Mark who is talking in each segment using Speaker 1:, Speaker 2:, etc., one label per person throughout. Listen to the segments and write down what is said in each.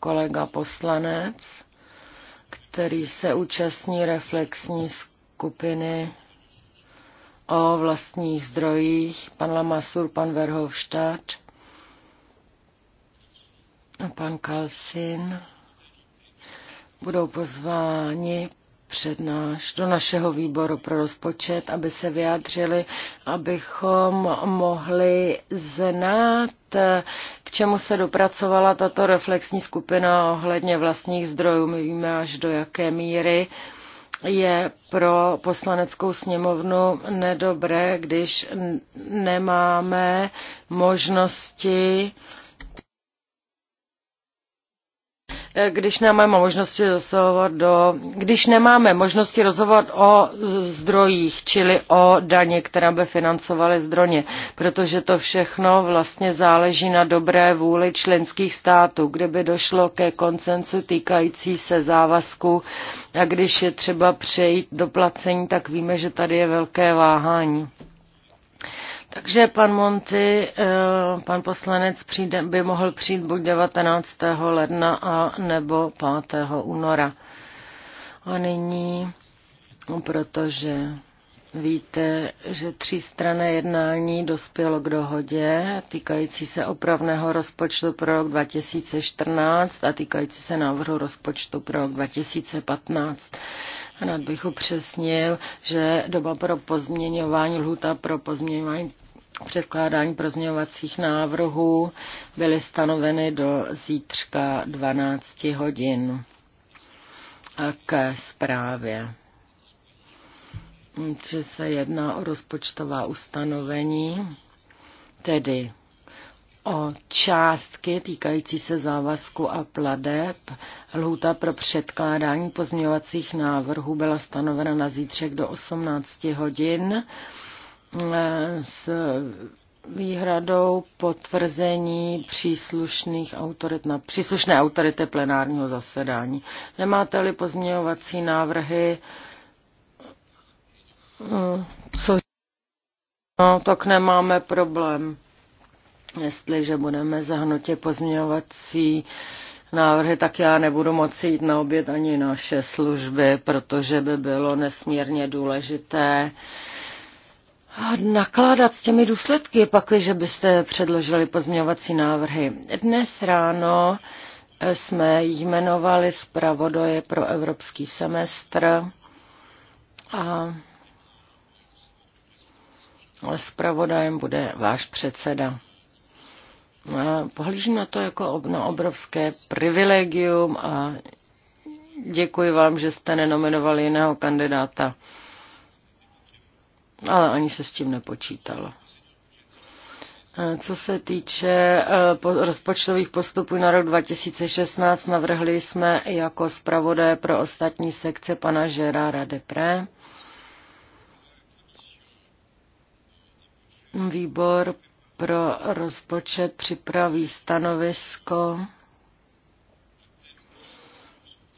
Speaker 1: kolega poslanec, který se účastní reflexní skupiny o vlastních zdrojích, pan Lamasur, pan Verhofstadt a pan Kalsin budou pozváni před náš, do našeho výboru pro rozpočet, aby se vyjádřili, abychom mohli znát, k čemu se dopracovala tato reflexní skupina ohledně vlastních zdrojů. My víme až do jaké míry je pro poslaneckou sněmovnu nedobré, když nemáme možnosti Eh, když nemáme možnosti rozhovor do, když nemáme možnosti rozhovor o zdrojích, čili o daně, která by financovaly zdroje, protože to všechno vlastně záleží na dobré vůli členských států, kde by došlo ke koncensu týkající se závazku a když je třeba přejít do placení, tak víme, že tady je velké váhání. Takže pan Monty, eh, pan poslanec přijde, by mohl přijít buď 19. ledna a nebo 5. února. A nyní, protože Víte, že tři strany jednání dospělo k dohodě týkající se opravného rozpočtu pro rok 2014 a týkající se návrhu rozpočtu pro rok 2015. Rád bych upřesnil, že doba pro pozměňování, lhuta pro pozměňování předkládání prozněvacích návrhů byly stanoveny do zítřka 12 hodin. A ke zprávě že se jedná o rozpočtová ustanovení, tedy o částky týkající se závazku a pladeb. Lhůta pro předkládání pozměňovacích návrhů byla stanovena na zítřek do 18 hodin eh, s výhradou potvrzení příslušných autorit na příslušné autority plenárního zasedání. Nemáte-li pozměňovací návrhy, No, tak nemáme problém. Jestliže budeme zahnutě pozměňovací návrhy, tak já nebudu moci jít na oběd ani naše služby, protože by bylo nesmírně důležité nakládat s těmi důsledky, pakliže byste předložili pozměňovací návrhy. Dnes ráno jsme jmenovali zpravodoje pro evropský semestr a ale zpravodajem bude váš předseda. Pohlížím na to jako na obrovské privilegium a děkuji vám, že jste nenominovali jiného kandidáta. Ale ani se s tím nepočítalo. Co se týče e, rozpočtových postupů na rok 2016, navrhli jsme jako zpravodaje pro ostatní sekce pana Žera Radepré. Výbor pro rozpočet připraví stanovisko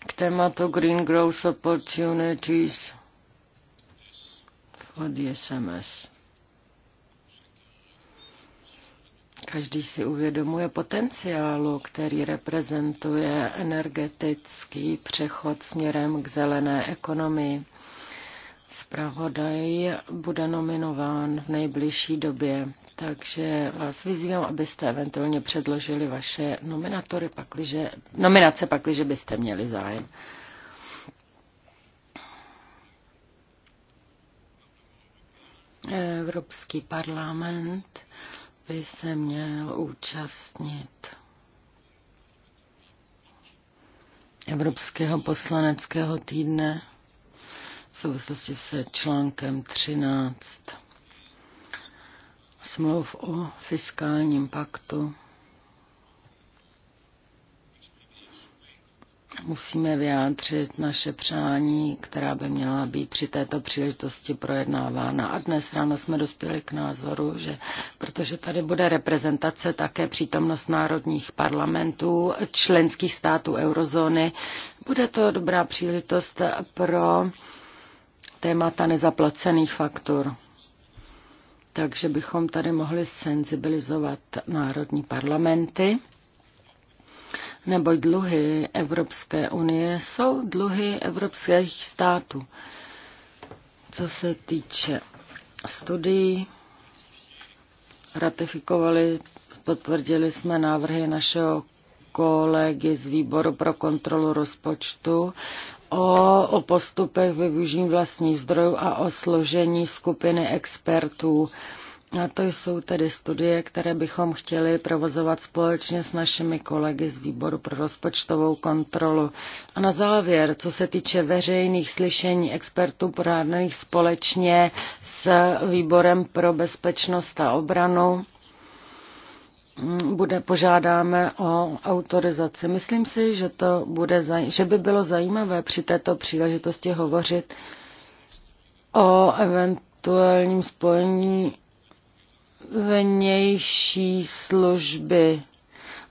Speaker 1: k tématu Green Growth Opportunities od SMS. Každý si uvědomuje potenciálu, který reprezentuje energetický přechod směrem k zelené ekonomii zpravodaj bude nominován v nejbližší době, takže vás vyzývám, abyste eventuálně předložili vaše nominatory, pakliže, nominace pakliže byste měli zájem. Evropský parlament by se měl účastnit Evropského poslaneckého týdne v souvislosti se článkem 13 smlouv o fiskálním paktu. Musíme vyjádřit naše přání, která by měla být při této příležitosti projednávána. A dnes ráno jsme dospěli k názoru, že protože tady bude reprezentace, také přítomnost národních parlamentů, členských států eurozóny, bude to dobrá příležitost pro témata nezaplacených faktur. Takže bychom tady mohli senzibilizovat národní parlamenty, neboť dluhy Evropské unie jsou dluhy evropských států. Co se týče studií, ratifikovali, potvrdili jsme návrhy našeho kolegy z výboru pro kontrolu rozpočtu o, o postupech využití vlastních zdrojů a o složení skupiny expertů. A to jsou tedy studie, které bychom chtěli provozovat společně s našimi kolegy z Výboru pro rozpočtovou kontrolu. A na závěr, co se týče veřejných slyšení expertů porádaných společně s Výborem pro bezpečnost a obranu, Mm, bude, požádáme o autorizaci. Myslím si, že, to bude, že by bylo zajímavé při této příležitosti hovořit o eventuálním spojení vnější služby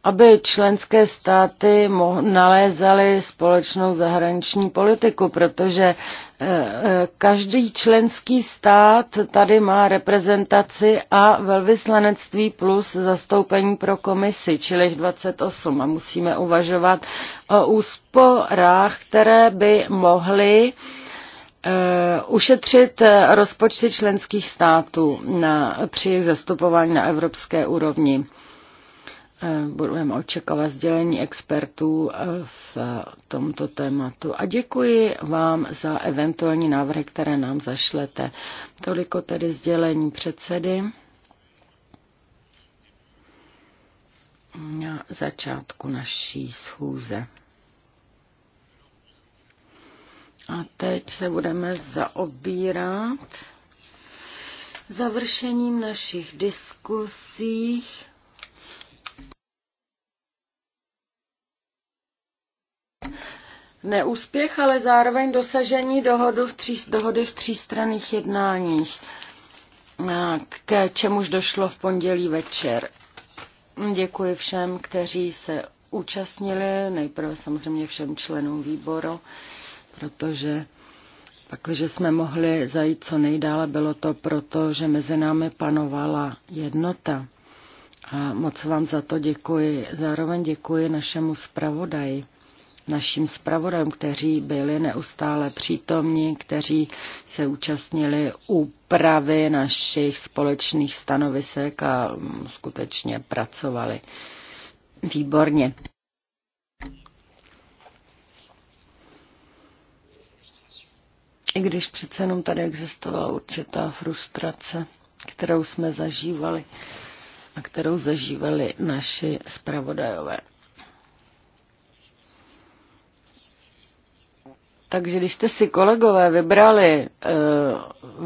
Speaker 1: aby členské státy nalézaly společnou zahraniční politiku, protože eh, eh, každý členský stát tady má reprezentaci a velvyslanectví plus zastoupení pro komisi, čili 28. A musíme uvažovat o úsporách, které by mohly eh, ušetřit rozpočty členských států na, při jejich zastupování na evropské úrovni budeme očekávat sdělení expertů eh, v eh, tomto tématu. A děkuji vám za eventuální návrhy, které nám zašlete. Toliko tedy sdělení předsedy. Na začátku naší schůze. A teď se budeme zaobírat završením našich diskusích neúspěch, ale zároveň dosažení dohodu v tří, dohody v třístranných jednáních, k čemuž došlo v pondělí večer. Děkuji všem, kteří se účastnili, nejprve samozřejmě všem členům výboru, protože pakliže jsme mohli zajít co nejdále, bylo to proto, že mezi námi panovala jednota. A moc vám za to děkuji. Zároveň děkuji našemu zpravodaji naším zpravodajům, kteří byli neustále přítomní, kteří se účastnili úpravy našich společných stanovisek a mm, skutečně pracovali výborně. I když přece jenom tady existovala určitá frustrace, kterou jsme zažívali a kterou zažívali naši zpravodajové. Takže když jste si kolegové vybrali eh,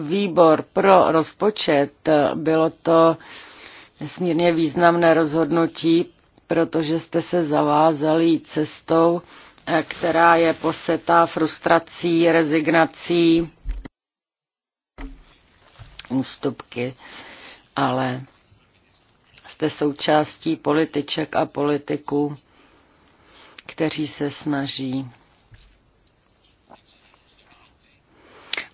Speaker 1: výbor pro rozpočet, eh, bylo to nesmírně významné rozhodnutí, protože jste se zavázali cestou, eh, která je posetá frustrací, rezignací, ústupky, ale jste součástí političek a politiků, kteří se snaží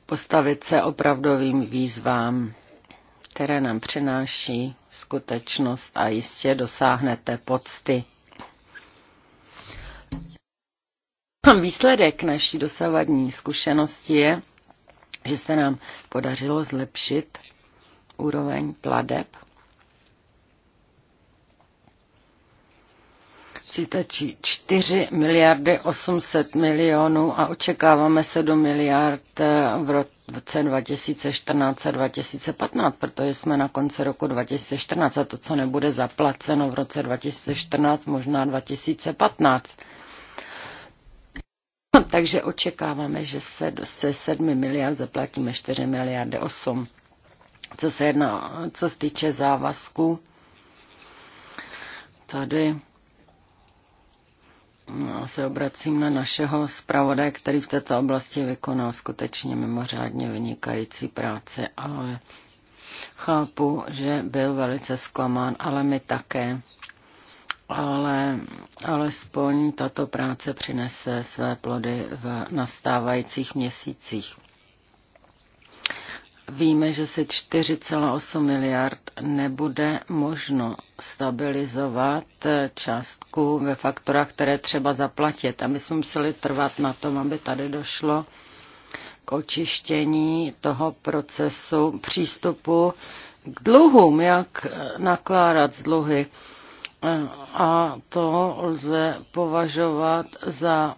Speaker 1: postavit se opravdovým výzvám, které nám přináší skutečnost a jistě dosáhnete pocty. Výsledek naší dosavadní zkušenosti je, že se nám podařilo zlepšit úroveň pladeb Citačí 4 miliardy 800 milionů a očekáváme 7 miliard eh, v roce 2014 a 2015, protože jsme na konci roku 2014 a to, co nebude zaplaceno v roce 2014, možná 2015. Takže očekáváme, že se se 7 miliard zaplatíme 4 miliardy 8. Co se jedná, co se týče závazku, tady já se obracím na našeho zpravodaje, který v této oblasti vykonal skutečně mimořádně vynikající práci, ale chápu, že byl velice zklamán, ale my také. Ale alespoň tato práce přinese své plody v nastávajících měsících. Víme, že se 4,8 miliard nebude možno stabilizovat eh, částku ve faktorách, které třeba zaplatit. A my jsme museli trvat na tom, aby tady došlo k očištění toho procesu přístupu k dluhům, jak eh, nakládat z dluhy. Eh, a to lze považovat za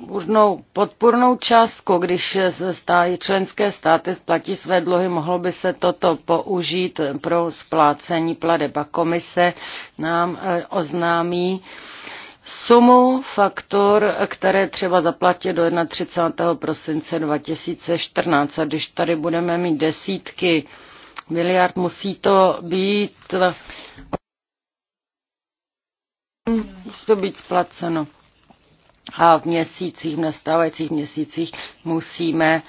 Speaker 1: možnou podpornou částku, když se stájí členské státy splatí své dluhy, mohlo by se toto použít pro splácení pladeb. A komise nám eh, oznámí sumu faktor, které třeba zaplatit do 31. prosince 2014. A když tady budeme mít desítky miliard, musí to být, musí to být splaceno a v měsících, v nastávajících měsících musíme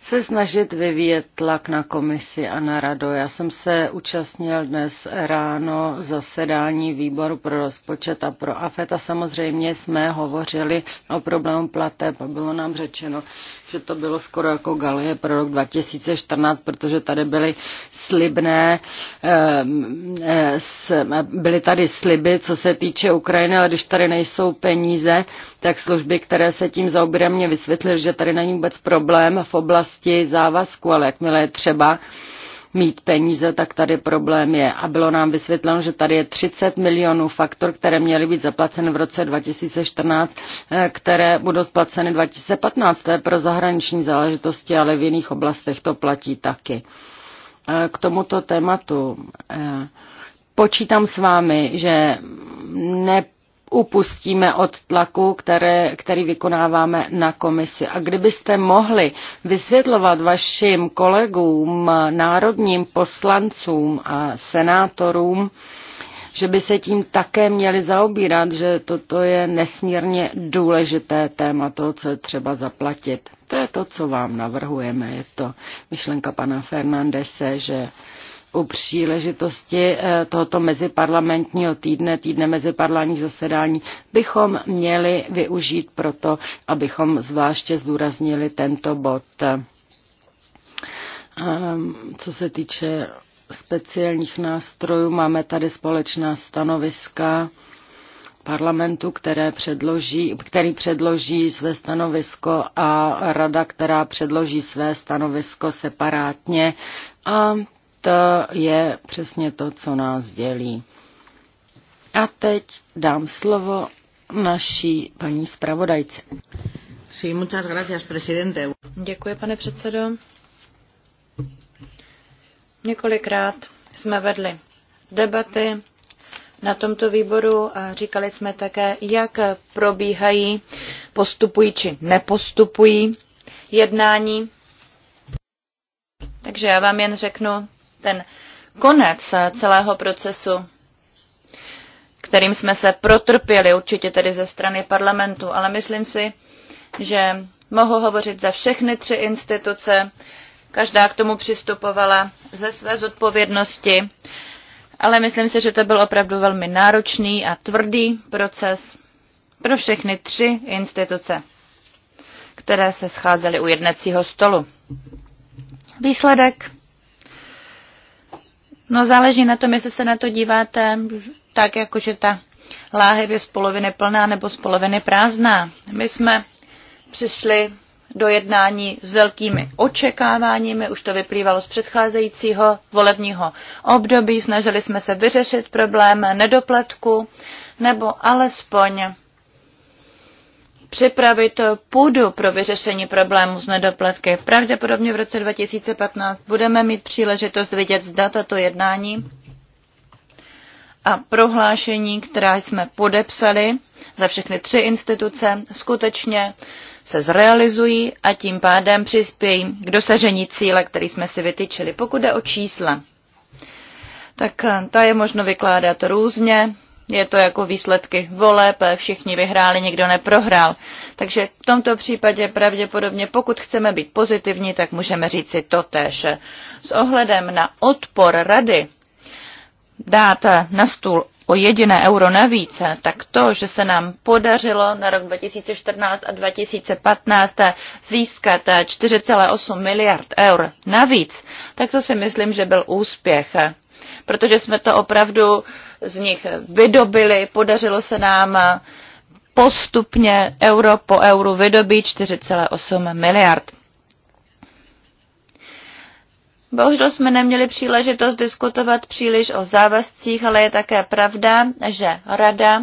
Speaker 1: se snažit vyvíjet tlak na komisi a na rado. Já jsem se účastnil dnes ráno zasedání výboru pro rozpočet a pro AFET a samozřejmě jsme hovořili o problému plateb a bylo nám řečeno, že to bylo skoro jako galie pro rok 2014, protože tady byly slibné, ehm, eh, byly tady sliby, co se týče Ukrajiny, ale když tady nejsou peníze, tak služby, které se tím zaobírá, mě vysvětlil, že tady není vůbec problém v oblasti závazku, ale jakmile je třeba mít peníze, tak tady problém je. A bylo nám vysvětleno, že tady je 30 milionů faktor, které měly být zaplaceny v roce 2014, eh, které budou splaceny 2015. To je pro zahraniční záležitosti, ale v jiných oblastech to platí taky. Eh, k tomuto tématu eh, počítám s vámi, že ne neupustíme od tlaku, které, který vykonáváme na komisi. A kdybyste mohli vysvětlovat vašim kolegům, národním poslancům a senátorům, že by se tím také měli zaobírat, že toto je nesmírně důležité téma toho, co je třeba zaplatit. To je to, co vám navrhujeme. Je to myšlenka pana Fernandese, že u příležitosti eh, tohoto meziparlamentního týdne, týdne meziparlamentních zasedání, bychom měli využít proto, abychom zvláště zdůraznili tento bod. Eh, co se týče speciálních nástrojů, máme tady společná stanoviska parlamentu, které předloží, který předloží své stanovisko a rada, která předloží své stanovisko separátně. A to je přesně to, co nás dělí. A teď dám slovo naší paní zpravodajce.
Speaker 2: Sí, muchas gracias, presidente. Děkuji, pane předsedo. Několikrát jsme vedli debaty na tomto výboru a říkali jsme také, jak probíhají, postupují či nepostupují jednání. Takže já vám jen řeknu, ten konec eh, celého procesu, kterým jsme se protrpěli, určitě tedy ze strany parlamentu, ale myslím si, že mohu hovořit za všechny tři instituce, každá k tomu přistupovala ze své zodpovědnosti, ale myslím si, že to byl opravdu velmi náročný a tvrdý proces pro všechny tři instituce, které se scházely u jednacího stolu. Výsledek No záleží na tom, jestli se na to díváte tak, jako že ta láhev je z poloviny plná nebo z poloviny prázdná. My jsme přišli do jednání s velkými očekáváními, už to vyplývalo z předcházejícího volebního období, snažili jsme se vyřešit problém nedoplatku nebo alespoň připravit eh, půdu pro vyřešení problému s nedoplatky. Pravděpodobně v roce 2015 budeme mít příležitost vidět zda tato jednání a prohlášení, která jsme podepsali za všechny tři instituce, skutečně se zrealizují a tím pádem přispějí k dosažení cíle, který jsme si vytyčili. Pokud jde o čísla, tak eh, ta je možno vykládat různě je to jako výsledky voleb, eh, všichni vyhráli, nikdo neprohrál. Takže v tomto případě pravděpodobně, pokud chceme být pozitivní, tak můžeme říci to též. S ohledem na odpor rady dát eh, na stůl o jediné euro navíc, eh, tak to, že se nám podařilo na rok 2014 a 2015 získat 4,8 miliard eur navíc, tak to si myslím, že byl úspěch, protože jsme to opravdu z nich vydobili. Podařilo se nám postupně euro po euru vydobít 4,8 miliard. Bohužel jsme neměli příležitost diskutovat příliš o závazcích, ale je také pravda, že Rada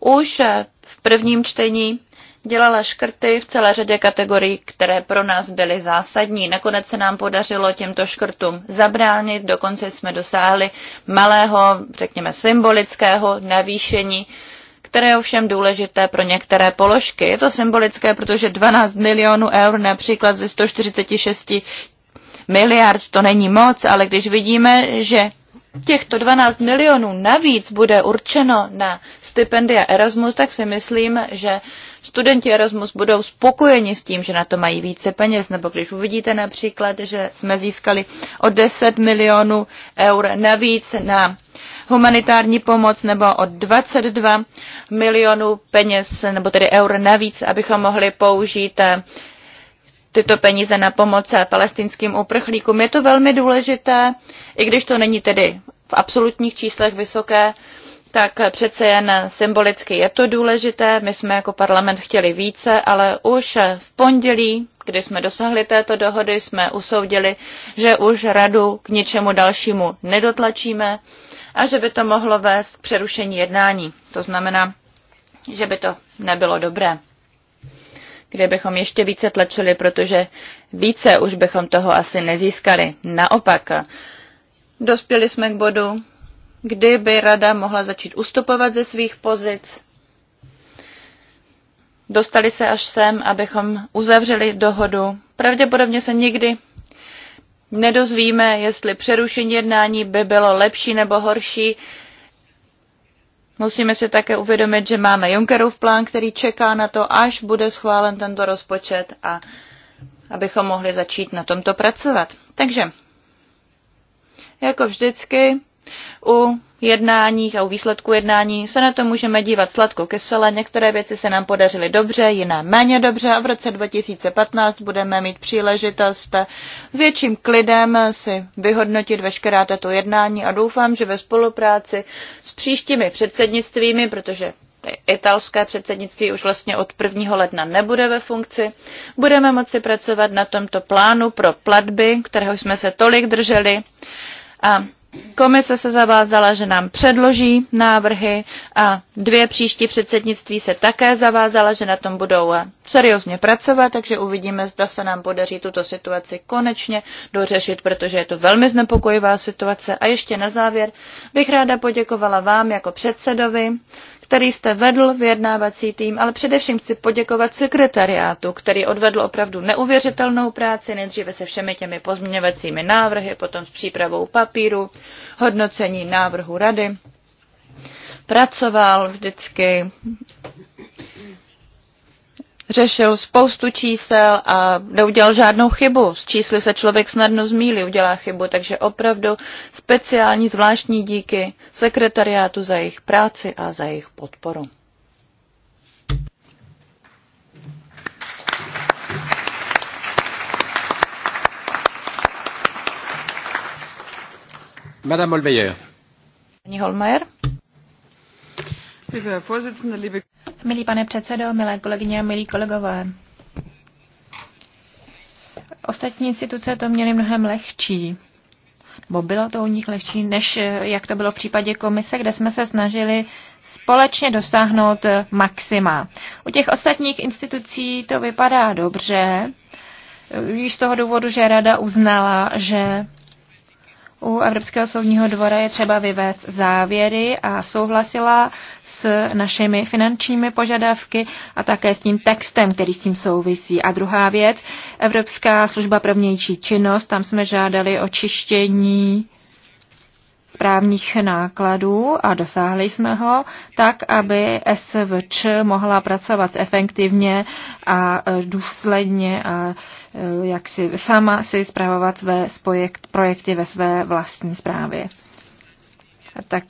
Speaker 2: už v prvním čtení dělala škrty v celé řadě kategorií, které pro nás byly zásadní. Nakonec se nám podařilo těmto škrtům zabránit, dokonce jsme dosáhli malého, řekněme symbolického navýšení, které je ovšem důležité pro některé položky. Je to symbolické, protože 12 milionů eur například ze 146 miliard to není moc, ale když vidíme, že těchto 12 milionů navíc bude určeno na stipendia Erasmus, tak si myslím, že studenti Erasmus budou spokojeni s tím, že na to mají více peněz, nebo když uvidíte například, že jsme získali o 10 milionů eur navíc na humanitární pomoc nebo o 22 milionů peněz, nebo tedy eur navíc, abychom mohli použít eh, tyto peníze na pomoc eh, palestinským uprchlíkům. Je to velmi důležité, i když to není tedy v absolutních číslech vysoké, tak přece jen symbolicky je to důležité. My jsme jako parlament chtěli více, ale už v pondělí, kdy jsme dosáhli této dohody, jsme usoudili, že už radu k ničemu dalšímu nedotlačíme a že by to mohlo vést k přerušení jednání. To znamená, že by to nebylo dobré. Kdybychom ještě více tlačili, protože více už bychom toho asi nezískali. Naopak, dospěli jsme k bodu, kdy by rada mohla začít ustupovat ze svých pozic. Dostali se až sem, abychom uzavřeli dohodu. Pravděpodobně se nikdy nedozvíme, jestli přerušení jednání by bylo lepší nebo horší. Musíme si také uvědomit, že máme Junckerův plán, který čeká na to, až bude schválen tento rozpočet a abychom mohli začít na tomto pracovat. Takže, jako vždycky, u jednáních a u výsledku jednání se na to můžeme dívat sladko-kysele. Některé věci se nám podařily dobře, jiné méně dobře a v roce 2015 budeme mít příležitost s větším klidem si vyhodnotit veškerá tato jednání a doufám, že ve spolupráci s příštími předsednictvími, protože italské předsednictví už vlastně od 1. ledna nebude ve funkci. Budeme moci pracovat na tomto plánu pro platby, kterého jsme se tolik drželi. A Komise se zavázala, že nám předloží návrhy a dvě příští předsednictví se také zavázala, že na tom budou seriózně pracovat, takže uvidíme, zda se nám podaří tuto situaci konečně dořešit, protože je to velmi znepokojivá situace. A ještě na závěr bych ráda poděkovala vám jako předsedovi, který jste vedl vyjednávací tým, ale především chci poděkovat sekretariátu, který odvedl opravdu neuvěřitelnou práci, nejdříve se všemi těmi pozměňovacími návrhy, potom s přípravou papíru, hodnocení návrhu rady. Pracoval vždycky řešil spoustu čísel a neudělal žádnou chybu. S čísly se člověk snadno zmílí, udělá chybu, takže opravdu speciální zvláštní díky sekretariátu za jejich práci a za jejich podporu. Madame Holmeyer.
Speaker 3: Paní Holmeyer. Milý pane předsedo, milé kolegyně a milí kolegové, ostatní instituce to měly mnohem lehčí. Bo bylo to u nich lehčí, než eh, jak to bylo v případě komise, kde jsme se snažili společně dosáhnout eh, maxima. U těch ostatních institucí to vypadá dobře, eh, již z toho důvodu, že rada uznala, že u Evropského soudního dvora je třeba vyvést závěry a souhlasila s našimi finančními požadavky a také s tím textem, který s tím souvisí. A druhá věc, Evropská služba pro vnější činnost, tam jsme žádali o čištění správních nákladů a dosáhli jsme ho tak, aby SVČ mohla pracovat efektivně a důsledně a Eh, jak si sama si zpravovat své spojekt, projekty ve své vlastní zprávě. Tak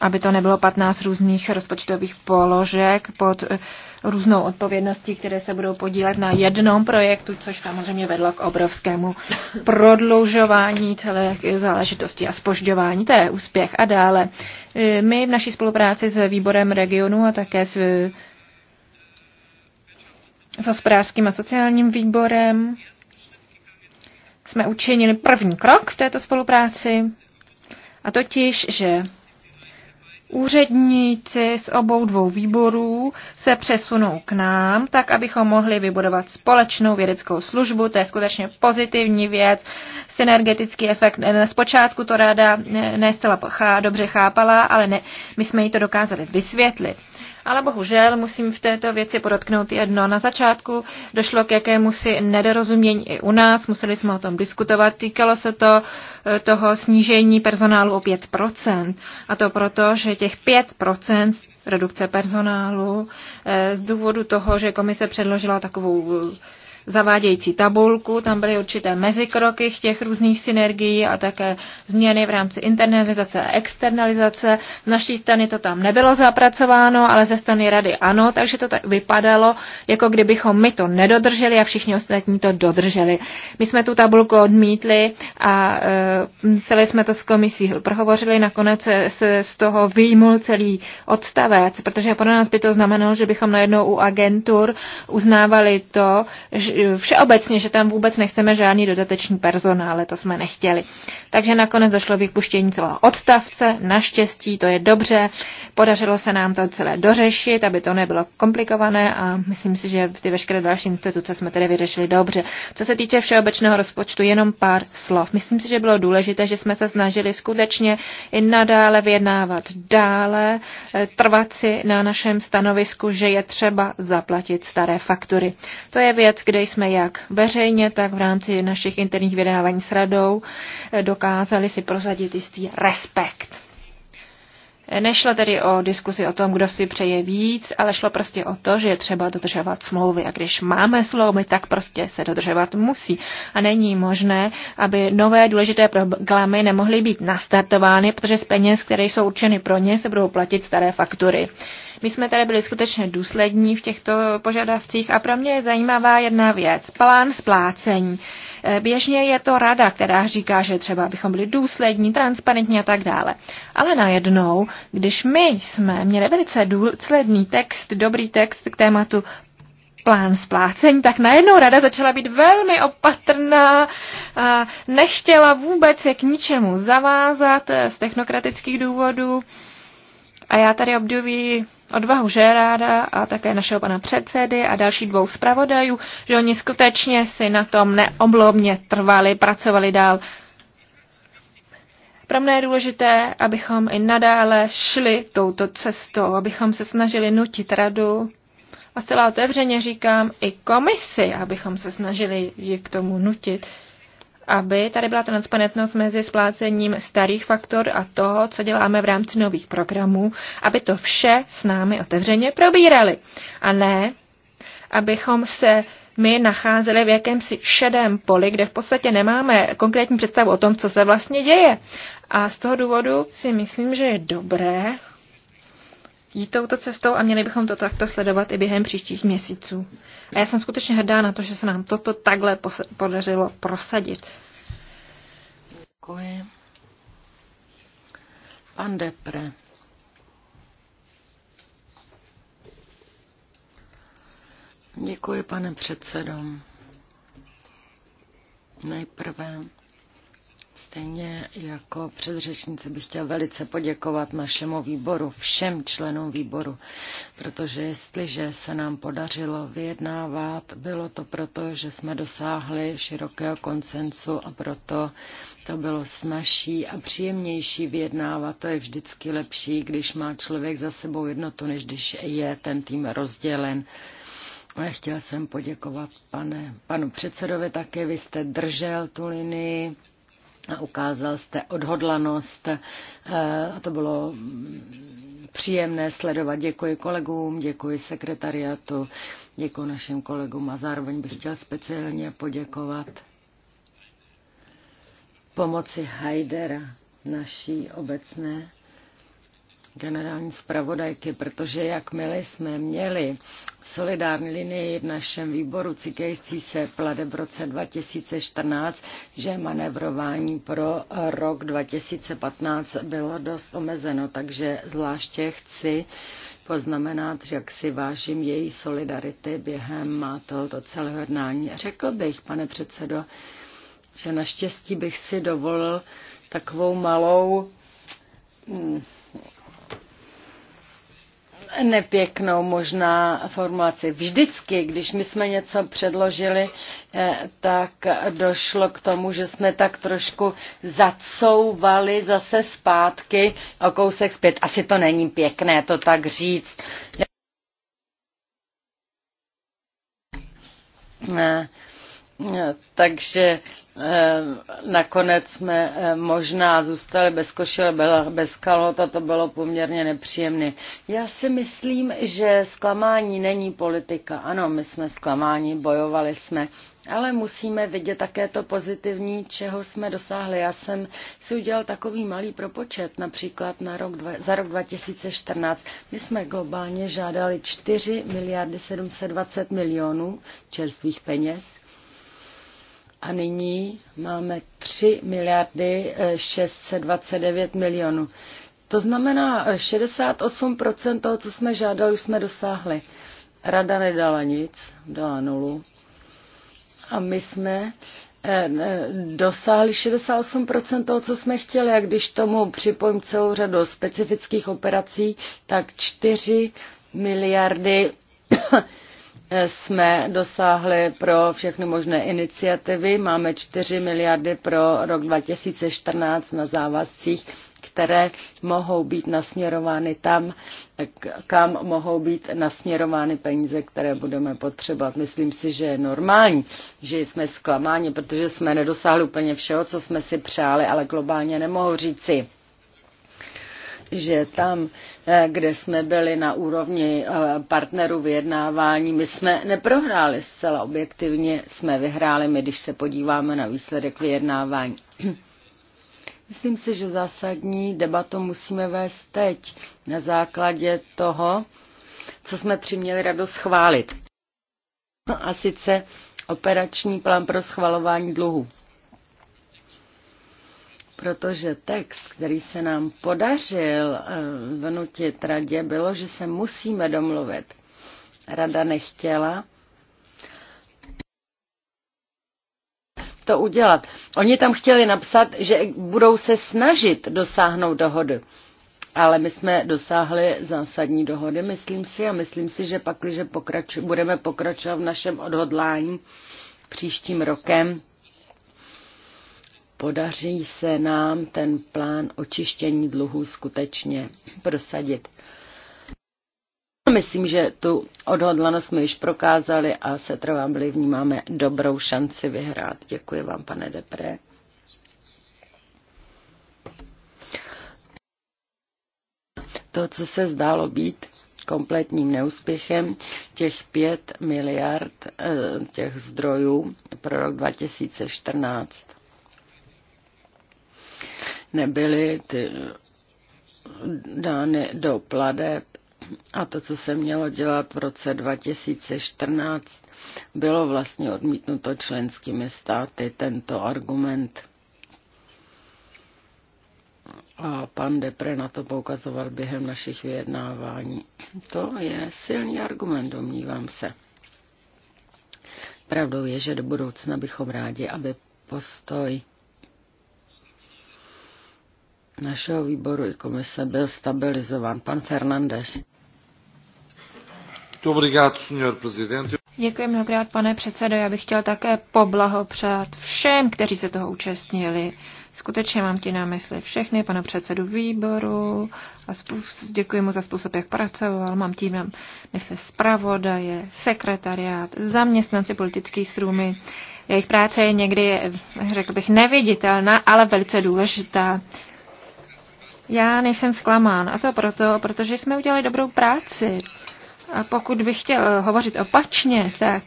Speaker 3: aby to nebylo 15 různých rozpočtových položek pod eh, různou odpovědností, které se budou podílet na jednom projektu, což samozřejmě vedlo k obrovskému prodloužování celé záležitosti a spožďování. To je úspěch. A dále eh, my v naší spolupráci s výborem regionu a také s s hospodářským a sociálním výborem jsme učinili první krok v této spolupráci, a totiž, že úředníci z obou dvou výborů se přesunou k nám, tak abychom mohli vybudovat společnou vědeckou službu. To je skutečně pozitivní věc, synergetický efekt. Eh, zpočátku to ráda ne, ne zcela dobře chápala, ale ne, my jsme jí to dokázali vysvětlit. Ale bohužel musím v této věci podotknout jedno. Na začátku došlo k jakémusi nedorozumění i u nás, museli jsme o tom diskutovat. Týkalo se to eh, toho snížení personálu o 5%. A to proto, že těch 5% redukce personálu eh, z důvodu toho, že komise předložila takovou eh, zavádějící tabulku, tam byly určité mezikroky v těch různých synergií a také změny v rámci internalizace a externalizace. Z naší strany to tam nebylo zapracováno, ale ze strany rady ano, takže to tak vypadalo, jako kdybychom my to nedodrželi a všichni ostatní to dodrželi. My jsme tu tabulku odmítli a e, celé jsme to s komisí prohovořili, nakonec se, se z toho vyjmul celý odstavec, protože pro nás by to znamenalo, že bychom najednou u agentur uznávali to, že všeobecně, že tam vůbec nechceme žádný dodatečný personál, ale to jsme nechtěli. Takže nakonec došlo k vypuštění celého odstavce, naštěstí to je dobře, podařilo se nám to celé dořešit, aby to nebylo komplikované a myslím si, že ty veškeré další instituce jsme tedy vyřešili dobře. Co se týče všeobecného rozpočtu, jenom pár slov. Myslím si, že bylo důležité, že jsme se snažili skutečně i nadále vyjednávat dále, eh, trvat si na našem stanovisku, že je třeba zaplatit staré faktury. To je věc, kde jsme jak veřejně, tak v rámci našich interních vydávání s radou eh, dokázali si prosadit jistý respekt. Eh, Nešlo tedy o diskuzi o tom, kdo si přeje víc, ale šlo prostě o to, že je třeba dodržovat smlouvy. A když máme smlouvy, tak prostě se dodržovat musí. A není možné, aby nové důležité programy nemohly být nastartovány, protože z peněz, které jsou určeny pro ně, se budou platit staré faktury. My jsme tady byli skutečně důslední v těchto požadavcích a pro mě je zajímavá jedna věc. Plán splácení. Eh, běžně je to rada, která říká, že třeba bychom byli důslední, transparentní a tak dále. Ale najednou, když my jsme měli velice důsledný text, dobrý text k tématu plán splácení, tak najednou rada začala být velmi opatrná, a nechtěla vůbec se k ničemu zavázat eh, z technokratických důvodů. A já tady obdivuji odvahu Žeráda a také našeho pana předsedy a další dvou zpravodajů, že oni skutečně si na tom neoblomně trvali, pracovali dál. Pro mě je důležité, abychom i nadále šli touto cestou, abychom se snažili nutit radu a zcela otevřeně říkám i komisi, abychom se snažili ji k tomu nutit aby tady byla transparentnost mezi splácením starých faktor a toho, co děláme v rámci nových programů, aby to vše s námi otevřeně probírali. A ne, abychom se my nacházeli v jakémsi šedém poli, kde v podstatě nemáme konkrétní představu o tom, co se vlastně děje. A z toho důvodu si myslím, že je dobré, jít touto cestou a měli bychom to takto sledovat i během příštích měsíců. A já jsem skutečně hrdá na to, že se nám toto takhle podařilo prosadit. Děkuji. Pan Depre.
Speaker 1: Děkuji, pane předsedom. Nejprve Stejně jako předřečnice bych chtěl velice poděkovat našemu výboru, všem členům výboru, protože jestliže se nám podařilo vyjednávat, bylo to proto, že jsme dosáhli širokého koncensu a proto to bylo snažší a příjemnější vyjednávat. To je vždycky lepší, když má člověk za sebou jednotu, než když je ten tým rozdělen. A chtěla jsem poděkovat pane, panu předsedovi také, vy jste držel tu linii a ukázal jste odhodlanost eh, a to bylo příjemné sledovat. Děkuji kolegům, děkuji sekretariatu, děkuji našim kolegům a zároveň bych chtěl speciálně poděkovat pomoci Haidera naší obecné generální zpravodajky, protože jakmile jsme měli solidární linii v našem výboru cikející se plade v roce 2014, že manevrování pro rok 2015 bylo dost omezeno, takže zvláště chci poznamenat, že jak si vážím její solidarity během tohoto celého jednání. Řekl bych, pane předsedo, že naštěstí bych si dovolil takovou malou mm, nepěknou možná formulaci. Vždycky, když my jsme něco předložili, eh, tak došlo k tomu, že jsme tak trošku zacouvali zase zpátky o kousek zpět. Asi to není pěkné to tak říct. Eh, eh, takže Eh, nakonec jsme eh, možná zůstali bez košile, bez kalhot a to bylo poměrně nepříjemné. Já si myslím, že zklamání není politika. Ano, my jsme zklamáni, bojovali jsme, ale musíme vidět také to pozitivní, čeho jsme dosáhli. Já jsem si udělal takový malý propočet, například na rok, za rok 2014. My jsme globálně žádali 4 miliardy 720 milionů čerstvých peněz a nyní máme 3 miliardy 629 eh, milionů. To znamená, 68% eh, toho, co jsme žádali, už jsme dosáhli. Rada nedala nic, dala nulu. A my jsme eh, dosáhli 68% toho, co jsme chtěli. A když tomu připojím celou řadu specifických operací, tak 4 miliardy jsme dosáhli pro všechny možné iniciativy. Máme 4 miliardy pro rok 2014 na závazcích, které mohou být nasměrovány tam, kam mohou být nasměrovány peníze, které budeme potřebovat. Myslím si, že je normální, že jsme zklamáni, protože jsme nedosáhli úplně všeho, co jsme si přáli, ale globálně nemohu říci že tam, eh, kde jsme byli na úrovni eh, partnerů vyjednávání, my jsme neprohráli zcela objektivně, jsme vyhráli my, když se podíváme na výsledek vyjednávání. Myslím si, že zásadní debatu musíme vést teď na základě toho, co jsme přiměli radu schválit. A sice operační plán pro schvalování dluhu protože text, který se nám podařil eh, vnutit radě, bylo, že se musíme domluvit. Rada nechtěla to udělat. Oni tam chtěli napsat, že budou se snažit dosáhnout dohody. Ale my jsme dosáhli zásadní dohody, myslím si, a myslím si, že pak, když pokraču, budeme pokračovat v našem odhodlání příštím rokem, podaří se nám ten plán očištění dluhů skutečně prosadit. Myslím, že tu odhodlanost jsme již prokázali a se trvám byli Máme dobrou šanci vyhrát. Děkuji vám, pane Depré. To, co se zdálo být kompletním neúspěchem, těch 5 miliard eh, těch zdrojů pro rok 2014 nebyly ty dány do pladeb a to, co se mělo dělat v roce 2014, bylo vlastně odmítnuto členskými státy tento argument. A pan Depre na to poukazoval během našich vyjednávání. To je silný argument, domnívám se. Pravdou je, že do budoucna bychom rádi, aby postoj našeho výboru i komise byl stabilizován. Pan Fernandez.
Speaker 3: Děkuji mnohokrát, pane předsedo. Já bych chtěl také poblahopřát všem, kteří se toho účastnili. Skutečně mám ti na mysli všechny, pana předsedu výboru a děkuji mu za způsob, jak pracoval. Mám tím na mysli zpravodaje, sekretariát, zaměstnanci politických strůmy. Jejich práce je někdy, řekl bych, neviditelná, ale velice důležitá. Já nejsem zklamán a to proto, protože jsme udělali dobrou práci. A pokud bych chtěl hovořit opačně, tak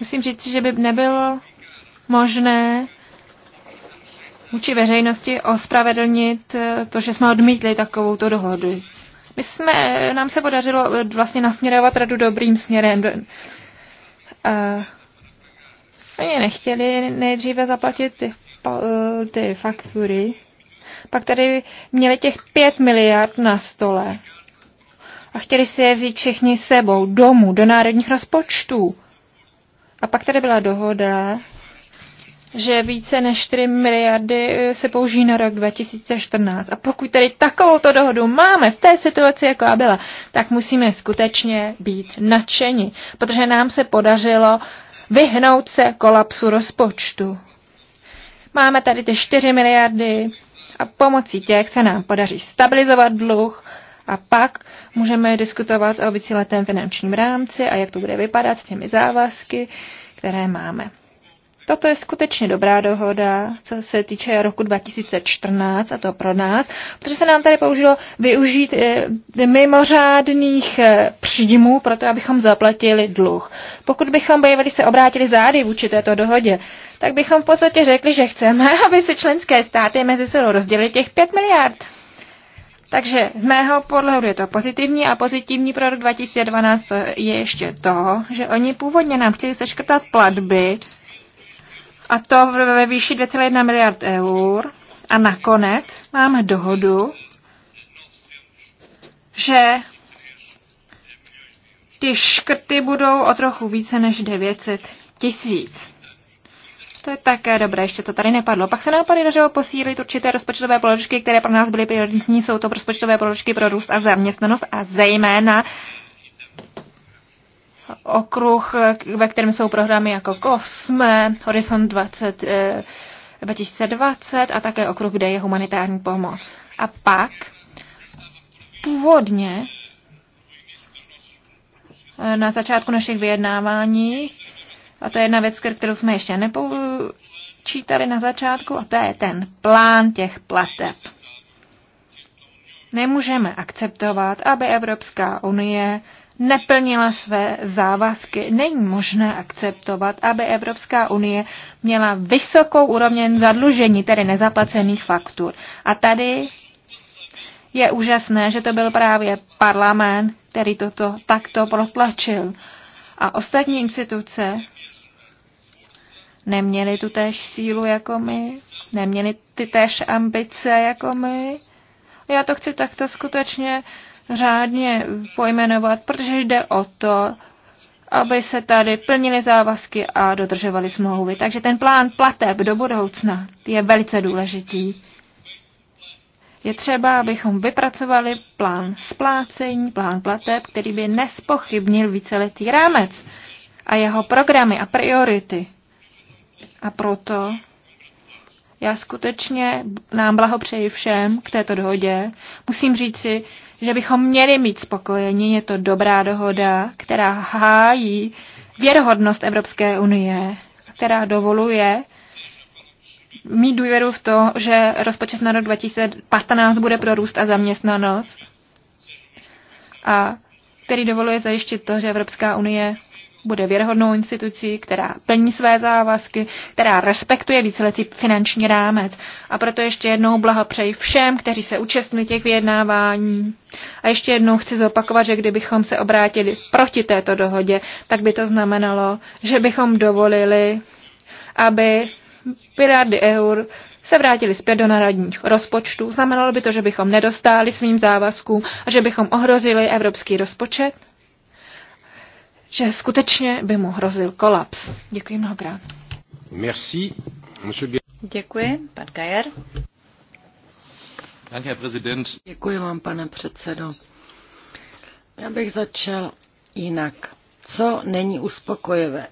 Speaker 3: musím říct, že by nebylo možné vůči veřejnosti ospravedlnit to, že jsme odmítli takovou dohodu. My jsme, nám se podařilo vlastně nasměrovat radu dobrým směrem. A oni nechtěli nejdříve zaplatit ty, ty faktury, pak tady měli těch pět miliard na stole a chtěli si je vzít všichni sebou domů, do národních rozpočtů. A pak tady byla dohoda, že více než 4 miliardy eh, se použijí na rok 2014. A pokud tady takovou dohodu máme v té situaci, a jako byla, tak musíme skutečně být nadšeni, protože nám se podařilo vyhnout se kolapsu rozpočtu. Máme tady ty 4 miliardy a pomocí těch se nám podaří stabilizovat dluh a pak můžeme diskutovat o víceletém finančním rámci a jak to bude vypadat s těmi závazky, které máme. Toto je skutečně dobrá dohoda, co se týče roku 2014 a to pro nás, protože se nám tady použilo využít e, mimořádných e, příjmů pro to, abychom zaplatili dluh. Pokud bychom bývali se obrátili zády vůči této dohodě, tak bychom v podstatě řekli, že chceme, aby se členské státy mezi sebou rozdělily těch 5 miliard. Takže z mého pohledu je to pozitivní a pozitivní pro rok 2012 to je ještě to, že oni původně nám chtěli seškrtat platby a to ve výši 2,1 miliard eur a nakonec máme dohodu, že ty škrty budou o trochu více než 900 tisíc. To je také dobré, ještě to tady nepadlo. Pak se nám podařilo posílit určité rozpočtové položky, které pro nás byly prioritní. Jsou to rozpočtové položky pro růst a zaměstnanost a zejména okruh, ve kterém jsou programy jako COSME, Horizon 20, 2020 eh, a také okruh, kde je humanitární pomoc. A pak původně eh, na začátku našich vyjednávání a to je jedna věc, kterou jsme ještě nepočítali na začátku, a to je ten plán těch plateb. Nemůžeme akceptovat, aby Evropská unie neplnila své závazky. Není možné akceptovat, aby Evropská unie měla vysokou úroveň zadlužení, tedy nezaplacených faktur. A tady je úžasné, že to byl právě parlament, který toto takto protlačil a ostatní instituce neměly tu též sílu jako my, neměly ty též ambice jako my. Já to chci takto skutečně řádně pojmenovat, protože jde o to, aby se tady plnily závazky a dodržovaly smlouvy. Takže ten plán plateb do budoucna je velice důležitý je třeba, abychom vypracovali plán splácení, plán plateb, který by nespochybnil víceletý rámec a jeho programy a priority. A proto já skutečně nám blahopřeji všem k této dohodě. Musím říci, že bychom měli mít spokojení. Je to dobrá dohoda, která hájí věrohodnost Evropské unie, která dovoluje mít důvěru v to, že rozpočet na rok 2015 bude pro růst a zaměstnanost, a který dovoluje zajištit to, že Evropská unie bude věrhodnou institucí, která plní své závazky, která respektuje víceletý finanční rámec. A proto ještě jednou blahopřeji všem, kteří se účastnili těch vyjednávání. A ještě jednou chci zopakovat, že kdybychom se obrátili proti této dohodě, tak by to znamenalo, že bychom dovolili, aby miliardy eur se vrátili zpět do národních rozpočtů. Znamenalo by to, že bychom nedostáli svým závazkům a že bychom ohrozili evropský rozpočet? Že skutečně by mu hrozil kolaps. Děkuji mnohokrát. Merci. Děkuji, pan Gajer.
Speaker 2: Děkuji vám, pane předsedo.
Speaker 1: Já bych začal jinak co není uspokojivé.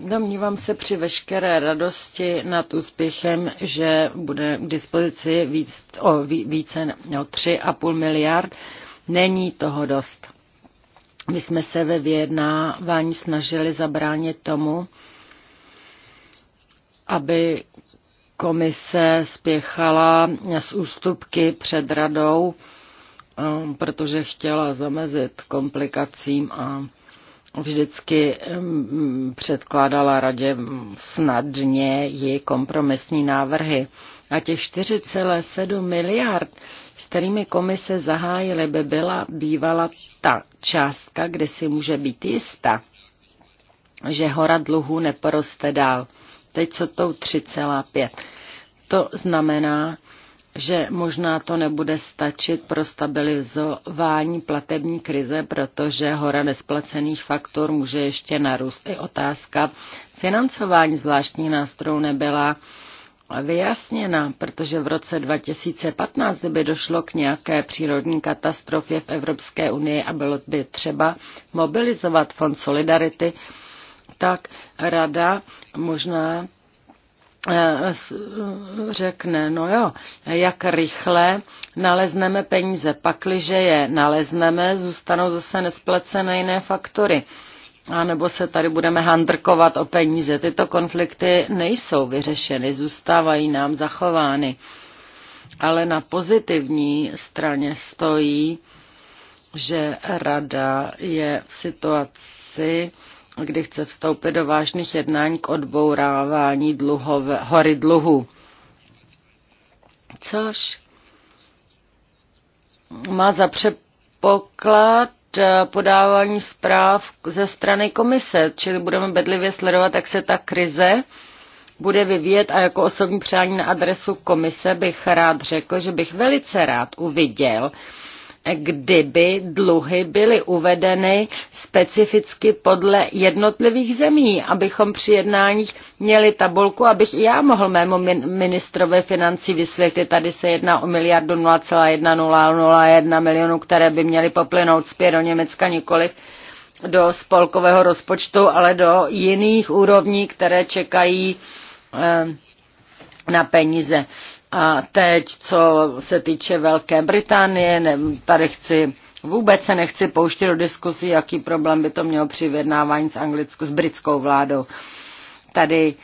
Speaker 1: Domnívám se při veškeré radosti nad úspěchem, že bude k dispozici víc, o, více o 3,5 miliard, není toho dost. My jsme se ve vyjednávání snažili zabránit tomu, aby komise spěchala z ústupky před radou, um, protože chtěla zamezit komplikacím a vždycky předkládala radě snadně její kompromisní návrhy. A těch 4,7 miliard, s kterými komise zahájily, by byla bývala ta částka, kde si může být jistá, že hora dluhu neporoste dál. Teď co to 3,5. To znamená, že možná to nebude stačit pro stabilizování platební krize, protože hora nesplacených faktur může ještě narůst. I otázka financování zvláštních nástrojů nebyla vyjasněna, protože v roce 2015, kdyby došlo k nějaké přírodní katastrofě v Evropské unii a bylo by třeba mobilizovat Fond Solidarity, tak rada možná Eh, řekne, no jo, jak rychle nalezneme peníze. Pakliže je nalezneme, zůstanou zase nesplacené jiné faktory. A nebo se tady budeme handrkovat o peníze. Tyto konflikty nejsou vyřešeny, zůstávají nám zachovány. Ale na pozitivní straně stojí, že rada je v situaci, kdy chce vstoupit do vážných jednání k odbourávání dluhové, hory dluhu. Což má za předpoklad eh, podávání zpráv ze strany komise, čili budeme bedlivě sledovat, jak se ta krize bude vyvíjet a jako osobní přání na adresu komise bych rád řekl, že bych velice rád uviděl, kdyby dluhy byly uvedeny specificky podle jednotlivých zemí, abychom při jednáních měli tabulku, abych i já mohl mému ministrovi financí vysvětlit, tady se jedná o miliardu 0,1001 milionů, které by měly poplynout zpět do Německa nikoliv do spolkového rozpočtu, ale do jiných úrovní, které čekají eh, na peníze. A teď, co se týče Velké Británie, ne, tady chci Vůbec se nechci pouštět do diskusí, jaký problém by to mělo při vyjednávání s, anglickou, s britskou vládou. Tady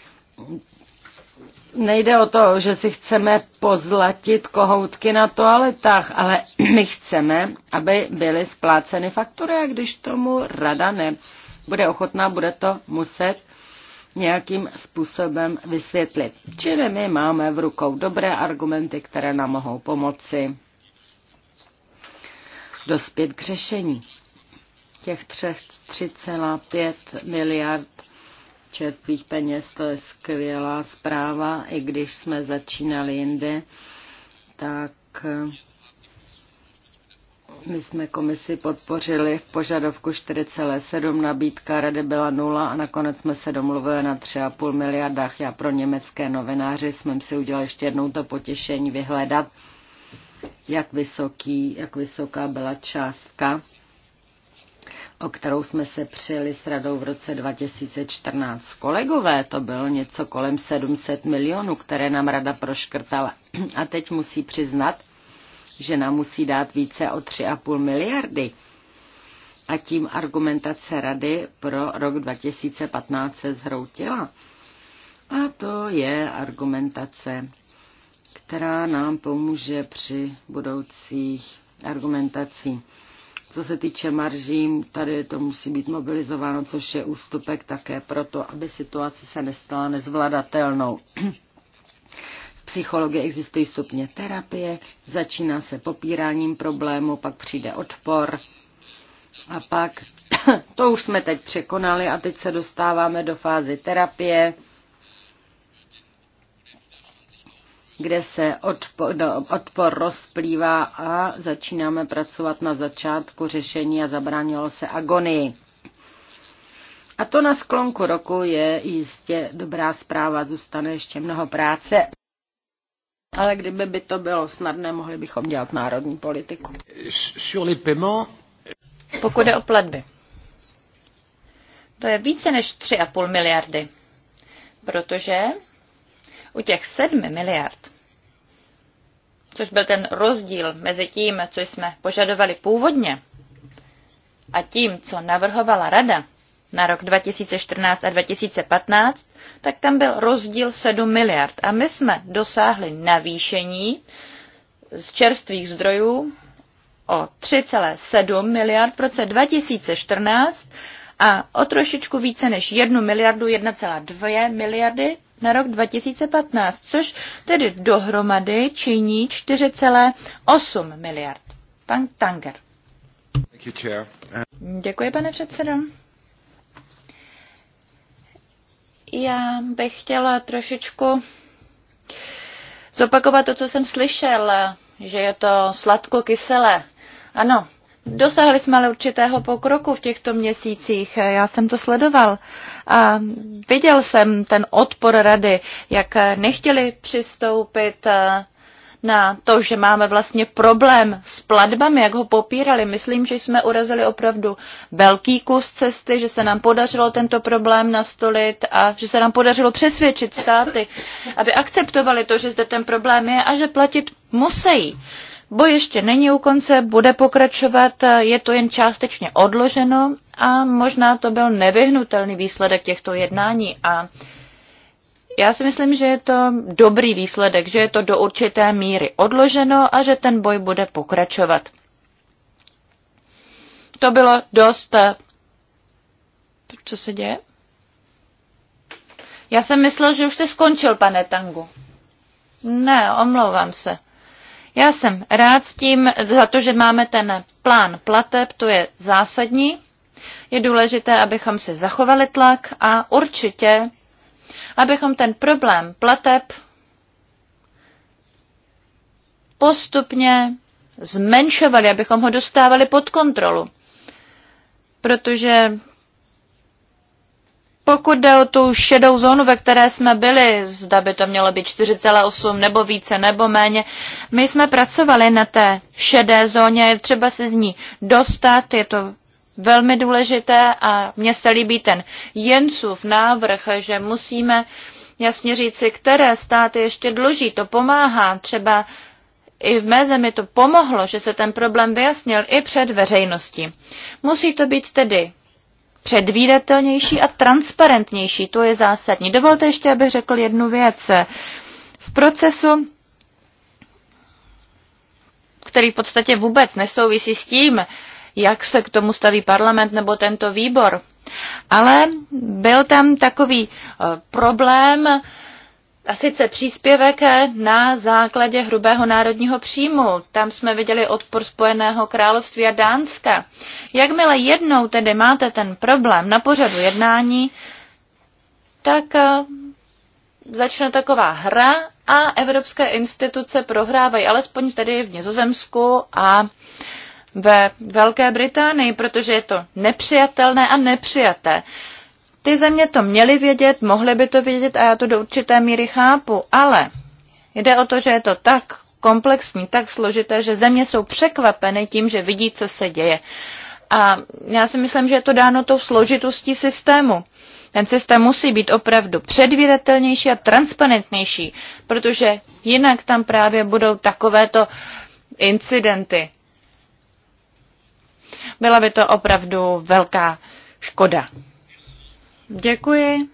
Speaker 1: nejde o to, že si chceme pozlatit kohoutky na toaletách, ale my chceme, aby byly spláceny faktury a když tomu rada ne bude ochotná, bude to muset nějakým způsobem vysvětlit. Čili my máme v rukou dobré argumenty, které nám mohou pomoci dospět k řešení těch 3,5 miliard čerpých peněz, to je skvělá zpráva, i když jsme začínali jinde, tak my jsme komisi podpořili v požadavku 4,7, nabídka rady byla nula a nakonec jsme se domluvili na 3,5 miliardách. Já pro německé novináři jsme si udělali ještě jednou to potěšení vyhledat, jak, vysoký, jak vysoká byla částka, o kterou jsme se přijeli s radou v roce 2014. Kolegové, to bylo něco kolem 700 milionů, které nám rada proškrtala. A teď musí přiznat, že nám musí dát více o 3,5 miliardy. A tím argumentace rady pro rok 2015 se zhroutila. A to je argumentace, která nám pomůže při budoucích argumentací. Co se týče maržím, tady to musí být mobilizováno, což je ústupek také proto, aby situace se nestala nezvladatelnou psychologie existují stupně terapie, začíná se popíráním problému, pak přijde odpor a pak to už jsme teď překonali a teď se dostáváme do fázy terapie, kde se odpor, no, odpor rozplývá a začínáme pracovat na začátku řešení a zabránilo se agonii. A to na sklonku roku je jistě dobrá zpráva, zůstane ještě mnoho práce, ale kdyby by to bylo snadné, mohli bychom dělat národní politiku.
Speaker 2: Pokud jde o platby. To je více než 3,5 miliardy, protože u těch 7 miliard, což byl ten rozdíl mezi tím, co jsme požadovali původně, a tím, co navrhovala rada, na rok 2014 a 2015, tak tam byl rozdíl 7 miliard. A my jsme dosáhli navýšení z čerstvých zdrojů o 3,7 miliard v roce 2014 a o trošičku více než 1 miliardu 1,2 miliardy na rok 2015, což tedy dohromady činí 4,8 miliard. Pan Tanger. Děkuji, pane předsedo. Já bych chtěla trošičku zopakovat to, co jsem slyšel, že je to sladko-kyselé. Ano, dosáhli jsme ale určitého pokroku v těchto měsících. Já jsem to sledoval a viděl jsem ten odpor rady, jak nechtěli přistoupit eh, na to, že máme vlastně problém s platbami, jak ho popírali. Myslím, že jsme urazili opravdu velký kus cesty, že se nám podařilo tento problém nastolit a že se nám podařilo přesvědčit státy, aby akceptovali to, že zde ten problém je a že platit musí. Bo ještě není u konce, bude pokračovat, je to jen částečně odloženo a možná to byl nevyhnutelný výsledek těchto jednání a já si myslím, že je to dobrý výsledek, že je to do určité míry odloženo a že ten boj bude pokračovat. To bylo dost. Eh, co se děje? Já jsem myslel, že už jste skončil, pane Tangu. Ne, omlouvám se. Já jsem rád s tím, za to, že máme ten plán plateb, to je zásadní. Je důležité, abychom si zachovali tlak a určitě abychom ten problém plateb postupně zmenšovali, abychom ho dostávali pod kontrolu. Protože pokud jde o tu šedou zónu, ve které jsme byli, zda by to mělo být 4,8 nebo více nebo méně, my jsme pracovali na té šedé zóně, je třeba se z ní dostat, je to velmi důležité a mně se líbí ten Jencův návrh, že musíme jasně říci, které státy ještě dluží. To pomáhá. Třeba i v mé zemi to pomohlo, že se ten problém vyjasnil i před veřejností. Musí to být tedy předvídatelnější a transparentnější. To je zásadní. Dovolte ještě, abych řekl jednu věc. V procesu který v podstatě vůbec nesouvisí s tím, jak se k tomu staví parlament nebo tento výbor. Ale byl tam takový eh, problém, a sice příspěvek na základě hrubého národního příjmu. Tam jsme viděli odpor Spojeného království a Dánska. Jakmile jednou tedy máte ten problém na pořadu jednání, tak eh, začne taková hra a evropské instituce prohrávají, alespoň tedy v Nizozemsku a ve Velké Británii, protože je to nepřijatelné a nepřijaté. Ty země to měly vědět, mohly by to vědět a já to do určité míry chápu, ale jde o to, že je to tak komplexní, tak složité, že země jsou překvapeny tím, že vidí, co se děje. A já si myslím, že je to dáno tou složitostí systému. Ten systém musí být opravdu předvídatelnější a transparentnější, protože jinak tam právě budou takovéto incidenty. Byla by to opravdu velká škoda. Děkuji.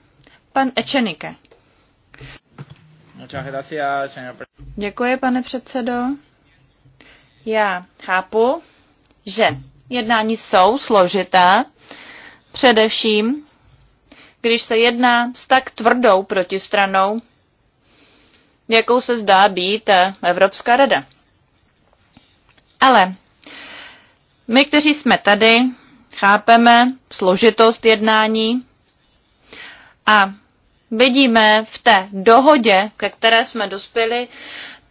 Speaker 2: Pan Ečenike. Děkuji, pane předsedo. Já chápu, že jednání jsou složitá, především když se jedná s tak tvrdou protistranou, jakou se zdá být Evropská rada. Ale my, kteří jsme tady, chápeme složitost jednání a vidíme v té dohodě, ke které jsme dospěli,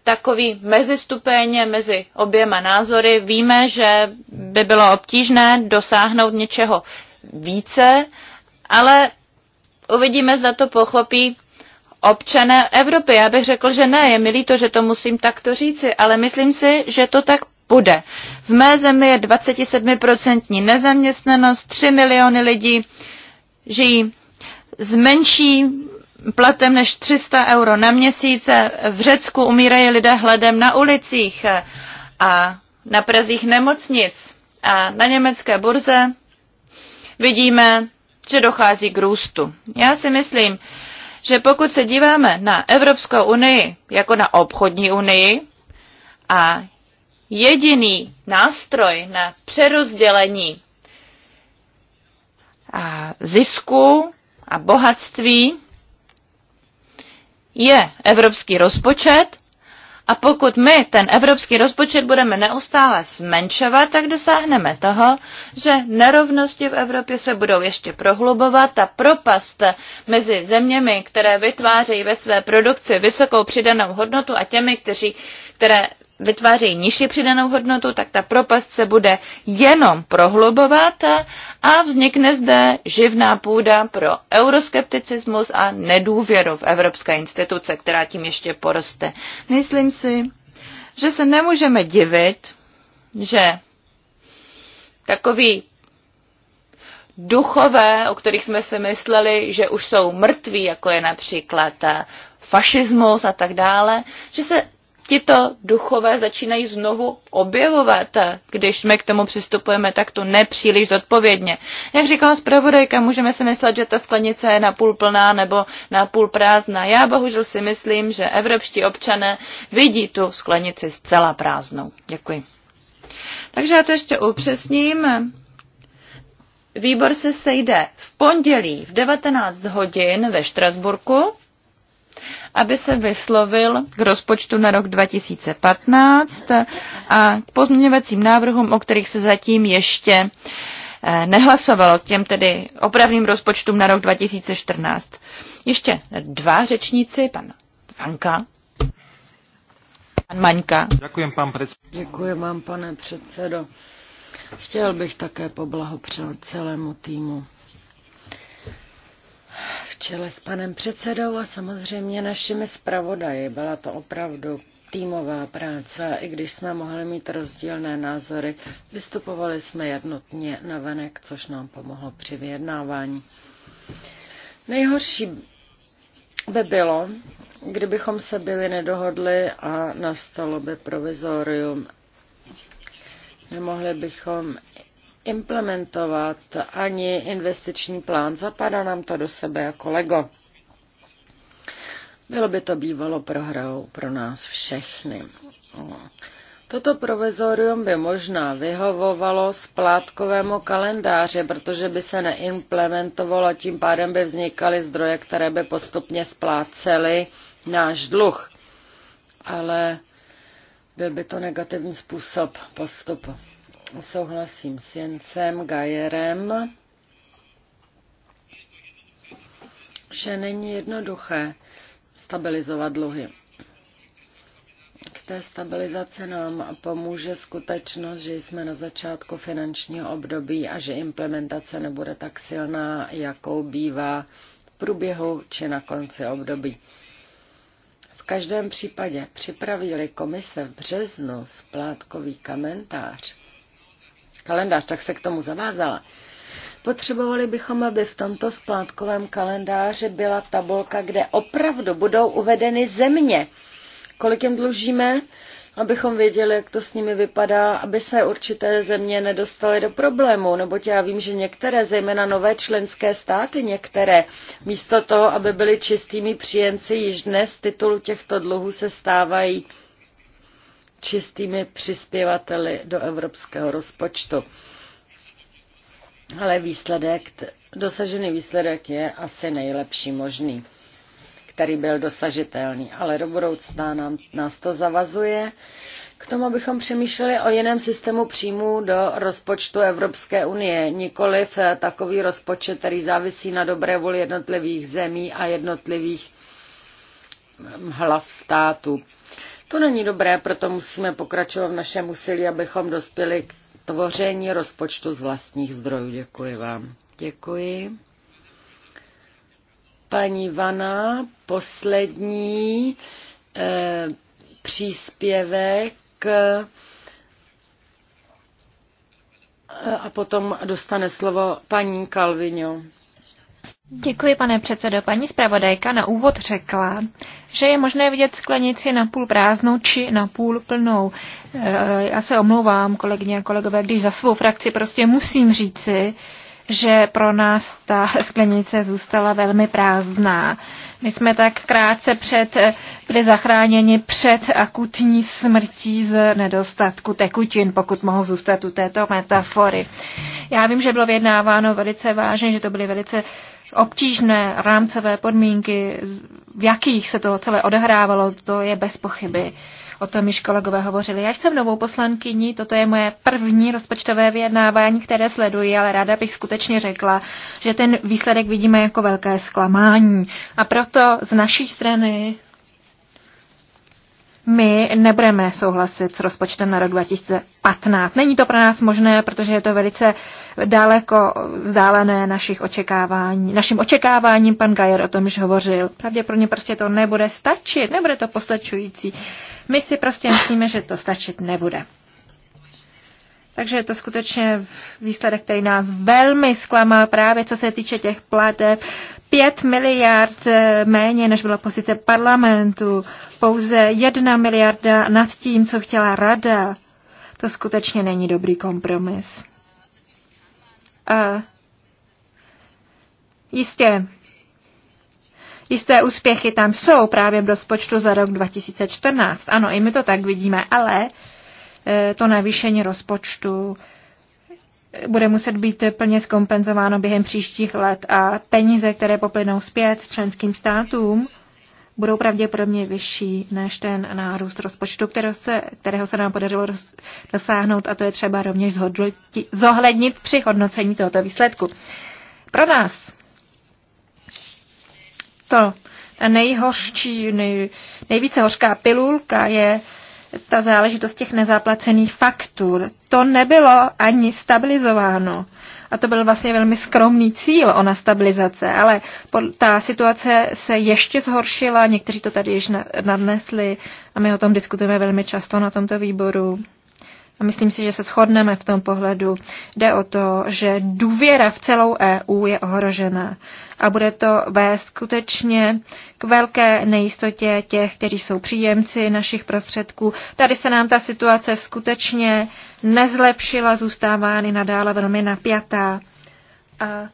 Speaker 2: takový mezistupeně mezi oběma názory. Víme, že by bylo obtížné dosáhnout něčeho více, ale uvidíme, zda to pochopí občané Evropy. Já bych řekl, že ne, je milý to, že to musím takto říci, ale myslím si, že to tak bude. V mé zemi je 27% nezaměstnanost, 3 miliony lidí žijí s menší platem než 300 euro na měsíce. V Řecku umírají lidé hledem na ulicích a na prezích nemocnic. A na německé burze vidíme, že dochází k růstu. Já si myslím, že pokud se díváme na Evropskou unii jako na obchodní unii a jediný nástroj na přerozdělení a zisku a bohatství je evropský rozpočet a pokud my ten evropský rozpočet budeme neustále zmenšovat, tak dosáhneme toho, že nerovnosti v Evropě se budou ještě prohlubovat a propast mezi zeměmi, které vytvářejí ve své produkci vysokou přidanou hodnotu a těmi, kteří, které vytvářejí nižší přidanou hodnotu, tak ta propast se bude jenom prohlubovat a vznikne zde živná půda pro euroskepticismus a nedůvěru v evropské instituce, která tím ještě poroste. Myslím si, že se nemůžeme divit, že takový duchové, o kterých jsme si mysleli, že už jsou mrtví, jako je například fašismus a tak dále, že se tito duchové začínají znovu objevovat, když my k tomu přistupujeme takto nepříliš zodpovědně. Jak říkala zpravodajka, můžeme si myslet, že ta sklenice je napůl plná nebo napůl prázdná. Já bohužel si myslím, že evropští občané vidí tu sklenici zcela prázdnou. Děkuji. Takže já to ještě upřesním. Výbor se sejde v pondělí v 19 hodin ve Štrasburku aby se vyslovil k rozpočtu na rok 2015 a k pozměňovacím návrhům, o kterých se zatím ještě eh, nehlasovalo, k těm tedy opravným rozpočtům na rok 2014. Ještě dva řečníci, pan Vanka. Pan
Speaker 1: Maňka.
Speaker 3: Děkuji, pan předsedo.
Speaker 1: Děkuji vám, pane předsedo. Chtěl bych také poblahopřát celému týmu v čele s panem předsedou a samozřejmě našimi zpravodaji. Byla to opravdu týmová práce, i když jsme mohli mít rozdílné názory, vystupovali jsme jednotně na venek, což nám pomohlo při vyjednávání. Nejhorší by bylo, kdybychom se byli nedohodli a nastalo by provizorium. Nemohli bychom implementovat ani investiční plán. Zapadá nám to do sebe jako Lego. Bylo by to bývalo prohrou pro nás všechny. Toto provizorium by možná vyhovovalo splátkovému kalendáři, protože by se neimplementovalo a tím pádem by vznikaly zdroje, které by postupně splácely náš dluh. Ale byl by to negativní způsob postupu. Souhlasím s Jencem Gajerem, že není jednoduché stabilizovat dluhy. K té stabilizaci nám pomůže skutečnost, že jsme na začátku finančního období a že implementace nebude tak silná, jakou bývá v průběhu či na konci období. V každém případě připravili komise v březnu splátkový komentář, kalendář, tak se k tomu zavázala. Potřebovali bychom, aby v tomto splátkovém kalendáři byla tabulka, kde opravdu budou uvedeny země, kolik jim dlužíme, abychom věděli, jak to s nimi vypadá, aby se určité země nedostaly do problému. Nebo já vím, že některé, zejména nové členské státy, některé, místo toho, aby byly čistými příjemci, již dnes z titulu těchto dluhů se stávají čistými přispěvateli do evropského rozpočtu. Ale výsledek, dosažený výsledek je asi nejlepší možný, který byl dosažitelný. Ale do budoucna nám, nás to zavazuje k tomu, abychom přemýšleli o jiném systému příjmů do rozpočtu Evropské unie, nikoliv takový rozpočet, který závisí na dobré vůli jednotlivých zemí a jednotlivých hlav států. To není dobré, proto musíme pokračovat v našem úsilí, abychom dospěli k tvoření rozpočtu z vlastních zdrojů. Děkuji vám. Děkuji. Paní Vana, poslední eh, příspěvek eh, a potom dostane slovo paní Kalvino.
Speaker 3: Děkuji, pane předsedo. Paní zpravodajka na úvod řekla, že je možné vidět sklenici na půl prázdnou či na půl plnou. Eh, já se omlouvám, kolegyně a kolegové, když za svou frakci prostě musím říci, že pro nás ta sklenice zůstala velmi prázdná. My jsme tak krátce před, eh, byli zachráněni před akutní smrtí z nedostatku tekutin, pokud mohou zůstat u této metafory. Já vím, že bylo vyjednáváno velice vážně, že to byly velice obtížné rámcové podmínky, v jakých se to celé odehrávalo, to je bez pochyby. O tom již kolegové hovořili. Já jsem novou poslankyní, toto je moje první rozpočtové vyjednávání, které sleduji, ale ráda bych skutečně řekla, že ten výsledek vidíme jako velké zklamání. A proto z naší strany my nebudeme souhlasit s rozpočtem na rok 2015. Není to pro nás možné, protože je to velice daleko vzdálené našich očekávání. Naším očekáváním pan Gajer o tom už hovořil. Pravděpodobně prostě to nebude stačit, nebude to postačující. My si prostě myslíme, že to stačit nebude. Takže je to skutečně výsledek, který nás velmi zklamal právě co se týče těch plateb. 5 miliard eh, méně, než byla pozice parlamentu, pouze 1 miliarda nad tím, co chtěla rada. To skutečně není dobrý kompromis. A jistě, jisté úspěchy tam jsou právě v rozpočtu za rok 2014. Ano, i my to tak vidíme, ale eh, to navýšení rozpočtu bude muset být plně zkompenzováno během příštích let a peníze, které poplynou zpět členským státům, budou pravděpodobně vyšší než ten nárůst rozpočtu, kterého se, kterého se nám podařilo roz, dosáhnout a to je třeba rovněž zohlednit při hodnocení tohoto výsledku. Pro nás to nejhorší, nej, nejvíce hořká pilulka je ta záležitost těch nezaplacených faktur. To nebylo ani stabilizováno. A to byl vlastně velmi skromný cíl o stabilizace, ale ta situace se ještě zhoršila, někteří to tady již nadnesli a my o tom diskutujeme velmi často na tomto výboru a myslím si, že se shodneme v tom pohledu, jde o to, že důvěra v celou EU je ohrožena a bude to vést skutečně k velké nejistotě těch, kteří jsou příjemci našich prostředků. Tady se nám ta situace skutečně nezlepšila, zůstává i nadále velmi napjatá. A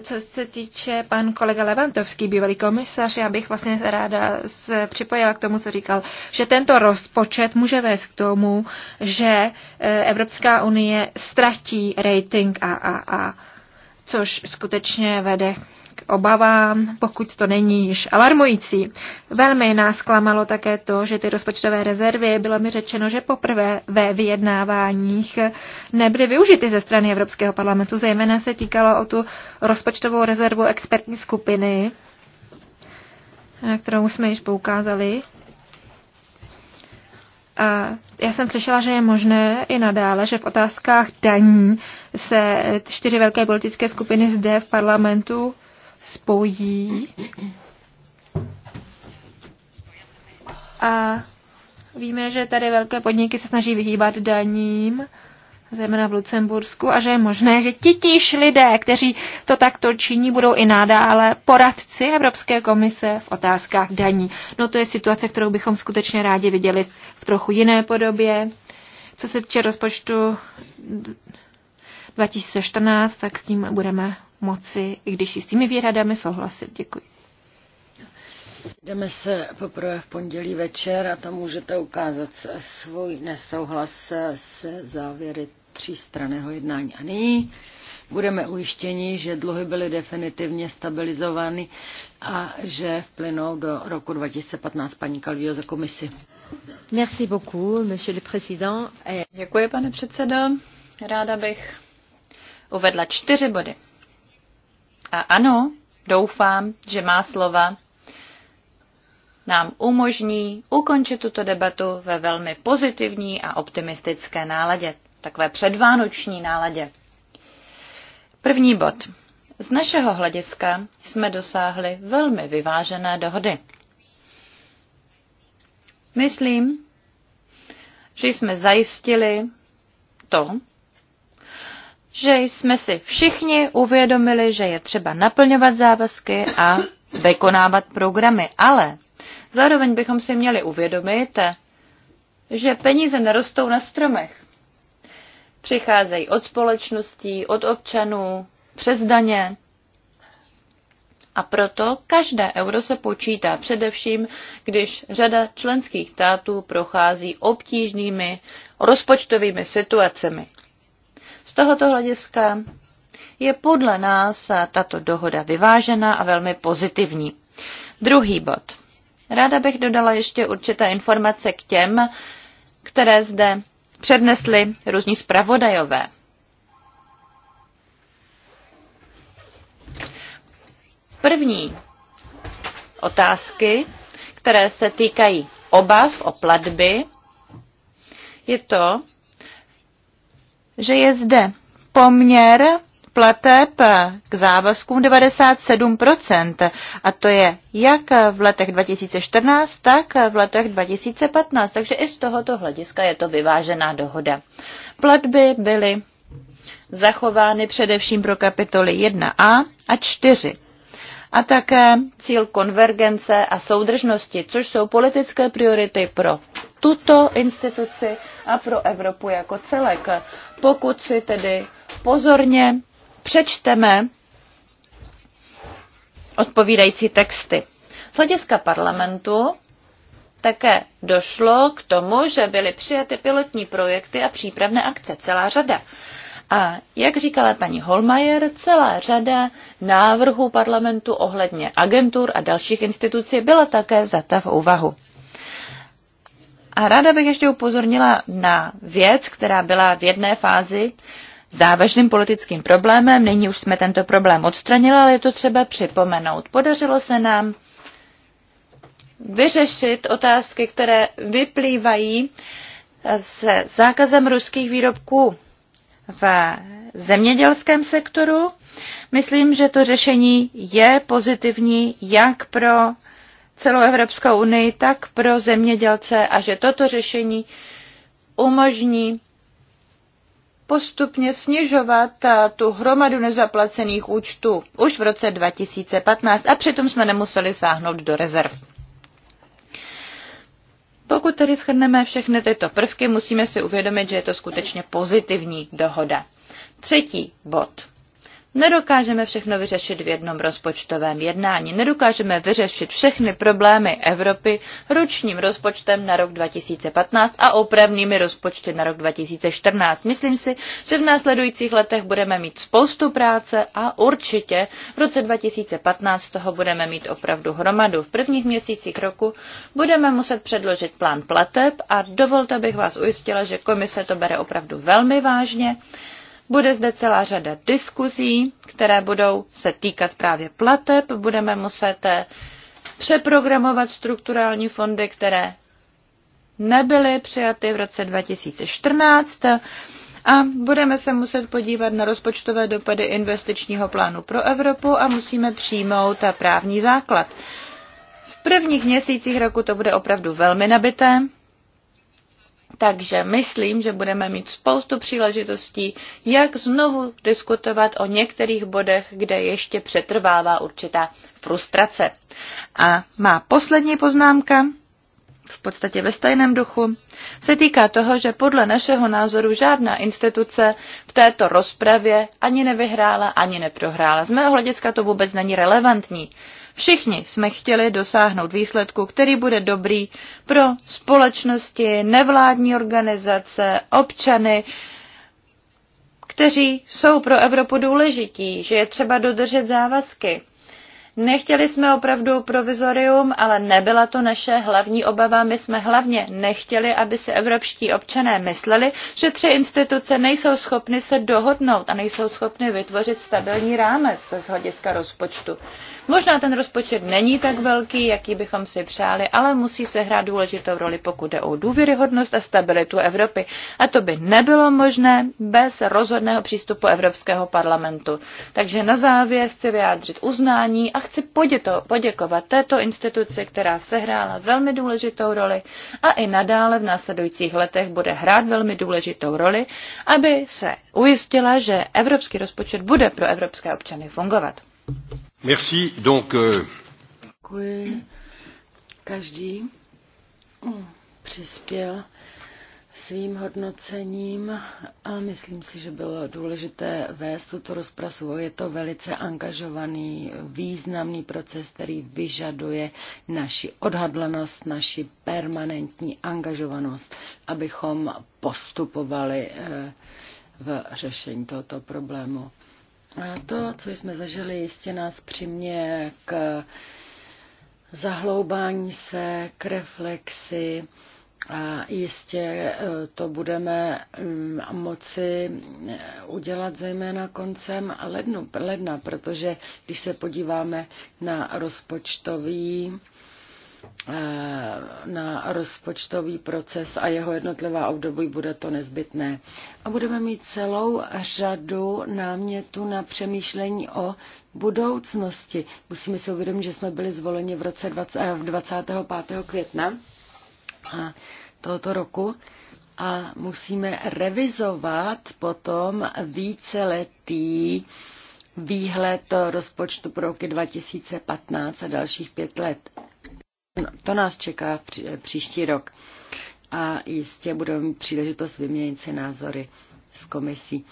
Speaker 3: co se týče pan kolega Levantovský, bývalý komisař, já bych vlastně ráda připojila k tomu, co říkal, že tento rozpočet může vést k tomu, že e, Evropská unie ztratí rating AAA, což skutečně vede obavám, pokud to není již alarmující. Velmi nás klamalo také to, že ty rozpočtové rezervy, bylo mi řečeno, že poprvé ve vyjednáváních nebyly využity ze strany Evropského parlamentu, zejména se týkalo o tu rozpočtovou rezervu expertní skupiny, na kterou jsme již poukázali. A já jsem slyšela, že je možné i nadále, že v otázkách daní se čtyři velké politické skupiny zde v parlamentu spojí. A víme, že tady velké podniky se snaží vyhýbat daním, zejména v Lucembursku, a že je možné, že titíž lidé, kteří to takto činí, budou i nadále poradci Evropské komise v otázkách daní. No to je situace, kterou bychom skutečně rádi viděli v trochu jiné podobě. Co se týče rozpočtu 2014, tak s tím budeme moci, i když si s těmi výhradami souhlasit. Děkuji.
Speaker 1: Jdeme se poprvé v pondělí večer a tam můžete ukázat svůj nesouhlas se závěry třístraného jednání. A nyní budeme ujištěni, že dluhy byly definitivně stabilizovány a že vplynou do roku 2015 paní Kalvího za komisi.
Speaker 3: Merci beaucoup, monsieur le président. Děkuji, pane předsedo. Ráda bych
Speaker 2: uvedla čtyři body. A ano, doufám, že má slova nám umožní ukončit tuto debatu ve velmi pozitivní a optimistické náladě, takové předvánoční náladě. První bod. Z našeho hlediska jsme dosáhli velmi vyvážené dohody. Myslím, že jsme zajistili to, že jsme si všichni uvědomili, že je třeba naplňovat závazky a vykonávat programy. Ale zároveň bychom si měli uvědomit, že peníze nerostou na stromech. Přicházejí od společností, od občanů, přes daně. A proto každé euro se počítá především, když řada členských států prochází obtížnými rozpočtovými situacemi. Z tohoto hlediska je podle nás tato dohoda vyvážená a velmi pozitivní. Druhý bod. Ráda bych dodala ještě určité informace k těm, které zde přednesli různí zpravodajové. První otázky, které se týkají obav o platby, je to, že je zde poměr plateb k závazkům 97%. A to je jak v letech 2014, tak v letech 2015. Takže i z tohoto hlediska je to vyvážená dohoda. Platby byly zachovány především pro kapitoly 1a a 4 a také cíl konvergence a soudržnosti, což jsou politické priority pro tuto instituci a pro Evropu jako celek pokud si tedy pozorně přečteme odpovídající texty. Z hlediska parlamentu také došlo k tomu, že byly přijaty pilotní projekty a přípravné akce, celá řada. A jak říkala paní Holmajer, celá řada návrhů parlamentu ohledně agentur a dalších institucí byla také zata v úvahu. A ráda bych ještě upozornila na věc, která byla v jedné fázi závažným politickým problémem. Nyní už jsme tento problém odstranili, ale je to třeba připomenout. Podařilo se nám vyřešit otázky, které vyplývají se zákazem ruských výrobků v zemědělském sektoru. Myslím, že to řešení je pozitivní jak pro celou Evropskou unii, tak pro zemědělce a že toto řešení umožní postupně snižovat eh, tu hromadu nezaplacených účtů už v roce 2015 a přitom jsme nemuseli sáhnout do rezerv. Pokud tedy shrneme všechny tyto prvky, musíme si uvědomit, že je to skutečně pozitivní dohoda. Třetí bod. Nedokážeme všechno vyřešit v jednom rozpočtovém jednání. Nedokážeme vyřešit všechny problémy Evropy ručním rozpočtem na rok 2015 a opravnými rozpočty na rok 2014. Myslím si, že v následujících letech budeme mít spoustu práce a určitě v roce 2015 toho budeme mít opravdu hromadu. V prvních měsících roku budeme muset předložit plán plateb a dovolte bych vás ujistila, že komise to bere opravdu velmi vážně. Bude zde celá řada diskuzí, které budou se týkat právě plateb. Budeme muset eh, přeprogramovat strukturální fondy, které nebyly přijaty v roce 2014 a budeme se muset podívat na rozpočtové dopady investičního plánu pro Evropu a musíme přijmout eh, právní základ. V prvních měsících roku to bude opravdu velmi nabité, takže myslím, že budeme mít spoustu příležitostí, jak znovu diskutovat o některých bodech, kde ještě přetrvává určitá frustrace. A má poslední poznámka, v podstatě ve stejném duchu, se týká toho, že podle našeho názoru žádná instituce v této rozpravě ani nevyhrála, ani neprohrála. Z mého hlediska to vůbec není relevantní. Všichni jsme chtěli dosáhnout výsledku, který bude dobrý pro společnosti, nevládní organizace, občany, kteří jsou pro Evropu důležití, že je třeba dodržet závazky. Nechtěli jsme opravdu provizorium, ale nebyla to naše hlavní obava. My jsme hlavně nechtěli, aby si evropští občané mysleli, že tři instituce nejsou schopny se dohodnout a nejsou schopny vytvořit stabilní rámec z hlediska rozpočtu. Možná ten rozpočet není tak velký, jaký bychom si přáli, ale musí se hrát důležitou roli, pokud jde o důvěryhodnost a stabilitu Evropy. A to by nebylo možné bez rozhodného přístupu Evropského parlamentu. Takže na závěr chci vyjádřit uznání a chci poděkovat této instituci, která sehrála velmi důležitou roli a i nadále v následujících letech bude hrát velmi důležitou roli, aby se ujistila, že evropský rozpočet bude pro evropské občany fungovat. Euh, Děkuji. Každý mm, přispěl
Speaker 1: svým hodnocením a myslím si, že bylo důležité vést tuto rozpravu. Je to velice angažovaný, významný proces, který vyžaduje naši odhadlanost, naši permanentní angažovanost, abychom postupovali eh, v řešení tohoto problému. A to, co jsme zažili, jistě nás přimě k zahloubání se, k reflexi a jistě e, to budeme mm, moci e, udělat zejména koncem lednu, ledna, protože když se podíváme na rozpočtový Eh, na rozpočtový proces a jeho jednotlivá období bude to nezbytné. A budeme mít celou řadu námětů na přemýšlení o budoucnosti. Musíme si uvědomit, že jsme byli zvoleni v roce 20, 25. Eh, května a tohoto roku a musíme revizovat potom víceletý výhled rozpočtu pro roky 2015 a dalších pět let No, to nás čeká eh, příští rok a jistě budeme mít příležitost vyměnit si názory s komisí.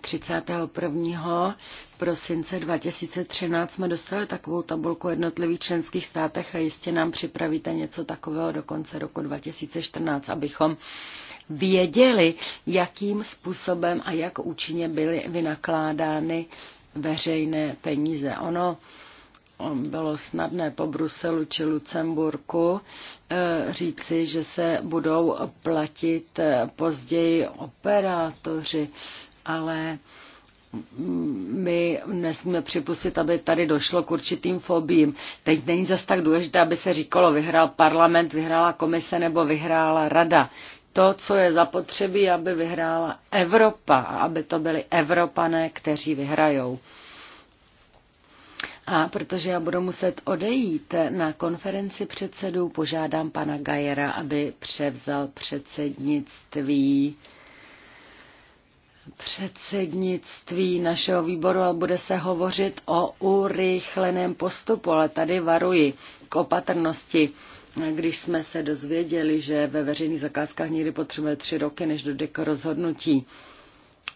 Speaker 1: 31. Eh, prosince 2013 jsme dostali takovou tabulku o jednotlivých členských státech a jistě nám připravíte něco takového do konce roku 2014, abychom věděli, jakým způsobem a jak účinně byly vynakládány veřejné peníze. Ono bylo snadné po Bruselu či Lucemburku eh, říci, že se budou platit eh, později operátoři, ale my nesmíme připustit, aby tady došlo k určitým fobím. Teď není zas tak důležité, aby se říkalo, vyhrál parlament, vyhrála komise nebo vyhrála rada. To, co je zapotřebí, aby vyhrála Evropa, aby to byli Evropané, kteří vyhrajou. A protože já budu muset odejít na konferenci předsedů, požádám pana Gajera, aby převzal předsednictví předsednictví našeho výboru Ale bude se hovořit o urychleném postupu, ale tady varuji k opatrnosti. Když jsme se dozvěděli, že ve veřejných zakázkách někdy potřebuje tři roky, než dojde k rozhodnutí,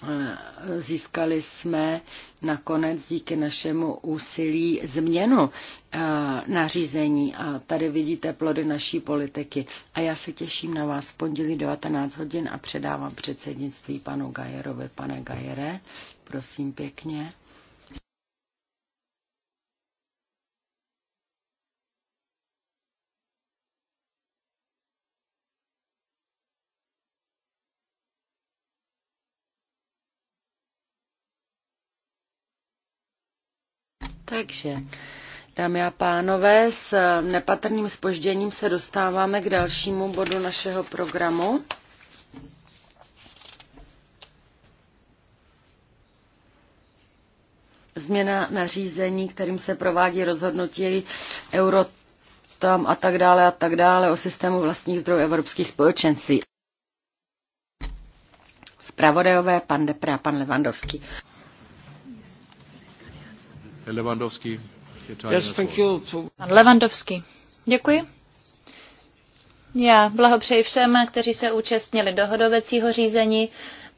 Speaker 1: Eh, získali jsme nakonec díky našemu úsilí změnu eh, nařízení a tady vidíte plody naší politiky. A já se těším na vás v pondělí 19 hodin a předávám předsednictví panu Gajerovi. Pane Gajere, prosím pěkně. Takže, dámy a pánové, s nepatrným spožděním se dostáváme k dalšímu bodu našeho programu. Změna nařízení, kterým se provádí rozhodnutí euro tam a tak dále a tak dále o systému vlastních zdrojů evropských společenství. Spravodajové pan Depre a pan Levandovský.
Speaker 2: Lewandowski. Yes, thank you. Pan Lewandowski. Děkuji. Já blahopřeji všem, kteří se účastnili dohodovacího řízení.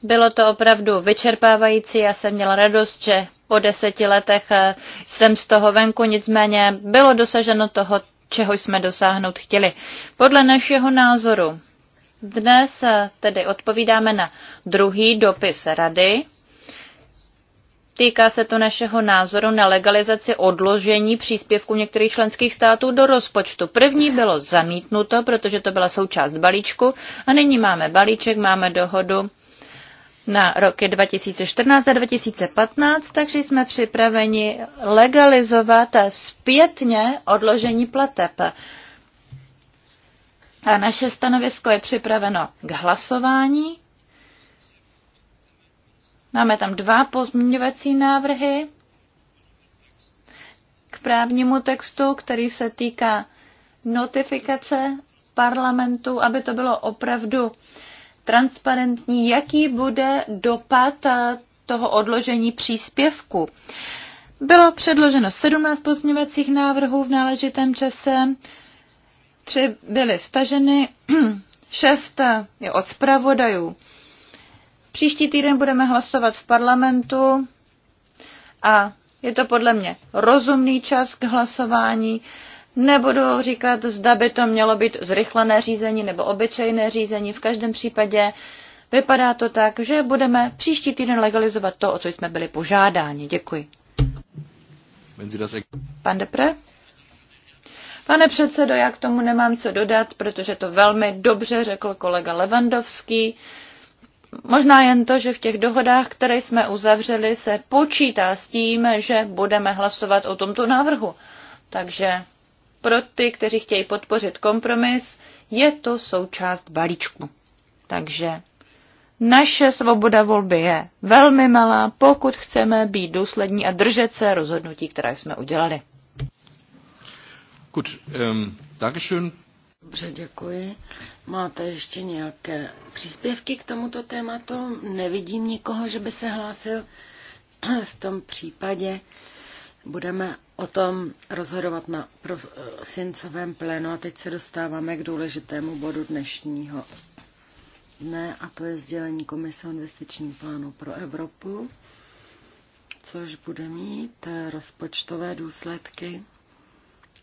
Speaker 2: Bylo to opravdu vyčerpávající. Já jsem měla radost, že po deseti letech eh, jsem z toho venku, nicméně bylo dosaženo toho, čeho jsme dosáhnout chtěli. Podle našeho názoru dnes eh, tedy odpovídáme na druhý dopis rady, Týká se to našeho názoru na legalizaci odložení příspěvku některých členských států do rozpočtu. První bylo zamítnuto, protože to byla součást balíčku a nyní máme balíček, máme dohodu na roky 2014 a 2015, takže jsme připraveni legalizovat zpětně odložení plateb. A naše stanovisko je připraveno k hlasování Máme tam dva pozměňovací návrhy k právnímu textu, který se týká notifikace parlamentu, aby to bylo opravdu transparentní, jaký bude dopad eh, toho odložení příspěvku. Bylo předloženo 17 pozměňovacích návrhů v náležitém čase, tři byly staženy, šest eh, je od zpravodajů. Příští týden budeme hlasovat v parlamentu a je to podle mě rozumný čas k hlasování. Nebudu říkat, zda by to mělo být zrychlené řízení nebo obyčejné řízení. V každém případě vypadá to tak, že budeme příští týden legalizovat to, o co jsme byli požádáni. Děkuji. Pan Depre? Pane předsedo, já k tomu nemám co dodat, protože to velmi dobře řekl kolega Levandovský. Možná jen to, že v těch dohodách, které jsme uzavřeli, se počítá s tím, že budeme hlasovat o tomto návrhu. Takže pro ty, kteří chtějí podpořit kompromis, je to součást balíčku. Takže naše svoboda volby je velmi malá, pokud chceme být důslední a držet se rozhodnutí, které jsme udělali.
Speaker 3: Gut, ähm, Dankeschön.
Speaker 2: Dobře, děkuji. Máte ještě
Speaker 1: nějaké příspěvky k tomuto tématu? Nevidím nikoho, že by se hlásil. V tom případě budeme o tom rozhodovat na prosincovém plénu a teď se dostáváme k důležitému bodu dnešního dne a to je sdělení Komise o investičním plánu pro Evropu, což bude mít rozpočtové důsledky.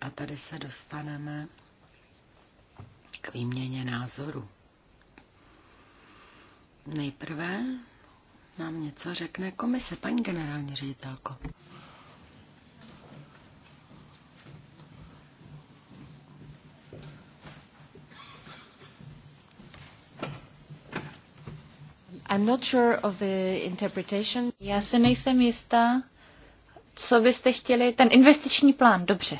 Speaker 1: A tady se dostaneme k výměně názoru. Nejprve nám něco řekne komise, paní generální ředitelko.
Speaker 3: I'm not sure of the interpretation. Já
Speaker 2: se nejsem jistá, co byste chtěli. Ten investiční plán, dobře,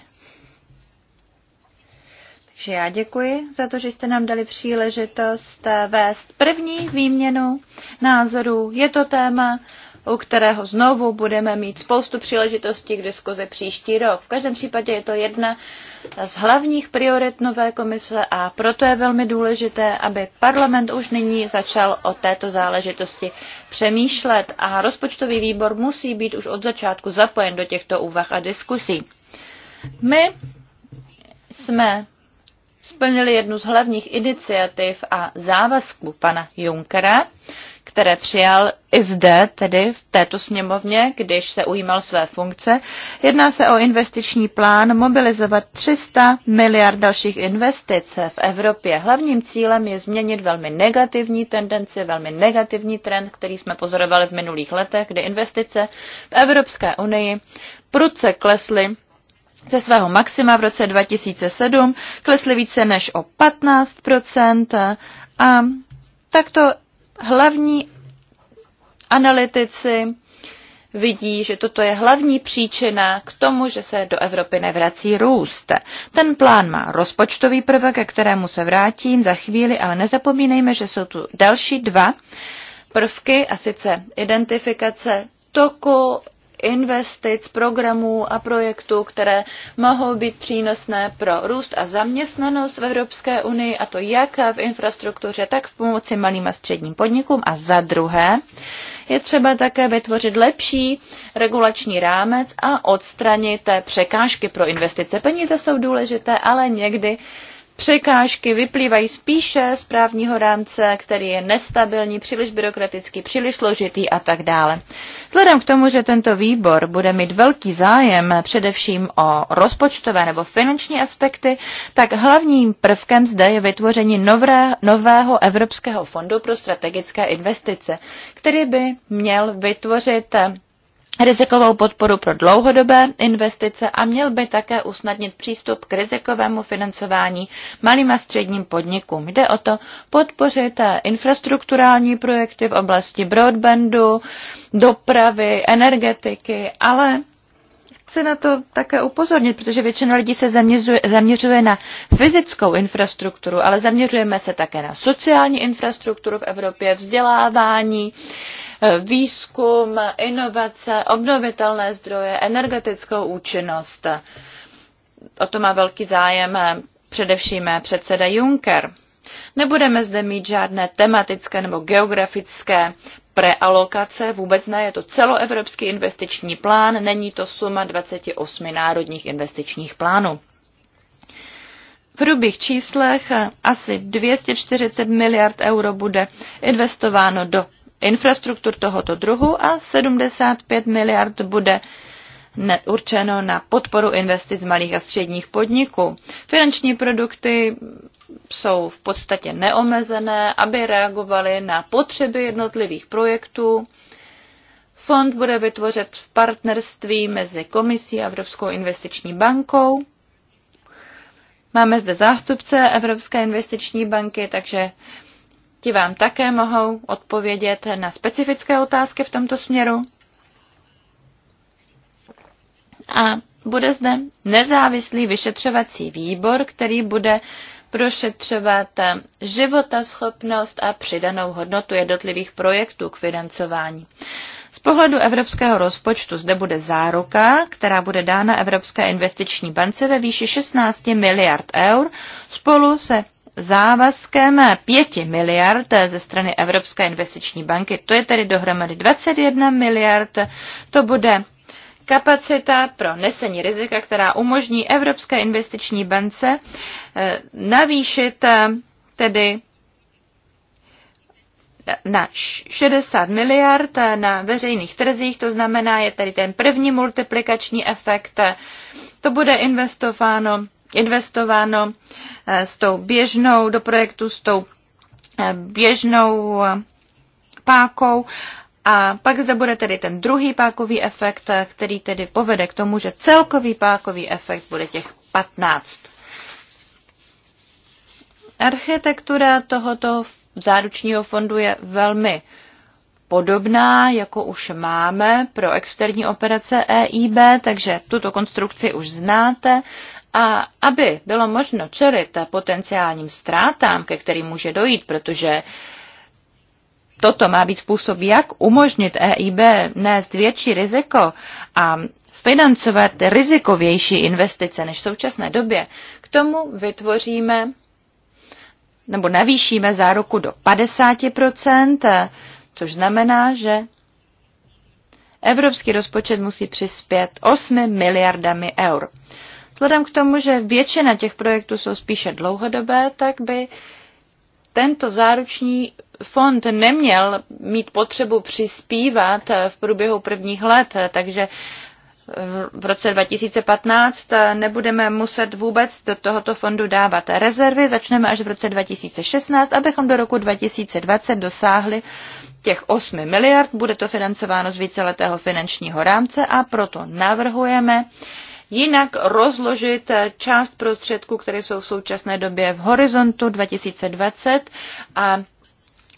Speaker 2: že já děkuji za to, že jste nám dali příležitost vést první výměnu názorů. Je to téma, u kterého znovu budeme mít spoustu příležitostí k diskuzi příští rok. V každém případě je to jedna z hlavních priorit nové komise a proto je velmi důležité, aby parlament už nyní začal o této záležitosti přemýšlet a rozpočtový výbor musí být už od začátku zapojen do těchto úvah a diskusí. My jsme splnili jednu z hlavních iniciativ a závazků pana Junckera, které přijal i zde, tedy v této sněmovně, když se ujímal své funkce. Jedná se o investiční plán mobilizovat 300 miliard dalších investic v Evropě. Hlavním cílem je změnit velmi negativní tendenci, velmi negativní trend, který jsme pozorovali v minulých letech, kdy investice v Evropské unii prudce klesly ze svého maxima v roce 2007 klesly více než o 15 a takto hlavní analytici vidí, že toto je hlavní příčina k tomu, že se do Evropy nevrací růst. Ten plán má rozpočtový prvek, ke kterému se vrátím za chvíli, ale nezapomínejme, že jsou tu další dva prvky, a sice identifikace toku investic, programů a projektů, které mohou být přínosné pro růst a zaměstnanost v Evropské unii, a to jak v infrastruktuře, tak v pomoci malým a středním podnikům. A za druhé, je třeba také vytvořit lepší regulační rámec a odstranit překážky pro investice. Peníze jsou důležité, ale někdy překážky vyplývají spíše z právního rámce, který je nestabilní, příliš byrokratický, příliš složitý a tak dále. Vzhledem k tomu, že tento výbor bude mít velký zájem především o rozpočtové nebo finanční aspekty, tak hlavním prvkem zde je vytvoření nové, nového Evropského fondu pro strategické investice, který by měl vytvořit rizikovou podporu pro dlouhodobé investice a měl by také usnadnit přístup k rizikovému financování malým a středním podnikům. Jde o to podpořit infrastrukturální projekty v oblasti broadbandu, dopravy, energetiky, ale chci na to také upozornit, protože většina lidí se zaměřuje, zaměřuje na fyzickou infrastrukturu, ale zaměřujeme se také na sociální infrastrukturu v Evropě, vzdělávání, výzkum, inovace, obnovitelné zdroje, energetickou účinnost. O to má velký zájem především předseda Juncker. Nebudeme zde mít žádné tematické nebo geografické prealokace, vůbec ne, je to celoevropský investiční plán, není to suma 28 národních investičních plánů. V hrubých číslech asi 240 miliard euro bude investováno do infrastruktur tohoto druhu a 75 miliard bude určeno na podporu investic malých a středních podniků. Finanční produkty jsou v podstatě neomezené, aby reagovaly na potřeby jednotlivých projektů. Fond bude vytvořen v partnerství mezi Komisí a Evropskou investiční bankou. Máme zde zástupce Evropské investiční banky, takže Ti vám také mohou odpovědět na specifické otázky v tomto směru. A bude zde nezávislý vyšetřovací výbor, který bude prošetřovat životaschopnost a přidanou hodnotu jednotlivých projektů k financování. Z pohledu evropského rozpočtu zde bude záruka, která bude dána Evropské investiční bance ve výši 16 miliard eur spolu se závazkem 5 miliard ze strany Evropské investiční banky. To je tedy dohromady 21 miliard. To bude kapacita pro nesení rizika, která umožní Evropské investiční bance eh, navýšit eh, tedy na 60 miliard eh, na veřejných trzích, to znamená, je tady ten první multiplikační efekt, to bude investováno investováno eh, s tou běžnou do projektu, s tou eh, běžnou eh, pákou. A pak zde bude tedy ten druhý pákový efekt, který tedy povede k tomu, že celkový pákový efekt bude těch 15. Architektura tohoto záručního fondu je velmi podobná, jako už máme pro externí operace EIB, takže tuto konstrukci už znáte. A aby bylo možno čelit potenciálním ztrátám, ke kterým může dojít, protože toto má být způsob, jak umožnit EIB nést větší riziko a financovat rizikovější investice než v současné době, k tomu vytvoříme nebo navýšíme záruku do 50%, což znamená, že evropský rozpočet musí přispět 8 miliardami eur. Vzhledem k tomu, že většina těch projektů jsou spíše dlouhodobé, tak by tento záruční fond neměl mít potřebu přispívat v průběhu prvních let, takže v roce 2015 nebudeme muset vůbec do tohoto fondu dávat rezervy, začneme až v roce 2016, abychom do roku 2020 dosáhli těch 8 miliard, bude to financováno z víceletého finančního rámce a proto navrhujeme jinak rozložit eh, část prostředků, které jsou v současné době v horizontu 2020 a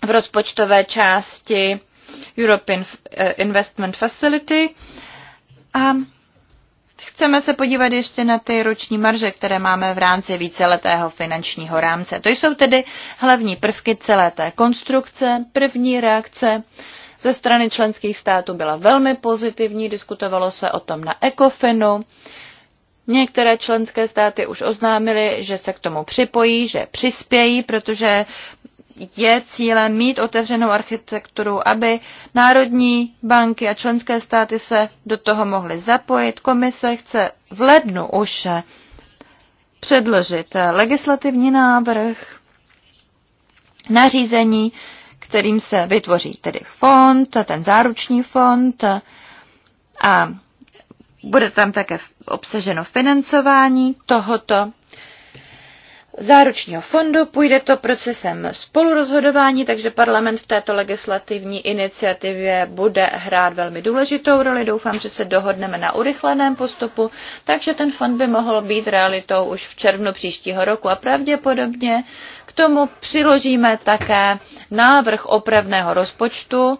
Speaker 2: v rozpočtové části European eh, Investment Facility. A chceme se podívat ještě na ty roční marže, které máme v rámci víceletého finančního rámce. To jsou tedy hlavní prvky celé té konstrukce. První reakce ze strany členských států byla velmi pozitivní, diskutovalo se o tom na ECOFINu. Některé členské státy už oznámily, že se k tomu připojí, že přispějí, protože je cílem mít otevřenou architekturu, aby národní banky a členské státy se do toho mohly zapojit. Komise chce v lednu už předložit legislativní návrh nařízení, kterým se vytvoří tedy fond, ten záruční fond a bude tam také obsaženo financování tohoto záručního fondu. Půjde to procesem spolurozhodování, takže parlament v této legislativní iniciativě bude hrát velmi důležitou roli. Doufám, že se dohodneme na urychleném postupu, takže ten fond by mohl být realitou už v červnu příštího roku a pravděpodobně k tomu přiložíme také návrh opravného rozpočtu.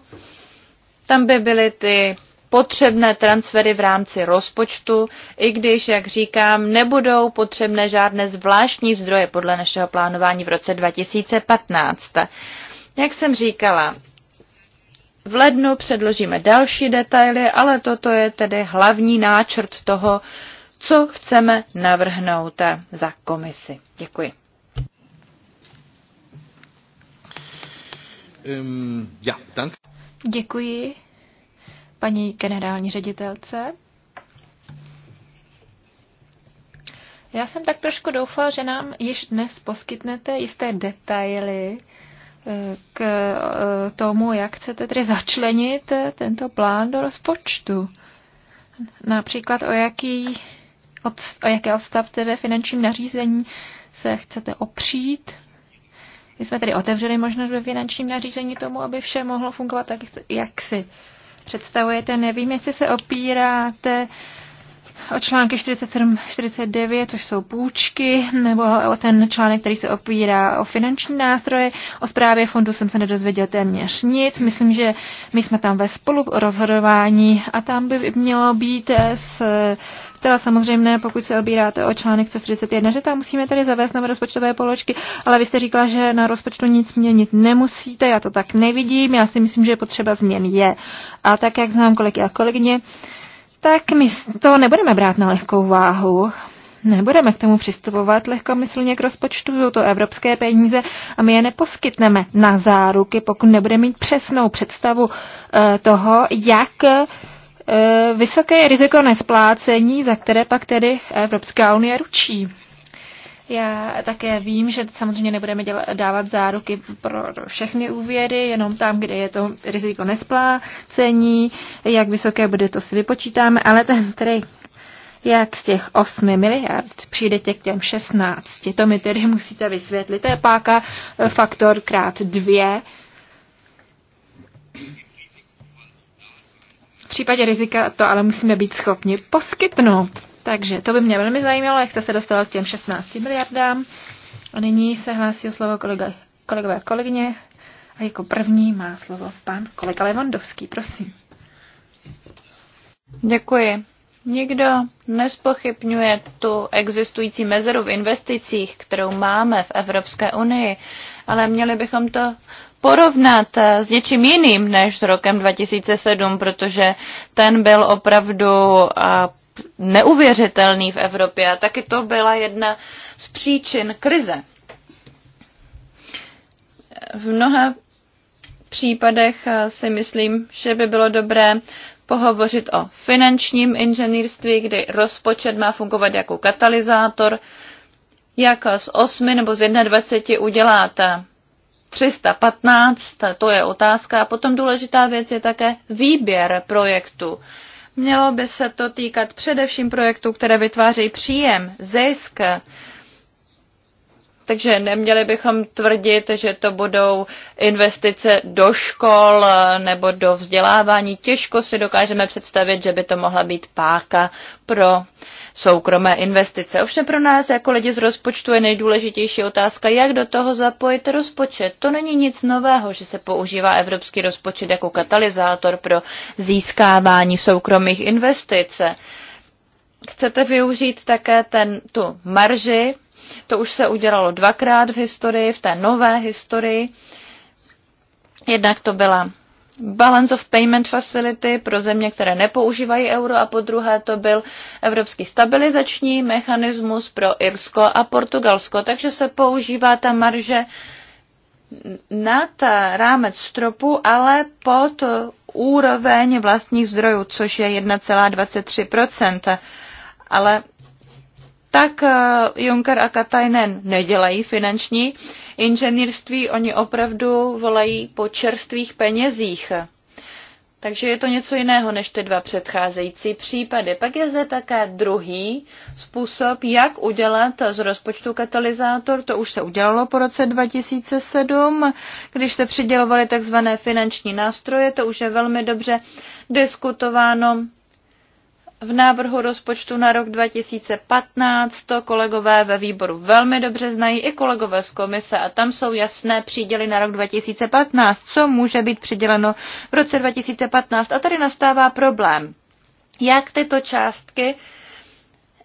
Speaker 2: Tam by byly ty potřebné transfery v rámci rozpočtu, i když, jak říkám, nebudou potřebné žádné zvláštní zdroje podle našeho plánování v roce 2015. Jak jsem říkala, v lednu předložíme další detaily, ale toto je tedy hlavní náčrt toho, co chceme navrhnout
Speaker 3: za komisi. Děkuji. Um, ja, dank. Děkuji paní generální ředitelce. Já jsem tak trošku doufal, že nám již dnes poskytnete jisté detaily eh, k eh, tomu, jak chcete tedy začlenit eh, tento plán do rozpočtu. Například o, jaký, o jaké odstavce ve finančním nařízení se chcete opřít. My jsme tedy otevřeli možnost ve finančním nařízení tomu, aby vše mohlo fungovat tak, jak si představujete. Nevím, jestli se opíráte o články 47, 49, což jsou půjčky, nebo o ten článek, který se opírá o finanční nástroje. O zprávě fondu jsem se nedozvěděl téměř nic. Myslím, že my jsme tam ve spolu rozhodování a tam by mělo být s Teda samozřejmě, pokud se obíráte o článek 131, že tam musíme tady zavést nové rozpočtové položky, ale vy jste říkala, že na rozpočtu nic měnit nemusíte, já to tak nevidím, já si myslím, že potřeba změn je. A tak, jak znám kolegy a kolegyně, tak my to nebudeme brát na lehkou váhu. Nebudeme k tomu přistupovat lehkomyslně k rozpočtu, jsou to evropské peníze a my je neposkytneme na záruky, pokud nebudeme mít přesnou představu eh, toho, jak Eh, vysoké riziko nesplácení, za které pak tedy Evropská unie ručí. Já také vím, že samozřejmě nebudeme děla, dávat záruky pro všechny úvěry, jenom tam, kde je to riziko nesplácení, jak vysoké bude, to si vypočítáme, ale ten trik, jak z těch 8 miliard přijdete k těm 16, to mi tedy musíte vysvětlit. To je páka eh, faktor krát dvě, V případě rizika to ale musíme být schopni poskytnout. Takže to by mě velmi zajímalo, jak jste se dostala k těm 16 miliardám. A nyní se hlásí o slovo kolega, kolegové a kolegyně. A jako první má slovo pan kolega Levandovský, prosím. Děkuji. Nikdo nespochybňuje tu existující
Speaker 2: mezeru v investicích, kterou máme v Evropské unii, ale měli bychom to porovnat eh, s něčím jiným než s rokem 2007, protože ten byl opravdu eh, neuvěřitelný v Evropě a taky to byla jedna z příčin krize. V mnoha případech eh, si myslím, že by bylo dobré pohovořit o finančním inženýrství, kdy rozpočet má fungovat jako katalyzátor, jak z 8 nebo z 21 udělat 315, to je otázka. A potom důležitá věc je také výběr projektu. Mělo by se to týkat především projektů, které vytvářejí příjem, zisk, takže neměli bychom tvrdit, že to budou investice do škol nebo do vzdělávání. Těžko si dokážeme představit, že by to mohla být páka pro soukromé investice. Ovšem pro nás jako lidi z rozpočtu je nejdůležitější otázka, jak do toho zapojit rozpočet. To není nic nového, že se používá evropský rozpočet jako katalyzátor pro získávání soukromých investic. Chcete využít také ten, tu marži to už se udělalo dvakrát v historii, v té nové historii. Jednak to byla Balance of Payment Facility pro země, které nepoužívají euro a po druhé to byl Evropský stabilizační mechanismus pro Irsko a Portugalsko. Takže se používá ta marže nad rámec stropu, ale pod úroveň vlastních zdrojů, což je 1,23%. Ale tak eh, Juncker a Katajnen nedělají finanční inženýrství, oni opravdu volají po čerstvých penězích. Takže je to něco jiného než ty dva předcházející případy. Pak je zde také druhý způsob, jak udělat z rozpočtu katalyzátor. To už se udělalo po roce 2007, když se přidělovaly tzv. finanční nástroje. To už je velmi dobře diskutováno v návrhu rozpočtu na rok 2015. To kolegové ve výboru velmi dobře znají, i kolegové z komise, a tam jsou jasné příděly na rok 2015, co může být přiděleno v roce 2015. A tady nastává problém, jak tyto částky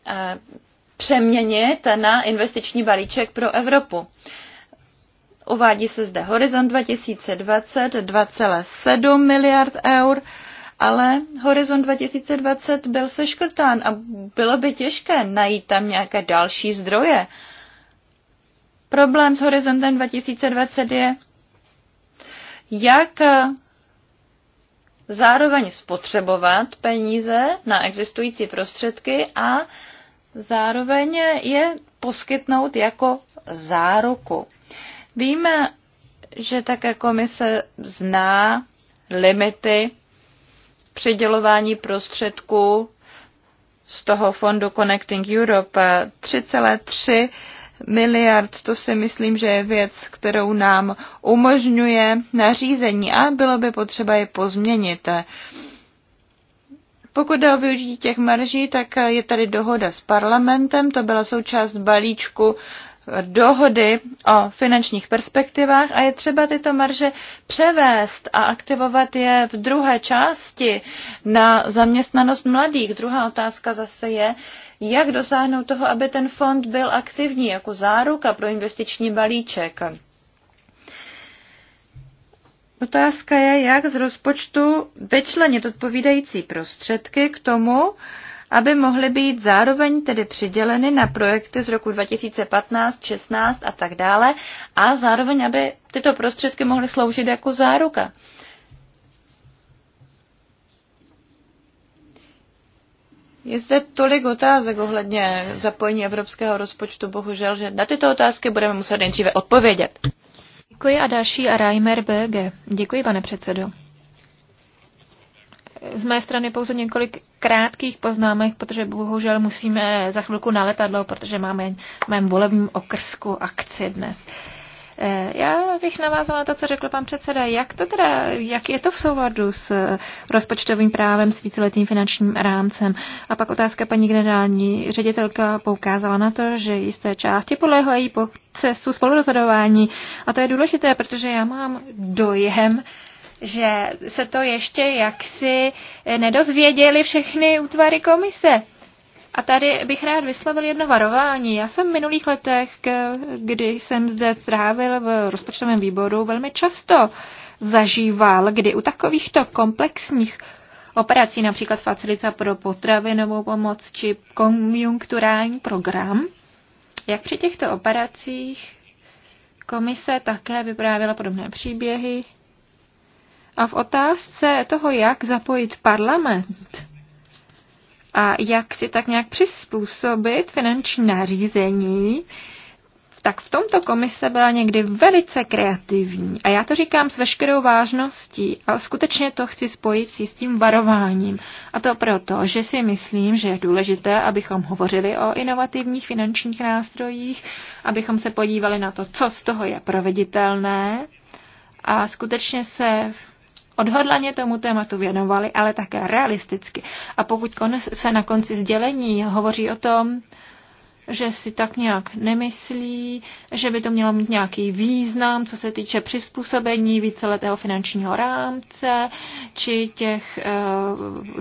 Speaker 2: eh, přeměnit na investiční balíček pro Evropu. Uvádí se zde Horizont 2020 2,7 miliard eur ale Horizont 2020 byl seškrtán a bylo by těžké najít tam nějaké další zdroje. Problém s Horizontem 2020 je, jak zároveň spotřebovat peníze na existující prostředky a zároveň je poskytnout jako záruku. Víme, že také komise zná limity přidělování prostředků z toho fondu Connecting Europe 3,3 miliard, to si myslím, že je věc, kterou nám umožňuje nařízení a bylo by potřeba je pozměnit. Pokud jde o využití těch marží, tak je tady dohoda s parlamentem, to byla součást balíčku dohody o finančních perspektivách a je třeba tyto marže převést a aktivovat je v druhé části na zaměstnanost mladých. Druhá otázka zase je, jak dosáhnout toho, aby ten fond byl aktivní jako záruka pro investiční balíček. Otázka je, jak z rozpočtu vyčlenit odpovídající prostředky k tomu, aby mohly být zároveň tedy přiděleny na projekty z roku 2015, 16 a tak dále a zároveň, aby tyto prostředky mohly sloužit jako záruka. Je zde tolik otázek ohledně zapojení evropského rozpočtu, bohužel, že na tyto otázky budeme muset nejdříve odpovědět.
Speaker 3: Děkuji a další a Reimer BG. Děkuji, pane předsedo. Z mé strany pouze několik krátkých poznámek, protože bohužel musíme za chvilku na letadlo, protože máme v mém volebním okrsku akci dnes. Eh, já bych navázala na to, co řekl pan předseda. Jak to teda, jak je to v souladu s eh, rozpočtovým právem, s víceletým finančním rámcem? A pak otázka paní generální ředitelka poukázala na to, že jisté části podléhají po cestu spolurozhodování. A to je důležité, protože já mám dojem, že se to ještě jaksi nedozvěděli všechny útvary komise. A tady bych rád vyslovil jedno varování. Já jsem v minulých letech, kdy jsem zde strávil v rozpočtovém výboru, velmi často zažíval, kdy u takovýchto komplexních operací, například facilita pro potravinovou pomoc či konjunkturální program, jak při těchto operacích komise také vyprávěla podobné příběhy, a v otázce toho, jak zapojit parlament a jak si tak nějak přizpůsobit finanční nařízení, tak v tomto komise byla někdy velice kreativní. A já to říkám s veškerou vážností, ale skutečně to chci spojit si s tím varováním. A to proto, že si myslím, že je důležité, abychom hovořili o inovativních finančních nástrojích, abychom se podívali na to, co z toho je proveditelné a skutečně se odhodlaně tomu tématu věnovali, ale také realisticky. A pokud se na konci sdělení hovoří o tom, že si tak nějak nemyslí, že by to mělo mít nějaký význam, co se týče přizpůsobení víceletého finančního rámce či těch e,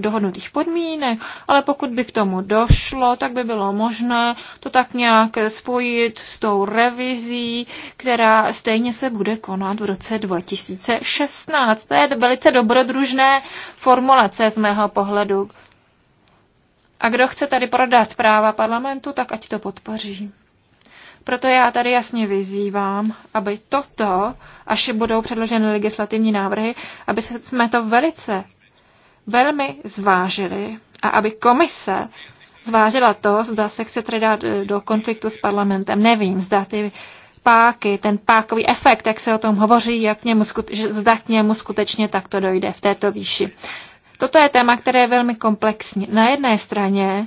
Speaker 3: dohodnutých podmínek, ale pokud by k tomu došlo, tak by bylo možné to tak nějak spojit s tou revizí, která stejně se bude konat v roce 2016. To je velice dobrodružné formulace z mého pohledu. A kdo chce tady prodat práva parlamentu, tak ať to podpoří. Proto já tady jasně vyzývám, aby toto, až budou předloženy legislativní návrhy, aby jsme to velice, velmi zvážili a aby komise zvážila to, zda se chce tedy dát eh, do konfliktu s parlamentem. Nevím, zda ty páky, ten pákový efekt, jak se o tom hovoří, jak k němu, zda k němu skutečně takto dojde v této výši. Toto je téma, které je velmi komplexní. Na jedné straně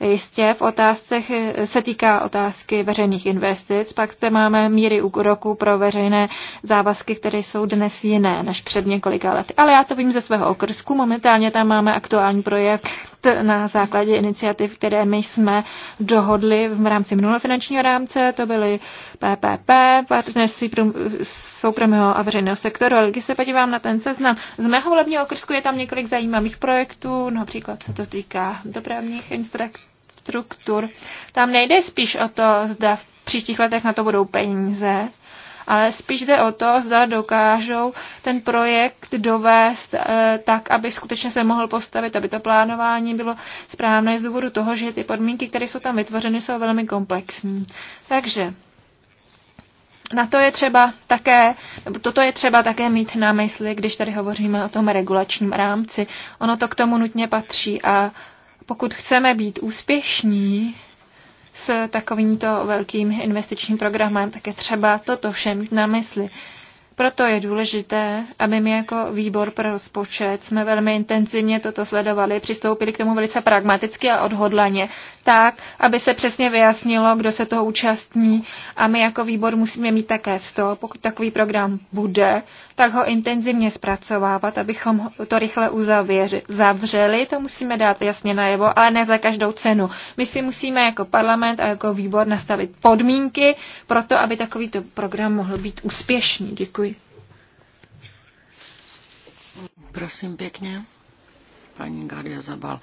Speaker 3: jistě v otázcech eh, se týká otázky veřejných investic, pak zde máme míry úroku pro veřejné závazky, které jsou dnes jiné než před několika lety. Ale já to vím ze svého okrsku, momentálně tam máme aktuální projekt na základě iniciativ, které my jsme dohodli v rámci minulého finančního rámce. To byly PPP, partnerství soukromého a veřejného sektoru. Ale když se podívám na ten seznam, z mého volebního okrsku je tam několik zajímavých projektů, například co to týká dopravních infrastruktur. Tam nejde spíš o to, zda v příštích letech na to budou peníze, ale spíš jde o to, zda dokážou ten projekt dovést eh, tak, aby skutečně se mohl postavit, aby to plánování bylo správné z důvodu toho, že ty podmínky, které jsou tam vytvořeny, jsou velmi komplexní. Takže na to je třeba také, nebo toto je třeba také mít na mysli, když tady hovoříme o tom regulačním rámci. Ono to k tomu nutně patří a pokud chceme být úspěšní, s takovýmto velkým investičním programem, tak je třeba toto všem mít na mysli. Proto je důležité, aby my jako výbor pro rozpočet jsme velmi intenzivně toto sledovali, přistoupili k tomu velice pragmaticky a odhodlaně, tak, aby se přesně vyjasnilo, kdo se toho účastní a my jako výbor musíme mít také z toho, pokud takový program bude, tak ho intenzivně zpracovávat, abychom to rychle uzavřeli. To musíme dát jasně najevo, ale ne za každou cenu. My si musíme jako parlament a jako výbor nastavit podmínky pro to, aby takovýto program mohl být úspěšný. Děkuji.
Speaker 1: Prosím pěkně, paní Gardia Zabal.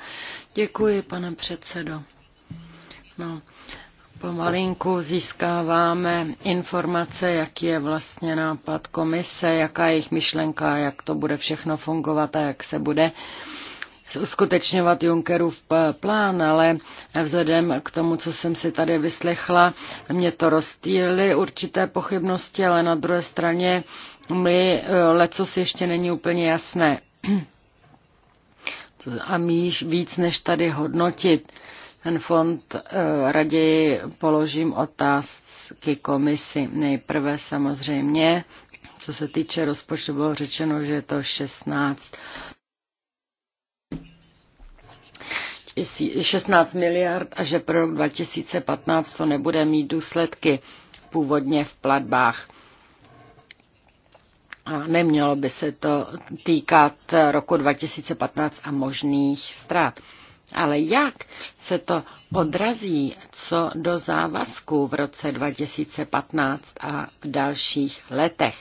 Speaker 1: Děkuji, pane předsedo. No, Pomalinku získáváme informace, jaký je vlastně nápad komise, jaká je jejich myšlenka, jak to bude všechno fungovat a jak se bude uskutečňovat Junckerův plán, ale vzhledem k tomu, co jsem si tady vyslechla, mě to rozstýlily určité pochybnosti, ale na druhé straně mi eh, lecos ještě není úplně jasné. A míš víc, než tady hodnotit ten fond eh, raději položím otázky komisi. Nejprve samozřejmě, co se týče rozpočtu, bylo řečeno, že je to 16 16 miliard a že pro rok 2015 to nebude mít důsledky původně v platbách. A nemělo by se to týkat roku 2015 a možných ztrát. Ale jak se to odrazí co do závazků v roce 2015 a v dalších letech?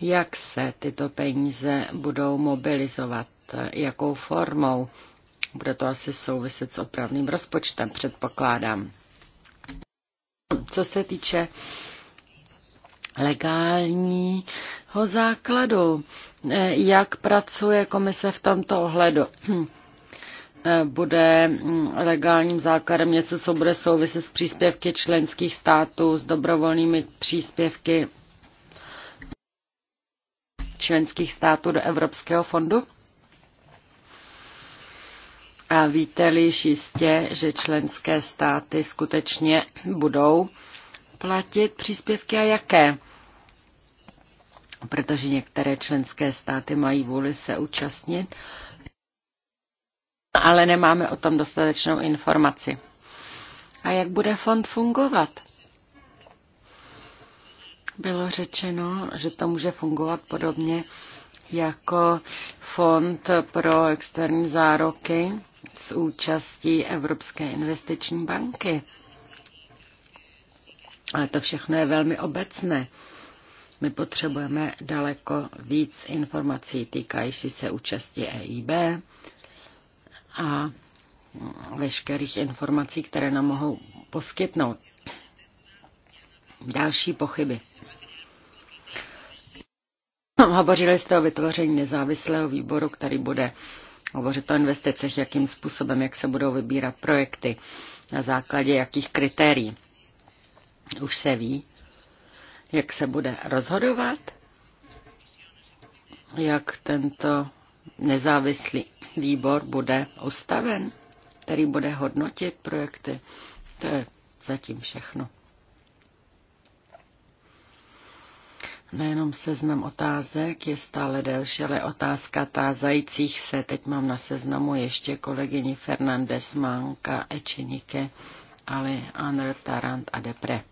Speaker 1: Jak se tyto peníze budou mobilizovat? Jakou formou? Bude to asi souviset s opravným rozpočtem, předpokládám. Co se týče legálního základu, jak pracuje komise v tomto ohledu? E, bude mm, legálním základem něco, co bude souviset s příspěvky členských států, s dobrovolnými příspěvky členských států do Evropského fondu? A víte již jistě, že členské státy skutečně budou platit příspěvky a jaké? Protože některé členské státy mají vůli se účastnit ale nemáme o tom dostatečnou informaci. A jak bude fond fungovat? Bylo řečeno, že to může fungovat podobně jako fond pro externí zároky s účastí Evropské investiční banky. Ale to všechno je velmi obecné. My potřebujeme daleko víc informací týkající se účasti EIB, a veškerých informací, které nám mohou poskytnout. Další pochyby. Hovořili jste o vytvoření nezávislého výboru, který bude hovořit o investicích, jakým způsobem, jak se budou vybírat projekty, na základě jakých kritérií. Už se ví, jak se bude rozhodovat, jak tento nezávislý výbor bude ustaven, který bude hodnotit projekty. To je zatím všechno. Nejenom seznam otázek je stále delší, ale otázka tázajících se. Teď mám na seznamu ještě kolegyni Fernandez Manka, Ečinike, Ali, Anr, Tarant a Depre.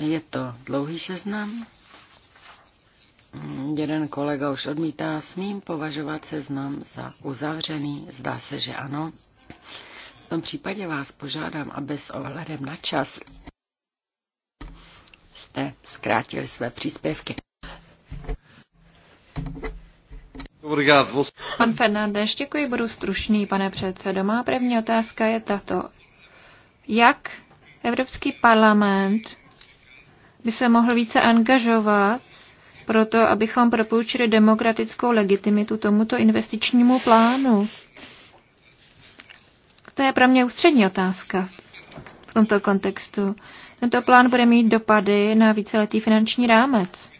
Speaker 1: Je to dlouhý seznam? Jeden kolega už odmítá, smím považovat seznam za uzavřený, zdá se, že ano. V tom případě vás požádám, aby s ohledem na čas jste zkrátili své příspěvky.
Speaker 3: Pan Fernández, děkuji, budu stručný, pane předsedo. Má první otázka je tato. Jak Evropský parlament by se mohl více angažovat proto abychom propůjčili demokratickou legitimitu tomuto investičnímu plánu? To je pro mě ústřední otázka v tomto kontextu. Tento plán bude mít dopady na víceletý finanční rámec.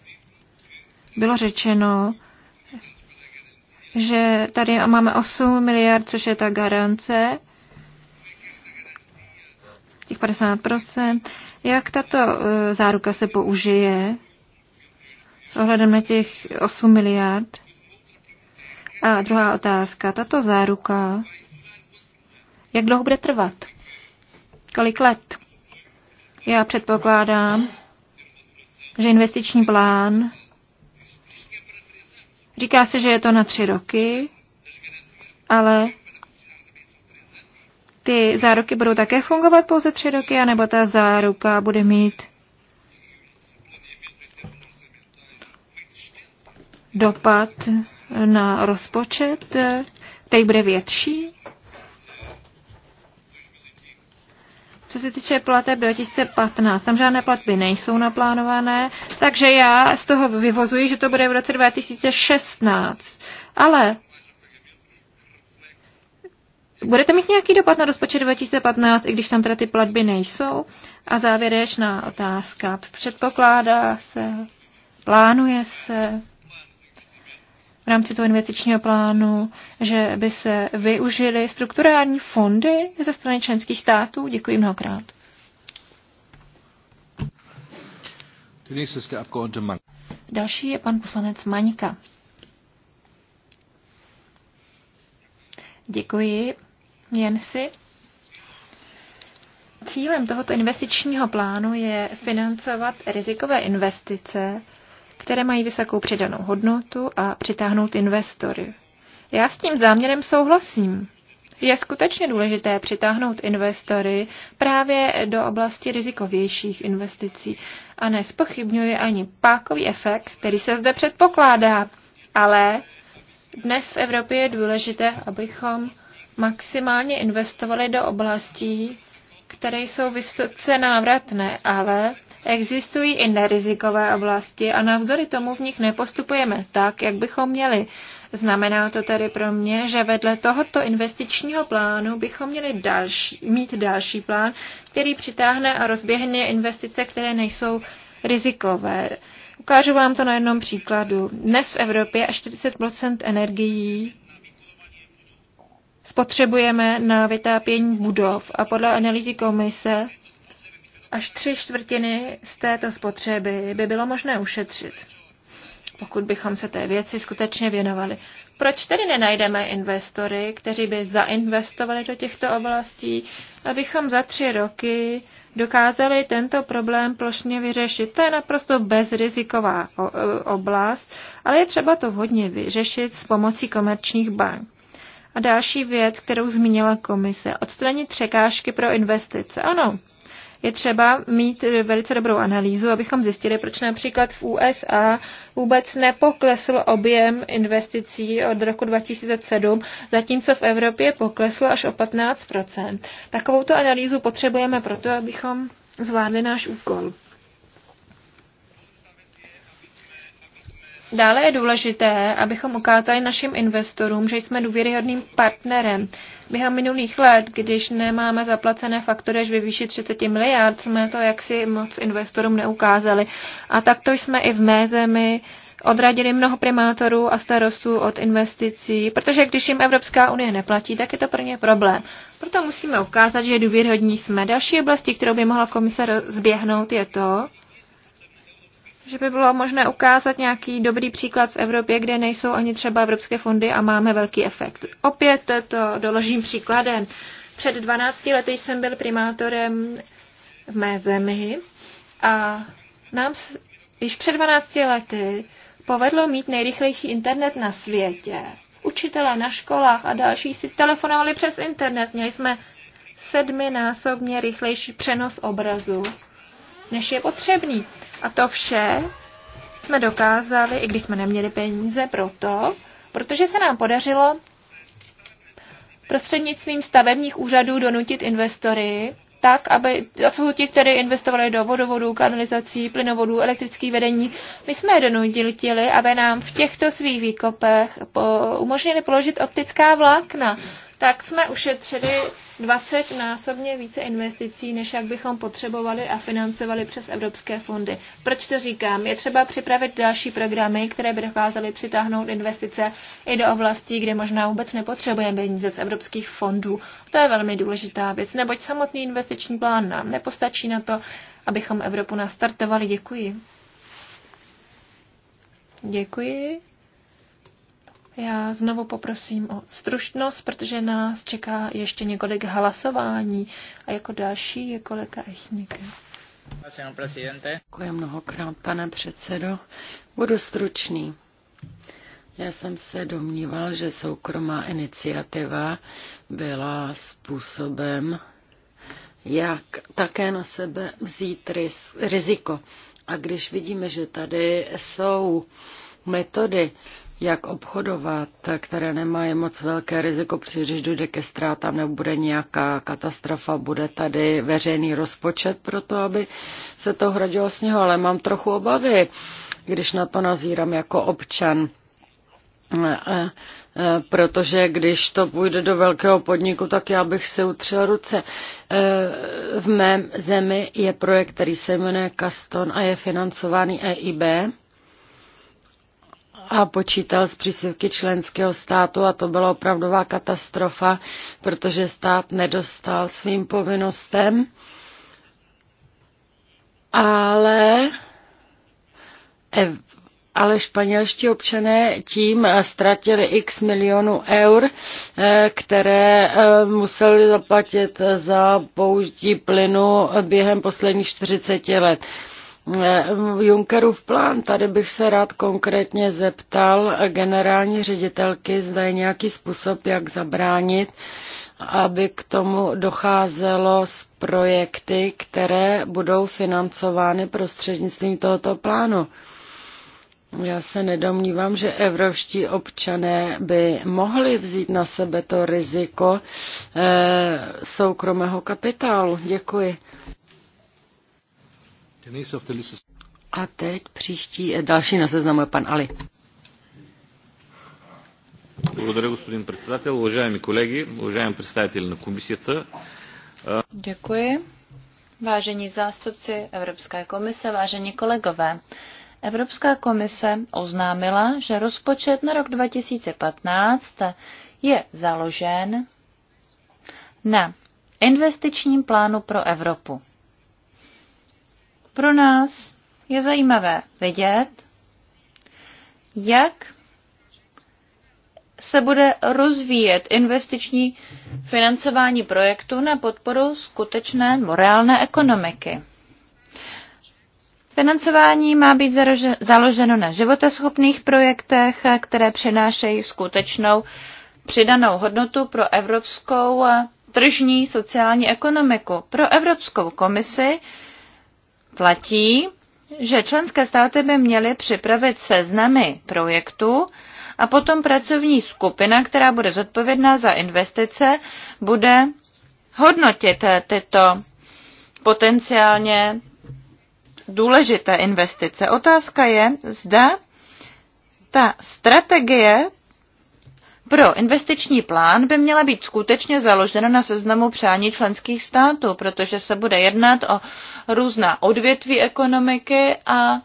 Speaker 3: Bylo řečeno, že tady máme 8 miliard, což je ta garance, těch 50%. Jak tato e, záruka se použije? s ohledem na těch 8 miliard? A druhá otázka, tato záruka, jak dlouho bude trvat? Kolik let? Já předpokládám, že investiční plán říká se, že je to na tři roky, ale ty záruky budou také fungovat pouze tři roky, anebo ta záruka bude mít dopad na rozpočet, který bude větší? Co se týče plateb 2015, tam žádné platby nejsou naplánované, takže já z toho vyvozuji, že to bude v roce 2016. Ale budete mít nějaký dopad na rozpočet 2015, i když tam teda ty platby nejsou? A závěrečná otázka. Předpokládá se, plánuje se, v rámci toho investičního plánu, že by se využili strukturální fondy ze strany členských států? Děkuji mnohokrát. Další je pan poslanec Maňka. Děkuji, Jensi. Cílem tohoto investičního plánu je financovat rizikové investice které mají vysokou přidanou hodnotu a přitáhnout investory. Já s tím záměrem souhlasím. Je skutečně důležité přitáhnout investory právě do oblasti rizikovějších investicí a nespochybňuji ani pákový efekt, který se zde předpokládá. Ale dnes v Evropě je důležité, abychom maximálně investovali do oblastí, které jsou vysoce návratné, ale existují i nerizikové oblasti a navzdory tomu v nich nepostupujeme tak, jak bychom měli. Znamená to tedy pro mě, že vedle tohoto investičního plánu bychom měli další, mít další plán, který přitáhne a rozběhne investice, které nejsou rizikové. Ukážu vám to na jednom příkladu. Dnes v Evropě až 40 energií spotřebujeme na vytápění budov a podle analýzy komise až tři čtvrtiny z této spotřeby by bylo možné ušetřit, pokud bychom se té věci skutečně věnovali. Proč tedy nenajdeme investory, kteří by zainvestovali do těchto oblastí, abychom za tři roky dokázali tento problém plošně vyřešit? To je naprosto bezriziková oblast, ale je třeba to vhodně vyřešit s pomocí komerčních bank. A další věc, kterou zmínila komise, odstranit překážky pro investice. Ano, je třeba mít eh, velice dobrou analýzu, abychom zjistili, proč například v USA vůbec nepoklesl objem investicí od roku 2007, zatímco v Evropě poklesl až o 15 Takovouto analýzu potřebujeme proto, abychom zvládli náš úkol. Dále je důležité, abychom ukázali našim investorům, že jsme důvěryhodným partnerem, Během minulých let, když nemáme zaplacené faktory až vyvýši 30 miliard, jsme to jaksi moc investorům neukázali. A takto jsme i v mé zemi odradili mnoho primátorů a starostů od investicí, protože když jim Evropská unie neplatí, tak je to pro ně problém. Proto musíme ukázat, že důvěrhodní jsme. Další oblasti, kterou by mohla komise zběhnout, je to, že by bylo možné ukázat nějaký dobrý příklad v Evropě, kde nejsou ani třeba evropské fondy a máme velký efekt. Opět to doložím příkladem. Před 12 lety jsem byl primátorem v mé zemi a nám již před 12 lety povedlo mít nejrychlejší internet na světě. Učitelé na školách a další si telefonovali přes internet. Měli jsme sedminásobně rychlejší přenos obrazu, než je potřebný. A to vše jsme dokázali, i když jsme neměli peníze proto, protože se nám podařilo prostřednictvím stavebních úřadů donutit investory tak, aby, a jsou ti, kteří investovali do vodovodů, kanalizací, plynovodů, elektrických vedení, my jsme je donutili, aby nám v těchto svých výkopech po, umožnili položit optická vlákna. Tak jsme ušetřili 20 násobně více investicí, než jak bychom potřebovali a financovali přes evropské fondy. Proč to říkám? Je třeba připravit další programy, které by dokázaly přitáhnout investice i do oblastí, kde možná vůbec nepotřebujeme peníze z evropských fondů. To je velmi důležitá věc, neboť samotný investiční plán nám nepostačí na to, abychom Evropu nastartovali. Děkuji. Děkuji. Já znovu poprosím o stručnost, protože nás čeká ještě několik hlasování a jako další je kolega Echník.
Speaker 1: Děkuji
Speaker 2: mnohokrát,
Speaker 1: pane předsedo. Budu stručný. Já jsem se domníval, že soukromá iniciativa byla způsobem, jak také na sebe vzít riziko. A když vidíme, že tady jsou metody, jak obchodovat, které nemá je moc velké riziko, protože když dojde ke ztrátám nebo bude nějaká katastrofa, bude tady veřejný rozpočet pro to, aby se to hradilo z něho, ale mám trochu obavy, když na to nazírám jako občan protože když to půjde do velkého podniku, tak já bych si utřel ruce. E, v mém zemi je projekt, který se jmenuje Kaston a je financovaný EIB a počítal s příspěvky členského státu a to byla opravdová katastrofa, protože stát nedostal svým povinnostem. Ale, ale španělští občané tím ztratili x milionů eur, eh, které eh, museli zaplatit za použití plynu během posledních 40 let. Eh, Junckerův plán. Tady bych se rád konkrétně zeptal generální ředitelky, zda je nějaký způsob, jak zabránit, aby k tomu docházelo s projekty, které budou financovány prostřednictvím tohoto plánu. Já se nedomnívám, že evropští občané by mohli vzít na sebe to riziko eh, soukromého kapitálu. Děkuji. A teď příští eh, další na seznamu je pan Ali.
Speaker 2: Благодаря, господин председател. Уважаеми колеги, уважаеми представители на комисията. Děkuji. Vážení zástupci Evropské komise, vážení kolegové. Evropská komise oznámila, že rozpočet na rok 2015 je založen na investičním plánu pro Evropu. Pro nás je zajímavé vidět, jak se bude rozvíjet investiční financování projektu na podporu skutečné morálné ekonomiky. Financování má být založeno na životaschopných projektech, které přinášejí skutečnou přidanou hodnotu pro evropskou eh, tržní sociální ekonomiku. Pro Evropskou komisi platí, že členské státy by měly připravit seznamy projektů a potom pracovní skupina, která bude zodpovědná za investice, bude hodnotit tyto potenciálně důležité investice. Otázka je, zda ta strategie pro investiční plán by měla být skutečně založena na seznamu přání členských států, protože se bude jednat o různá odvětví ekonomiky a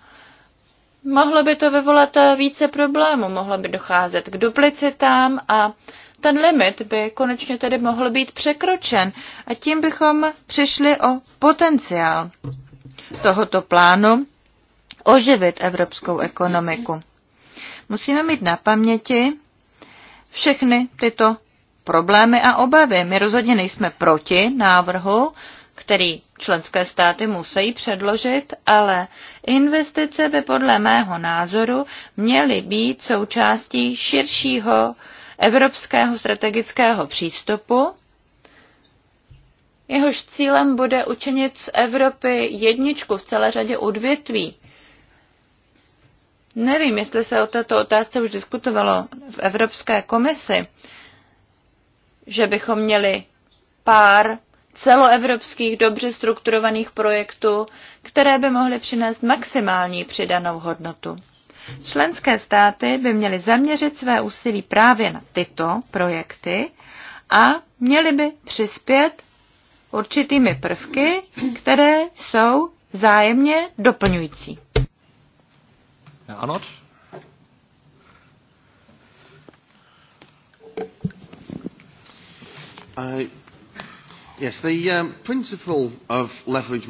Speaker 2: mohlo by to vyvolat více problémů, mohlo by docházet k duplicitám a ten limit by konečně tedy mohl být překročen a tím bychom přišli o potenciál tohoto plánu oživit evropskou ekonomiku. Musíme mít na paměti, všechny tyto problémy a obavy. My rozhodně nejsme proti návrhu, který členské státy musí předložit, ale investice by podle mého názoru měly být součástí širšího evropského strategického přístupu, jehož cílem bude učinit z Evropy jedničku v celé řadě odvětví Nevím, jestli se o této otázce už diskutovalo v Evropské komisi, že bychom měli pár celoevropských dobře strukturovaných projektů, které by mohly přinést maximální přidanou hodnotu. Členské státy by měly zaměřit své úsilí právě na tyto projekty a měly by přispět určitými prvky, které jsou vzájemně doplňující.
Speaker 3: Herr Arnold. Uh, yes, the um, principle of leverage.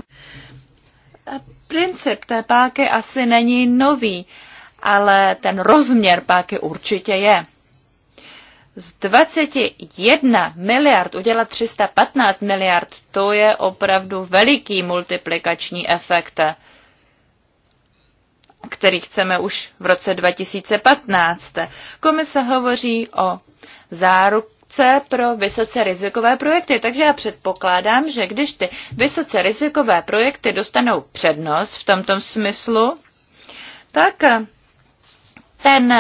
Speaker 2: Princip té páky asi není nový, ale ten rozměr páky určitě je z 21 miliard udělat 315 miliard, to je opravdu veliký multiplikační efekt který chceme už v roce 2015. Komise hovoří o záruce pro vysoce rizikové projekty, takže já předpokládám, že když ty vysoce rizikové projekty dostanou přednost v tomto smyslu, tak ten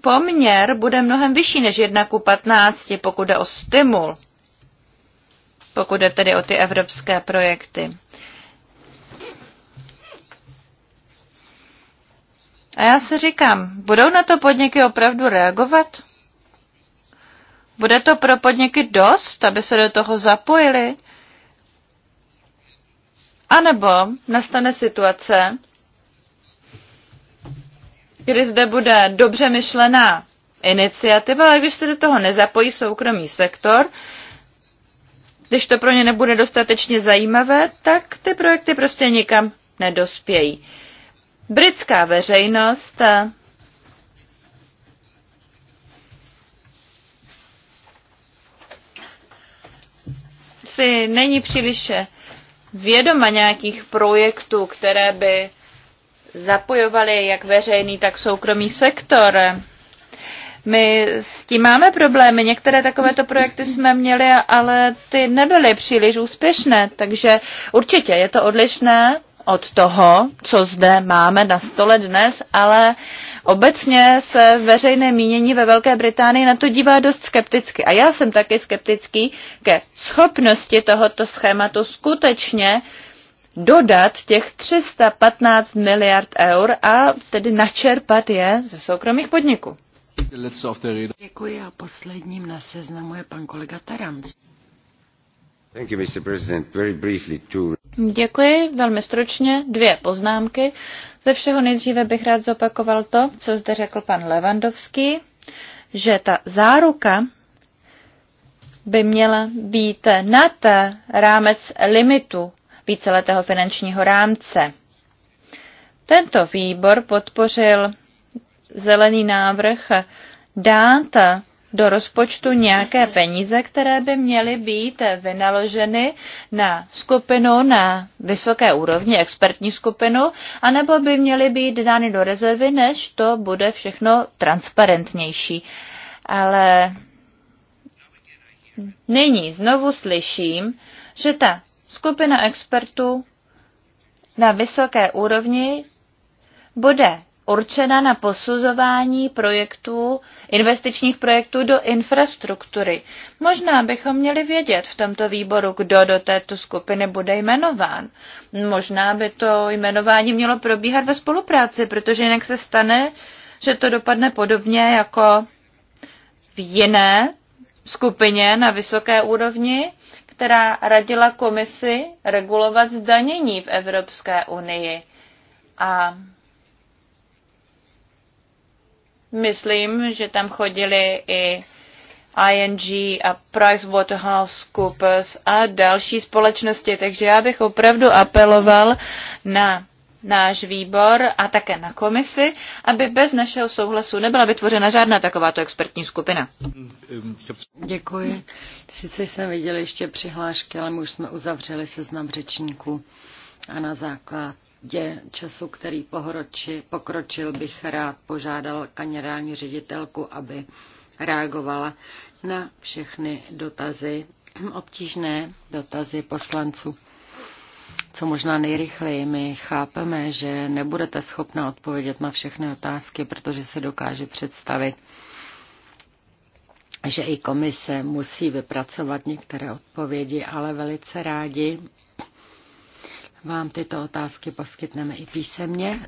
Speaker 2: poměr bude mnohem vyšší než 1 ku 15, pokud jde o stimul, pokud jde tedy o ty evropské projekty. A já si říkám, budou na to podniky opravdu reagovat? Bude to pro podniky dost, aby se do toho zapojili? A nebo nastane situace, kdy zde bude dobře myšlená iniciativa, ale když se do toho nezapojí soukromý sektor, když to pro ně nebude dostatečně zajímavé, tak ty projekty prostě nikam nedospějí britská veřejnost eh, si není příliš vědoma nějakých projektů, které by zapojovaly jak veřejný, tak soukromý sektor. My s tím máme problémy. Některé takovéto projekty jsme měli, ale ty nebyly příliš úspěšné, takže určitě je to odlišné od toho, co zde máme na stole dnes, ale obecně se veřejné mínění ve Velké Británii na to dívá dost skepticky. A já jsem taky skeptický ke schopnosti tohoto schématu skutečně dodat těch 315 miliard eur a tedy načerpat je ze soukromých podniků.
Speaker 3: Děkuji a
Speaker 1: posledním na seznamu je pan kolega
Speaker 2: Taranc. Děkuji, velmi stručně. Dvě poznámky. Ze všeho nejdříve bych rád zopakoval to, co zde řekl pan Levandovský, že ta záruka by měla být nad rámec limitu víceletého finančního rámce. Tento výbor podpořil zelený návrh dát do rozpočtu nějaké peníze, které by měly být vynaloženy na skupinu na vysoké úrovni, expertní skupinu, anebo by měly být dány do rezervy, než to bude všechno transparentnější. Ale nyní znovu slyším, že ta skupina expertů na vysoké úrovni bude určena na posuzování projektů, investičních projektů do infrastruktury. Možná bychom měli vědět v tomto výboru, kdo do této skupiny bude jmenován. Možná by to jmenování mělo probíhat ve spolupráci, protože jinak se stane, že to dopadne podobně jako v jiné skupině na vysoké úrovni, která radila komisi regulovat zdanění v Evropské unii. A Myslím, že tam chodili i ING a PricewaterhouseCoopers a další společnosti, takže já bych opravdu apeloval na náš výbor a také na komisi, aby bez našeho souhlasu nebyla vytvořena žádná takováto expertní skupina.
Speaker 1: Děkuji. Sice jsem viděl ještě přihlášky, ale my už jsme uzavřeli seznam řečníků a na základ dě času, který pohroči, pokročil, bych rád požádal generální ředitelku, aby reagovala na všechny dotazy, obtížné dotazy poslanců. Co možná nejrychleji, my chápeme, že nebudete schopna odpovědět na všechny otázky, protože se dokáže představit, že i komise musí vypracovat některé odpovědi, ale velice rádi vám tyto otázky poskytneme i písemně.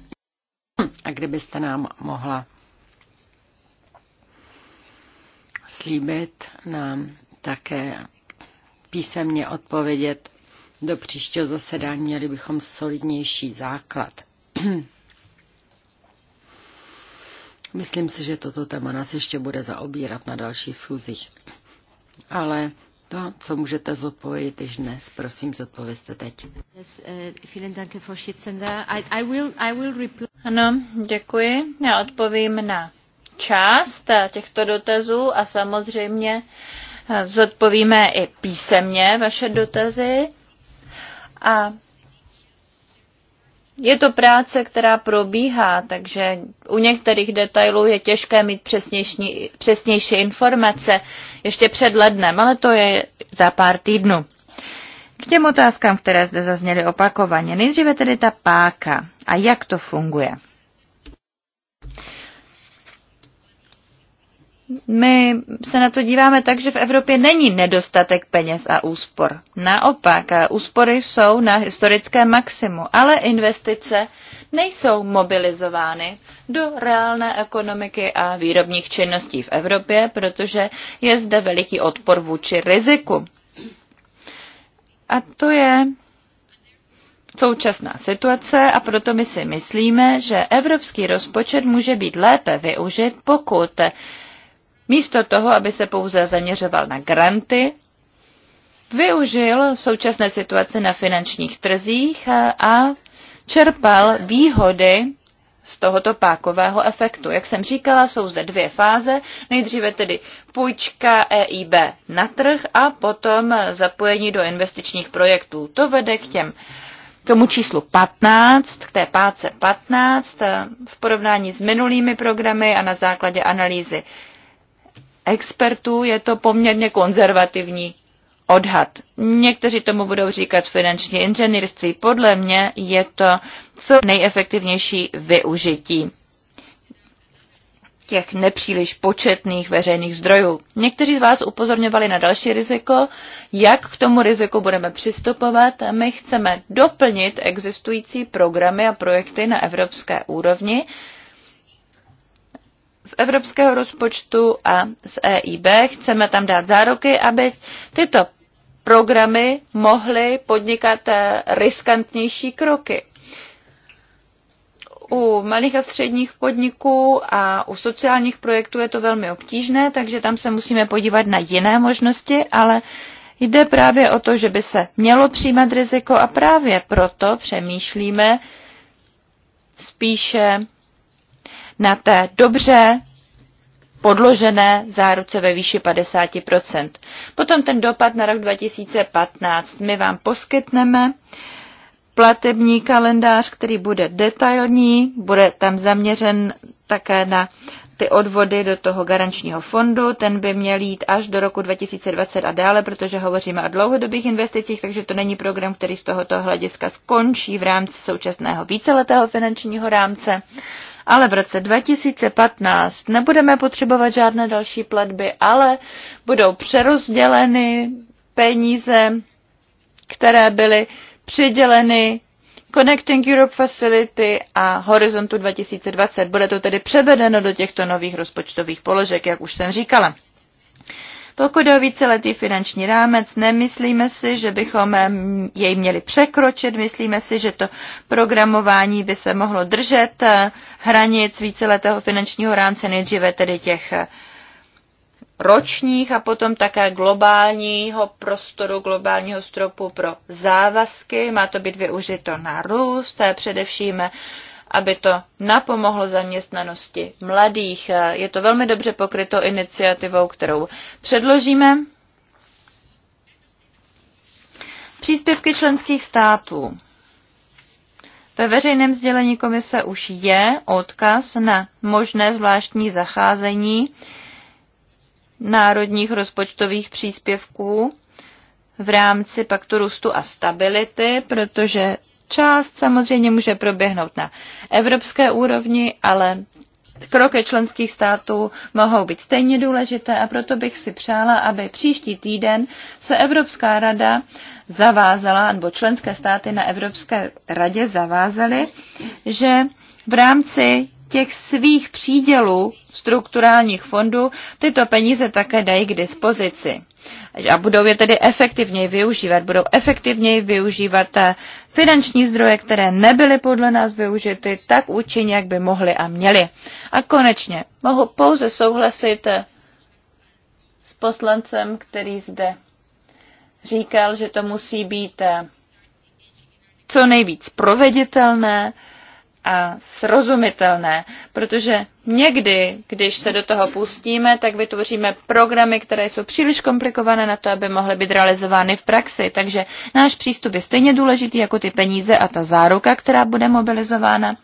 Speaker 1: A kdybyste nám mohla slíbit nám také písemně odpovědět do příštího zasedání, měli bychom solidnější základ. Myslím si, že toto téma nás ještě bude zaobírat na dalších schůzích. Ale to, co můžete zodpovědět již dnes, prosím, zodpovězte teď.
Speaker 3: Eh,
Speaker 2: ano, děkuji. Já odpovím na část eh, těchto dotazů a samozřejmě eh, zodpovíme i písemně vaše dotazy. A je to práce, která probíhá, takže u některých detailů je těžké mít přesnější, přesnější informace ještě před lednem, ale to je za pár týdnů. K těm otázkám, které zde zazněly opakovaně. Nejdříve tedy ta páka a jak to funguje. my se na to díváme tak, že v Evropě není nedostatek peněz a úspor. Naopak, úspory jsou na historické maximu, ale investice nejsou mobilizovány do reálné ekonomiky a výrobních činností v Evropě, protože je zde veliký odpor vůči riziku. A to je současná situace a proto my si myslíme, že evropský rozpočet může být lépe využit, pokud místo toho, aby se pouze zaměřoval na granty, využil v současné situaci na finančních trzích a čerpal výhody z tohoto pákového efektu. Jak jsem říkala, jsou zde dvě fáze. Nejdříve tedy půjčka EIB na trh a potom zapojení do investičních projektů. To vede k těm k tomu číslu 15, k té páce 15 v porovnání s minulými programy a na základě analýzy expertů je to poměrně konzervativní odhad. Někteří tomu budou říkat finanční inženýrství. Podle mě je to co nejefektivnější využití těch nepříliš početných veřejných zdrojů. Někteří z vás upozorňovali na další riziko, jak k tomu riziku budeme přistupovat. My chceme doplnit existující programy a projekty na evropské úrovni z evropského rozpočtu a z EIB. Chceme tam dát záruky, aby tyto programy mohly podnikat eh, riskantnější kroky. U malých a středních podniků a u sociálních projektů je to velmi obtížné, takže tam se musíme podívat na jiné možnosti, ale jde právě o to, že by se mělo přijímat riziko a právě proto přemýšlíme spíše na té dobře podložené záruce ve výši 50 Potom ten dopad na rok 2015. My vám poskytneme platební kalendář, který bude detailní, bude tam zaměřen také na ty odvody do toho garančního fondu, ten by měl jít až do roku 2020 a dále, protože hovoříme o dlouhodobých investicích, takže to není program, který z tohoto hlediska skončí v rámci současného víceletého finančního rámce ale v roce 2015 nebudeme potřebovat žádné další platby, ale budou přerozděleny peníze, které byly přiděleny Connecting Europe Facility a Horizontu 2020. Bude to tedy převedeno do těchto nových rozpočtových položek, jak už jsem říkala. Pokud jde o víceletý finanční rámec, nemyslíme si, že bychom jej měli překročit, myslíme si, že to programování by se mohlo držet eh, hranic víceletého finančního rámce, nejdříve tedy těch eh, ročních a potom také globálního prostoru, globálního stropu pro závazky. Má to být využito na růst, především aby to napomohlo zaměstnanosti mladých. Je to velmi dobře pokryto iniciativou, kterou předložíme. Příspěvky členských států. Ve veřejném sdělení komise už je odkaz na možné zvláštní zacházení národních rozpočtových příspěvků v rámci paktu růstu a stability, protože Část samozřejmě může proběhnout na evropské úrovni, ale kroky členských států mohou být stejně důležité a proto bych si přála, aby příští týden se Evropská rada zavázala, nebo členské státy na Evropské radě zavázaly, že v rámci těch svých přídělů strukturálních fondů tyto peníze také dají k dispozici. A budou je tedy efektivněji využívat. Budou efektivněji využívat finanční zdroje, které nebyly podle nás využity tak účinně, jak by mohly a měly. A konečně mohu pouze souhlasit s poslancem, který zde říkal, že to musí být eh, co nejvíc proveditelné, a srozumitelné, protože někdy, když se do toho pustíme, tak vytvoříme programy, které jsou příliš komplikované na to, aby mohly být realizovány v praxi. Takže náš přístup je stejně důležitý jako ty peníze a ta záruka, která bude mobilizována.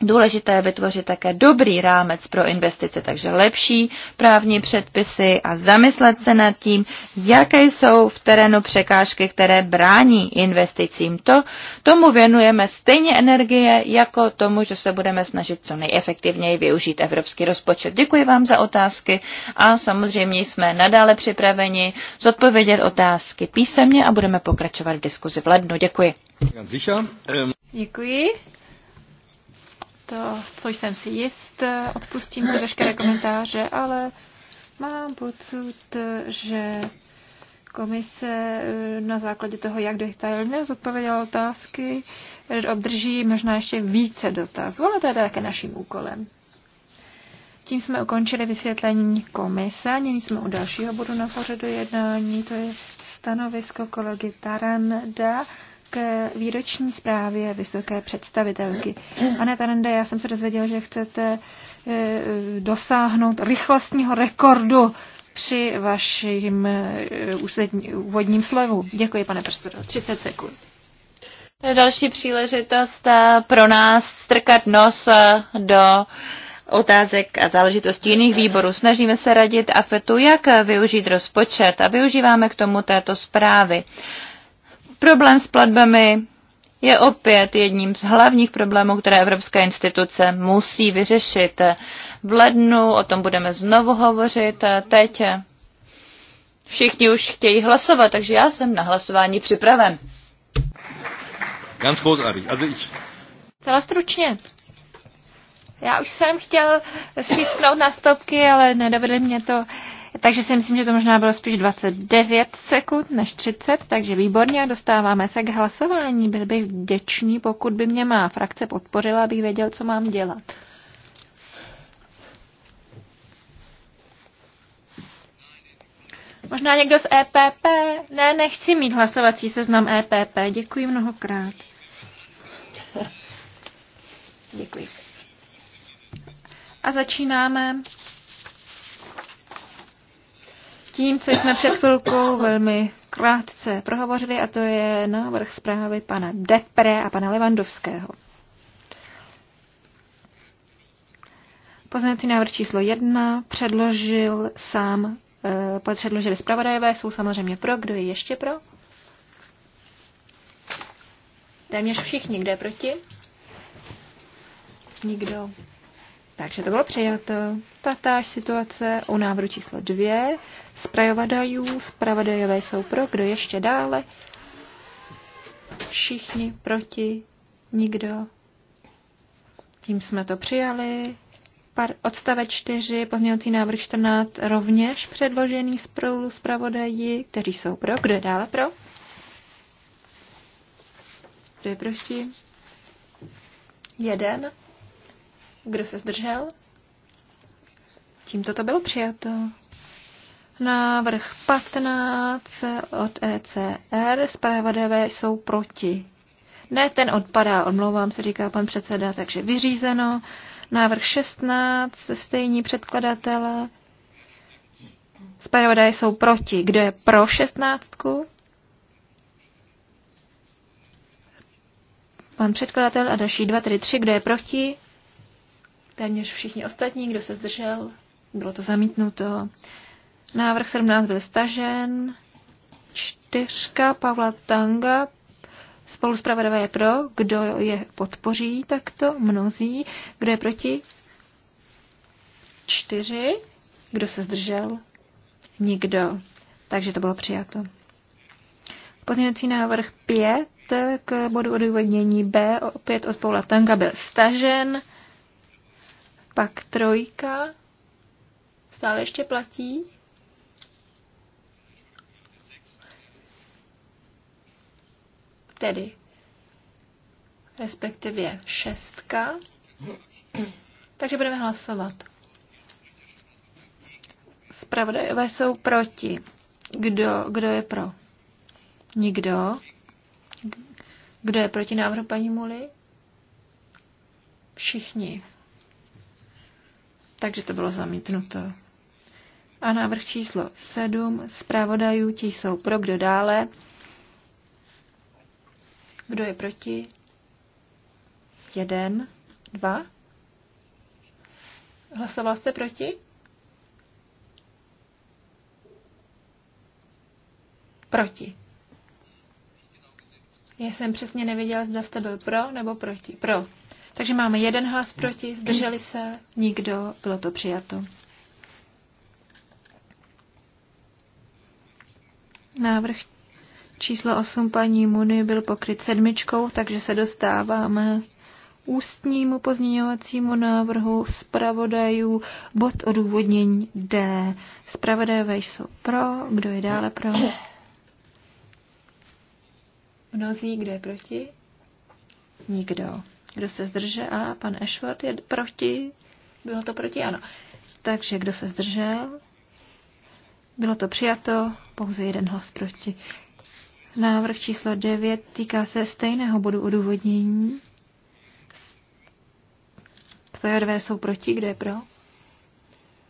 Speaker 2: Důležité je vytvořit také dobrý rámec pro investice, takže lepší právní předpisy a zamyslet se nad tím, jaké jsou v terénu překážky, které brání investicím. To, tomu věnujeme stejně energie, jako tomu, že se budeme snažit co nejefektivněji využít evropský rozpočet. Děkuji vám za otázky a samozřejmě jsme nadále připraveni zodpovědět otázky písemně a budeme pokračovat v diskuzi v lednu. Děkuji.
Speaker 3: Děkuji to, co jsem si jist, odpustím si veškeré komentáře, ale mám pocit, že komise eh, na základě toho, jak detailně zodpověděla otázky, obdrží možná ještě více dotazů, ale to je také naším úkolem. Tím jsme ukončili vysvětlení komise, nyní jsme u dalšího bodu na pořadu jednání, to je stanovisko kolegy Taranda k výroční zprávě vysoké představitelky. Pane Tarande, já jsem se dozvěděl, že chcete eh, dosáhnout rychlostního rekordu při vaším eh, úvodním slovu. Děkuji, pane předsedo. 30 sekund.
Speaker 2: To je další příležitost eh, pro nás strkat nos do otázek a záležitostí jiných výborů. Snažíme se radit AFETu, jak využít rozpočet a využíváme k tomu této zprávy. Problém s platbami je opět jedním z hlavních problémů, které evropské instituce musí vyřešit. V lednu o tom budeme znovu hovořit. Teď všichni už chtějí hlasovat, takže já jsem na hlasování
Speaker 3: připraven. Ganz großartig. Also ich... Celá stručně. Já už jsem chtěl stisknout na stopky, ale nedovedli mě to. Uh, takže si myslím, že to možná bylo spíš 29 sekund než 30, takže výborně dostáváme se k hlasování. Byl bych vděčný, pokud by mě má frakce podpořila, abych věděl, co mám dělat. Možná někdo z EPP? Ne, nechci mít hlasovací seznam EPP. Děkuji mnohokrát. Děkuji. A začínáme tím, co jsme před chvilkou velmi krátce prohovořili, a to je návrh zprávy pana Depre a pana Levandovského. Pozměňovací návrh číslo jedna? předložil sám, eh, předložili zpravodajové, jsou samozřejmě pro, kdo je ještě pro? Téměř všichni, kde proti? Nikdo. Takže to bylo přijato. Tatáž situace u návrhu číslo dvě. Zpravodajů, zpravodajové jsou pro, kdo ještě dále? Všichni proti, nikdo. Tím jsme to přijali. Par, odstavec 4, pozměňovací návrh 14, rovněž předložený z proulu zpravodaji, kteří jsou pro, kdo je dále pro? Kdo je proti? Jeden. Kdo se zdržel? Tímto to bylo přijato. Návrh 15 od ECR. Zpravodavé jsou proti. Ne, ten odpadá, omlouvám se, říká pan předseda, takže vyřízeno. Návrh 16, stejní předkladatele. Zpravodaje jsou proti. Kdo je pro 16? Pan předkladatel a další dva, tedy tři. Kdo je proti? téměř všichni ostatní, kdo se zdržel, bylo to zamítnuto. Návrh 17 byl stažen. Čtyřka Pavla Tanga. Spoluspravedlivé je pro. Kdo je podpoří takto? Mnozí. Kdo je proti? Čtyři. Kdo se zdržel? Nikdo. Takže to bylo přijato. Pozměňovací návrh 5 k bodu odůvodnění B opět od Paula Tanga byl stažen. Pak trojka stále ještě platí. Tedy respektive šestka. Takže budeme hlasovat. Spravodajové jsou proti. Kdo, kdo je pro? Nikdo. Kdo je proti návrhu paní Muly? Všichni takže to bylo zamítnuto. A návrh číslo 7, zpravodajů, ti jsou pro, kdo dále, kdo je proti, jeden, dva. Hlasoval jste proti? Proti. Já jsem přesně nevěděla, zda jste byl pro nebo proti. Pro. Takže máme jeden hlas proti, zdrželi se, nikdo, bylo to přijato. Návrh číslo 8 paní Muny byl pokryt sedmičkou, takže se dostáváme ústnímu pozměňovacímu návrhu zpravodajů bod odůvodnění D. Zpravodajové jsou pro, kdo je dále pro? Mnozí, kdo je proti? Nikdo. Kdo se zdržel? A Pan Ashford je proti? Bylo to proti? Ano. Takže kdo se zdržel? Bylo to přijato, pouze jeden hlas proti. Návrh číslo 9 týká se stejného bodu odůvodnění. dvě jsou proti, kdo je pro?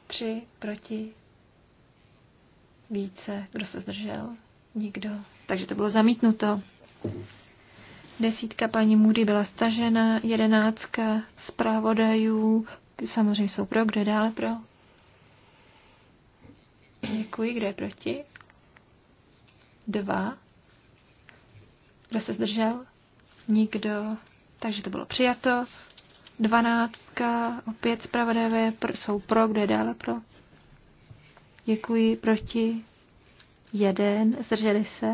Speaker 3: Tři proti. Více, kdo se zdržel? Nikdo. Takže to bylo zamítnuto. Desítka paní Moody byla stažena, jedenáctka zpravodajů, samozřejmě jsou pro, kdo dále pro. Děkuji, kdo je proti? Dva. Kdo se zdržel? Nikdo. Takže to bylo přijato. Dvanáctka, opět zpravodajové jsou pro, kdo je dále pro. Děkuji, proti. Jeden, zdrželi se.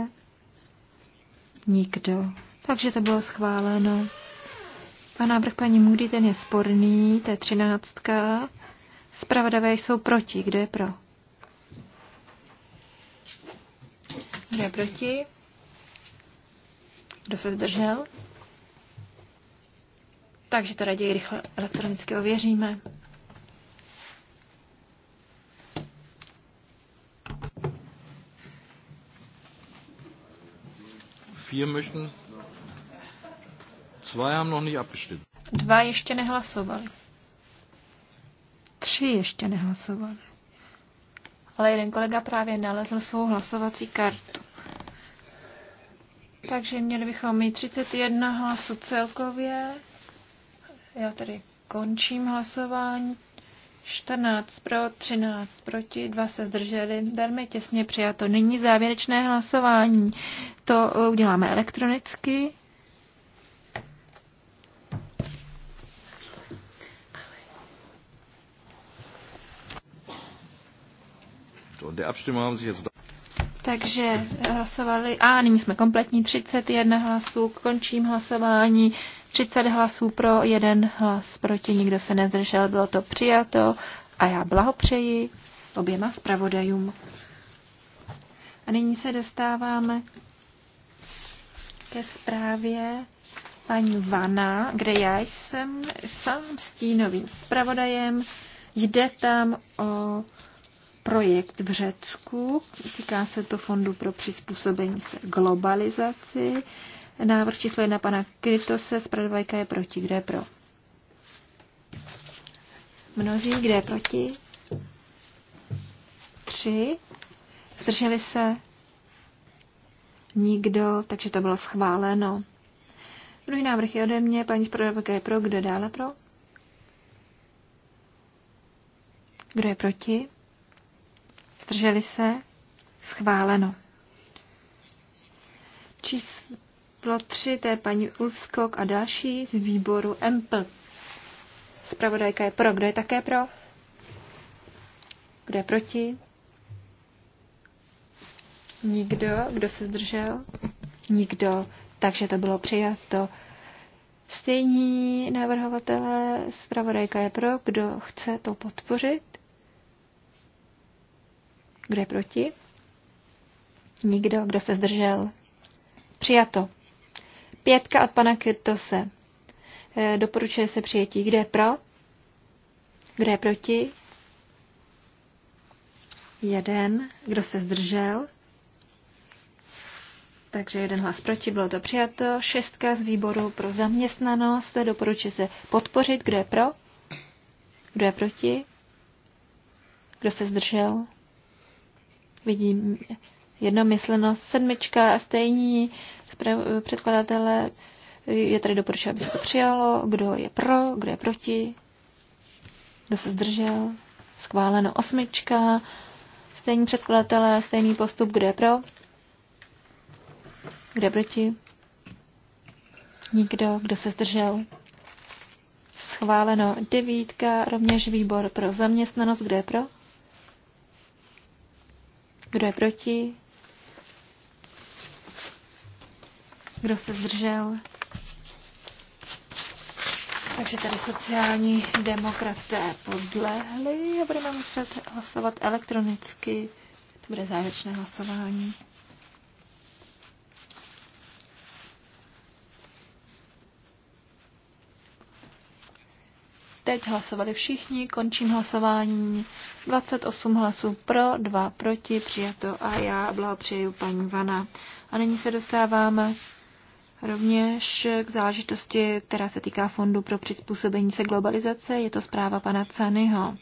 Speaker 3: Nikdo. Takže to bylo schváleno. A návrh paní Moody, ten je sporný, to je třináctka. Spravodavé jsou proti. Kdo je pro? Kdo je proti? Kdo se zdržel? Takže to raději rychle elektronicky ověříme. Vier möchten Zwei haben noch nicht abgestimmt. Dva ještě nehlasovali. Tři ještě nehlasovali. Ale jeden kolega právě nalezl svou hlasovací kartu. Takže měli bychom mít 31 hlasů celkově. Já tady končím hlasování. 14 pro, 13 proti, dva se zdrželi. Velmi těsně přijato. Nyní závěrečné hlasování. To uděláme elektronicky. Takže eh, hlasovali, a nyní jsme kompletní, 31 hlasů, končím hlasování, 30 hlasů pro, jeden hlas proti, nikdo se nezdržel, bylo to přijato a já blahopřeji oběma zpravodajům. A nyní se dostáváme ke zprávě paní Vana, kde já jsem sám stínovým zpravodajem. Jde tam o projekt v Řecku. Týká se to Fondu pro přizpůsobení se globalizaci. Návrh číslo jedna pana Krytose, zpravodajka je proti. Kdo je pro? Mnozí, kde je proti? Tři. Zdrželi se? Nikdo, takže to bylo schváleno. Druhý návrh je ode mě, paní zpravodajka je pro, kdo dále pro? Kdo je proti? zdrželi se, schváleno. Číslo 3, to je paní Ulfskok a další z výboru EMPL. Spravodajka je pro. Kdo je také pro? Kdo je proti? Nikdo. Kdo se zdržel? Nikdo. Takže to bylo přijato. Stejní navrhovatele zpravodajka je pro, kdo chce to podpořit. Kdo je proti? Nikdo. Kdo se zdržel? Přijato. Pětka od pana Kirtose. E, doporučuje se přijetí. Kdo je pro? Kdo je proti? Jeden. Kdo se zdržel? Takže jeden hlas proti, bylo to přijato. Šestka z výboru pro zaměstnanost. Doporučuje se podpořit. Kdo je pro? Kdo je proti? Kdo se zdržel? Vidím jednomyslnost sedmička a stejní předkladatele je tady doporučeno, aby se to přijalo, kdo je pro, kdo je proti, kdo se zdržel, schváleno osmička, stejní předkladatelé, stejný postup, kdo je pro, kdo je proti, nikdo, kdo se zdržel, schváleno devítka, rovněž výbor pro zaměstnanost, kdo je pro, kdo je proti? Kdo se zdržel? Takže tady sociální demokraté podlehli a budeme muset hlasovat elektronicky. To bude závěrečné hlasování. Teď hlasovali všichni, končím hlasování. 28 hlasů pro, 2 proti, přijato a já blahopřeju paní Vana. A nyní se dostáváme rovněž k záležitosti, která se týká Fondu pro přizpůsobení se globalizace. Je to zpráva pana Canyho.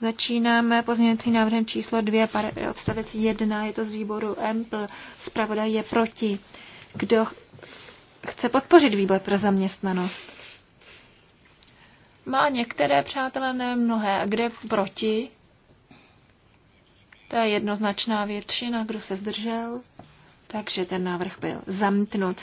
Speaker 3: Začínáme pozměňující návrhem číslo 2, odstavec 1, je to z výboru EMPL, zpravodaj je proti. Kdo chce podpořit výbor pro zaměstnanost? Má některé přátelé, ne mnohé. A kde proti? To je jednoznačná většina, kdo se zdržel. Takže ten návrh byl zamítnut.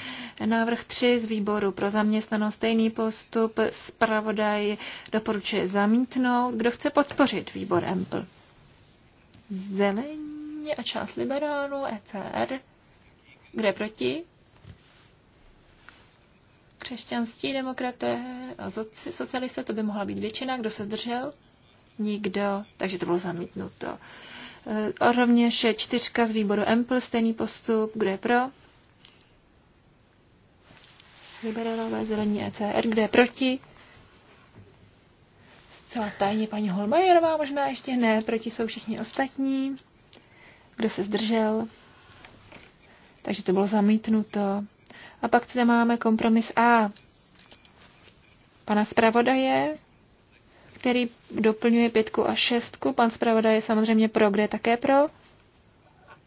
Speaker 3: Návrh 3 z výboru pro zaměstnanost stejný postup. Spravodaj doporučuje zamítnout. Kdo chce podpořit výbor EMPL? Zelení a část liberálů, ECR. Kde proti? křesťanství demokraté a socialisté, to by mohla být většina. Kdo se zdržel? Nikdo. Takže to bylo zamítnuto. E, a rovněž čtyřka z výboru Ample, stejný postup. Kdo je pro? Liberálové, zelení ECR. Kdo je proti? Zcela tajně paní Holmajerová možná ještě ne. Proti jsou všichni ostatní. Kdo se zdržel? Takže to bylo zamítnuto. A pak zde máme kompromis A pana zpravodaje, který doplňuje pětku a šestku. Pan zpravodaj je samozřejmě pro, kde je také pro.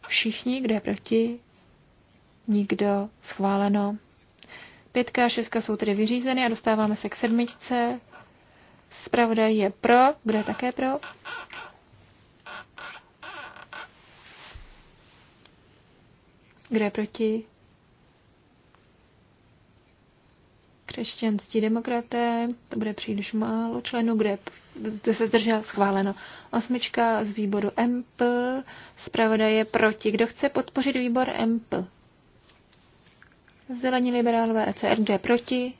Speaker 3: Všichni, kde je proti. Nikdo. Schváleno. Pětka a šestka jsou tedy vyřízeny a dostáváme se k sedmičce. Zpravodaj je pro, kde je také pro. Kde je proti? křesťanství demokraté, to bude příliš málo členů, kde to se zdržel schváleno. Osmička z výboru MPL, zpravodaj je proti. Kdo chce podpořit výbor MPL? Zelení liberálové ECR, kdo je proti?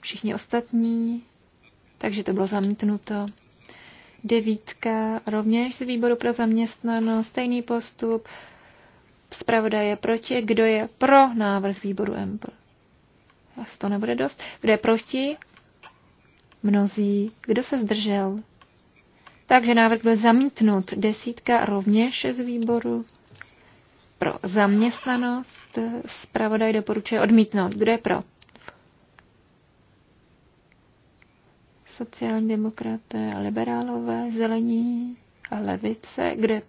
Speaker 3: Všichni ostatní. Takže to bylo zamítnuto. Devítka rovněž z výboru pro zaměstnanost, stejný postup. je proti. Kdo je pro návrh výboru MPL? Asi to nebude dost. Kdo je proti? Mnozí. Kdo se zdržel? Takže návrh byl zamítnut. Desítka rovněž z výboru pro zaměstnanost. Zpravodaj doporučuje odmítnout. Kdo je pro? Sociální demokraté, liberálové, zelení a levice. Kdo je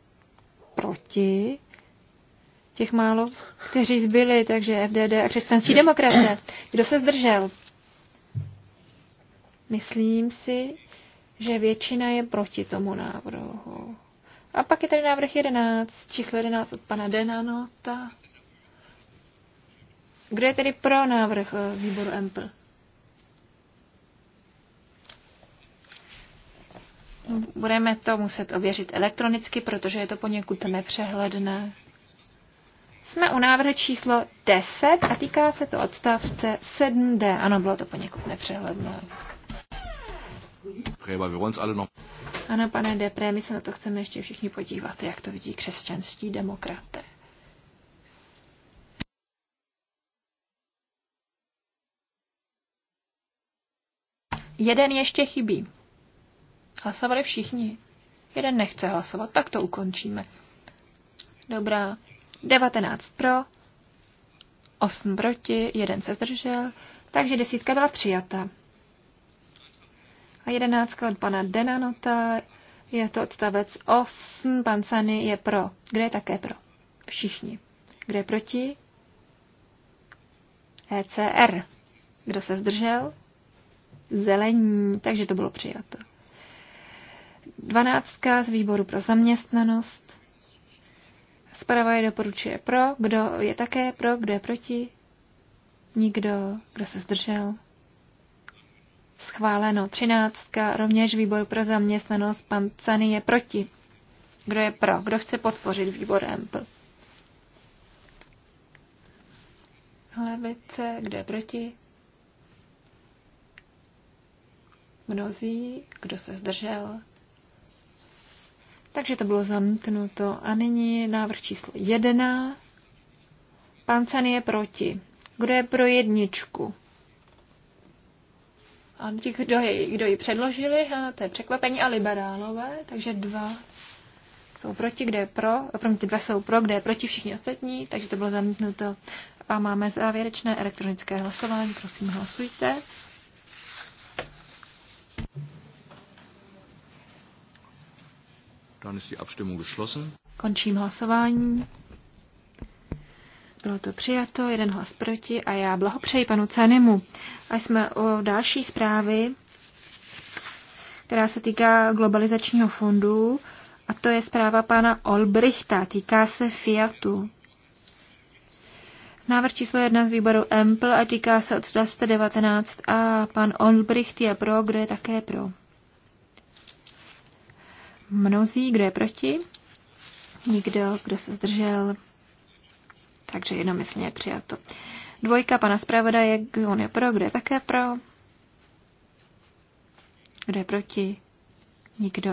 Speaker 3: proti? těch málo, kteří zbyli, takže FDD a křesťanský demokraté. Kdo se zdržel? Myslím si, že většina je proti tomu návrhu. A pak je tady návrh 11, číslo 11 od pana Denanota. Kdo je tedy pro návrh eh, výboru EMPL? Budeme to muset ověřit elektronicky, protože je to poněkud nepřehledné. Jsme u návrhu číslo 10 a týká se to odstavce 7D. Ano, bylo to poněkud nepřehledné. Ano, pane Depré, my se na to chceme ještě všichni podívat, jak to vidí křesťanští demokraté. Jeden ještě chybí. Hlasovali všichni. Jeden nechce hlasovat, tak to ukončíme. Dobrá, 19 pro, 8 proti, 1 se zdržel, takže desítka byla přijata. A jedenáctka od pana Denanota, je to odstavec 8, pan Sany je pro. Kde je také pro? Všichni. Kde je proti? ECR. Kdo se zdržel? Zelení, takže to bylo přijato. Dvanáctka z výboru pro zaměstnanost je doporučuje pro, kdo je také pro, kdo je proti, nikdo, kdo se zdržel. Schváleno. Třináctka, rovněž výbor pro zaměstnanost, pan Cany je proti. Kdo je pro? Kdo chce podpořit výbor MP? Levice, kdo je proti? Mnozí, kdo se zdržel? Takže to bylo zamknuto. A nyní návrh číslo 11. Pancan je proti. Kdo je pro jedničku? A ti, kdo, je, kdo ji předložili, to je překvapení, a liberálové, takže dva jsou proti, kde je pro, ty dva jsou pro, kde je proti všichni ostatní, takže to bylo zamítnuto. A máme závěrečné elektronické hlasování, prosím hlasujte.
Speaker 2: Dann ist die Abstimmung geschlossen.
Speaker 3: Končím hlasování. Bylo to přijato, jeden hlas proti a já blahopřeji panu Canimu. A jsme o další zprávy, která se týká globalizačního fondu, a to je zpráva pana Olbrichta, týká se Fiatu. Návrh číslo jedna z výboru EMPL a týká se od 19 a pan Olbricht je pro, kdo je také pro mnozí, kdo je proti, nikdo, kdo se zdržel, takže jednomyslně je přijato. Dvojka pana zpravodaje, on je pro, kdo je také pro, kdo je proti, nikdo,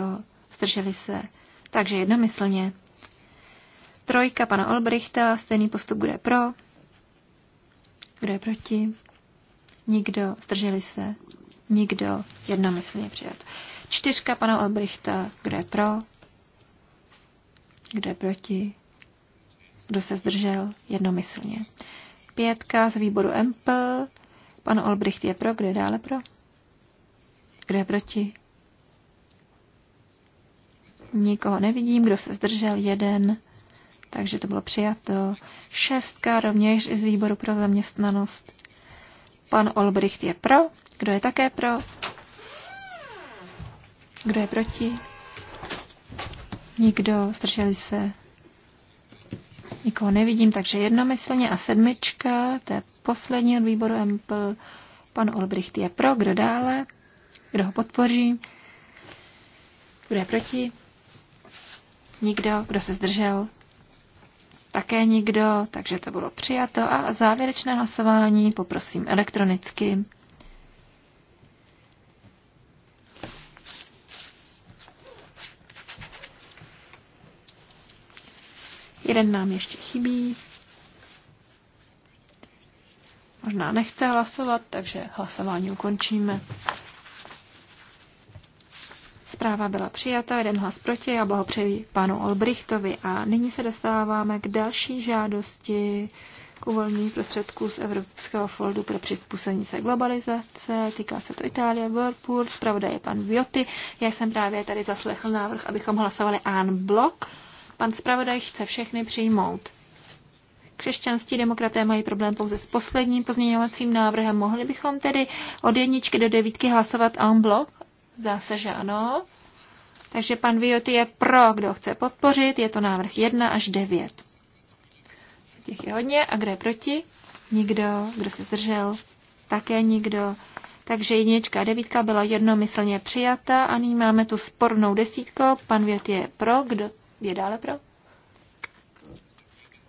Speaker 3: zdrželi se, takže jednomyslně. Trojka pana Olbrichta, stejný postup bude pro, kdo je proti, nikdo, zdrželi se, nikdo, jednomyslně přijat. Čtyřka pana Albrichta. Kdo je pro? Kdo je proti? Kdo se zdržel? Jednomyslně. Pětka z výboru Empl. Pan Olbricht je pro. Kdo je dále pro? Kdo je proti? Nikoho nevidím. Kdo se zdržel? Jeden. Takže to bylo přijato. Šestka rovněž z výboru pro zaměstnanost. Pan Olbricht je pro. Kdo je také pro? Kdo je proti? Nikdo, zdrželi se. Nikoho nevidím, takže jednomyslně a sedmička, to je poslední od výboru Empl. Pan Olbricht je pro, kdo dále? Kdo ho podpoří? Kdo je proti? Nikdo, kdo se zdržel? Také nikdo, takže to bylo přijato. A závěrečné hlasování poprosím elektronicky. Jeden nám ještě chybí. Možná nechce hlasovat, takže hlasování ukončíme. Zpráva byla přijata, jeden hlas proti a blahopřeji panu Olbrichtovi. A nyní se dostáváme k další žádosti k uvolnění prostředků z Evropského fondu pro přizpůsobení se globalizace. Týká se to Itálie, Whirlpool, zpravodaj je pan Vioty. Já jsem právě tady zaslechl návrh, abychom hlasovali en blok Pan zpravodaj chce všechny přijmout. Křesťanští demokraté mají problém pouze s posledním pozměňovacím návrhem. Mohli bychom tedy od jedničky do devítky hlasovat en bloc? Zdá se, že ano. Takže pan Vioty je pro, kdo chce podpořit. Je to návrh 1 až 9. Těch je hodně. A kdo je proti? Nikdo. Kdo se zdržel? Také nikdo. Takže jednička a devítka byla jednomyslně přijata a nyní máme tu spornou desítku. Pan Vioty je pro, kdo je dále pro?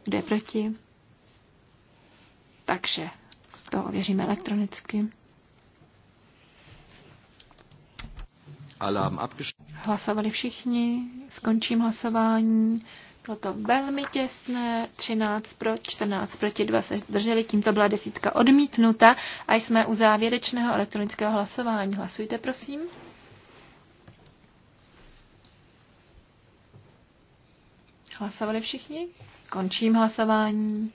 Speaker 3: Kdo je proti? Takže to ověříme elektronicky. Hlasovali všichni, skončím hlasování. Bylo to velmi těsné, 13 pro, 14 proti, 2 se Tím tímto byla desítka odmítnuta a jsme u závěrečného elektronického hlasování. Hlasujte, prosím. Hlasovali všichni? Končím hlasování.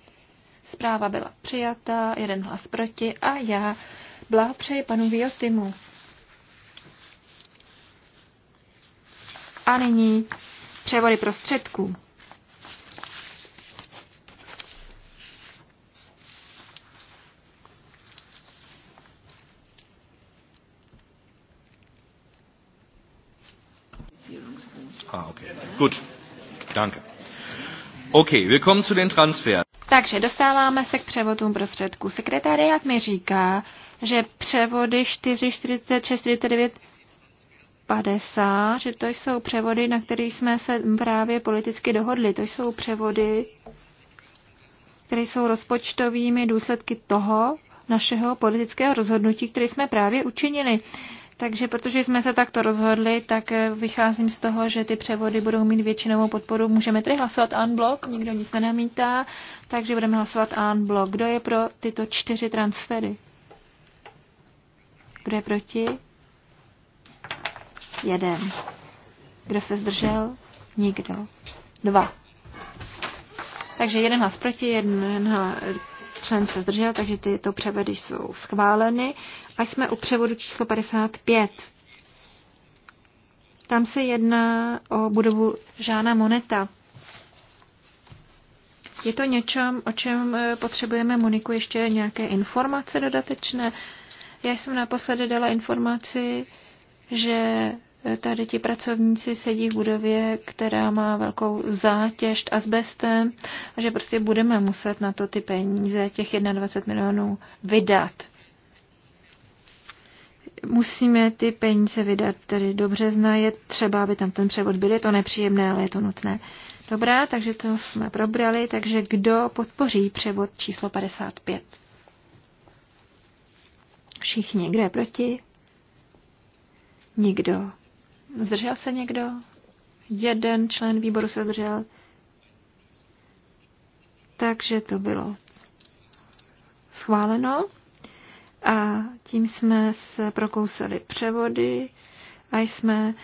Speaker 3: Zpráva byla přijata, jeden hlas proti a já blahopřeji panu Viotimu. A nyní převody prostředků. Ah, okay. Gut. Danke. Okay, willkommen zu den Transfer. Takže dostáváme se k převodům prostředků. Sekretariat mi říká, že převody 446, 49, 50, že to jsou převody, na kterých jsme se právě politicky dohodli. To jsou převody, které jsou rozpočtovými důsledky toho našeho politického rozhodnutí, které jsme právě učinili. Uh, takže protože jsme se takto rozhodli, tak eh, vycházím z toho, že ty převody budou mít většinovou podporu. Můžeme tedy hlasovat unblock, nikdo nic nenamítá, takže budeme hlasovat unblock. Kdo je pro tyto čtyři transfery? Kdo je proti? Jeden. Kdo se zdržel? Nikdo. Dva. Takže jeden hlas proti, jeden hlas člen se zdržel, takže tyto převody jsou schváleny. A jsme u převodu číslo 55. Tam se jedná o budovu Žána Moneta. Je to něčem, o čem eh, potřebujeme Moniku ještě nějaké informace dodatečné? Já jsem naposledy dala informaci, že Tady ti pracovníci sedí v budově, která má velkou zátěž asbestem a že prostě budeme muset na to ty peníze, těch 21 milionů, vydat. Musíme ty peníze vydat tedy dobře března, třeba, aby tam ten převod byl, je to nepříjemné, ale je to nutné. Dobrá, takže to jsme probrali, takže kdo podpoří převod číslo 55? Všichni, kdo je proti? Nikdo. Zdržel se někdo? Jeden člen výboru se zdržel. Takže to bylo schváleno. A tím jsme se prokousali převody a jsme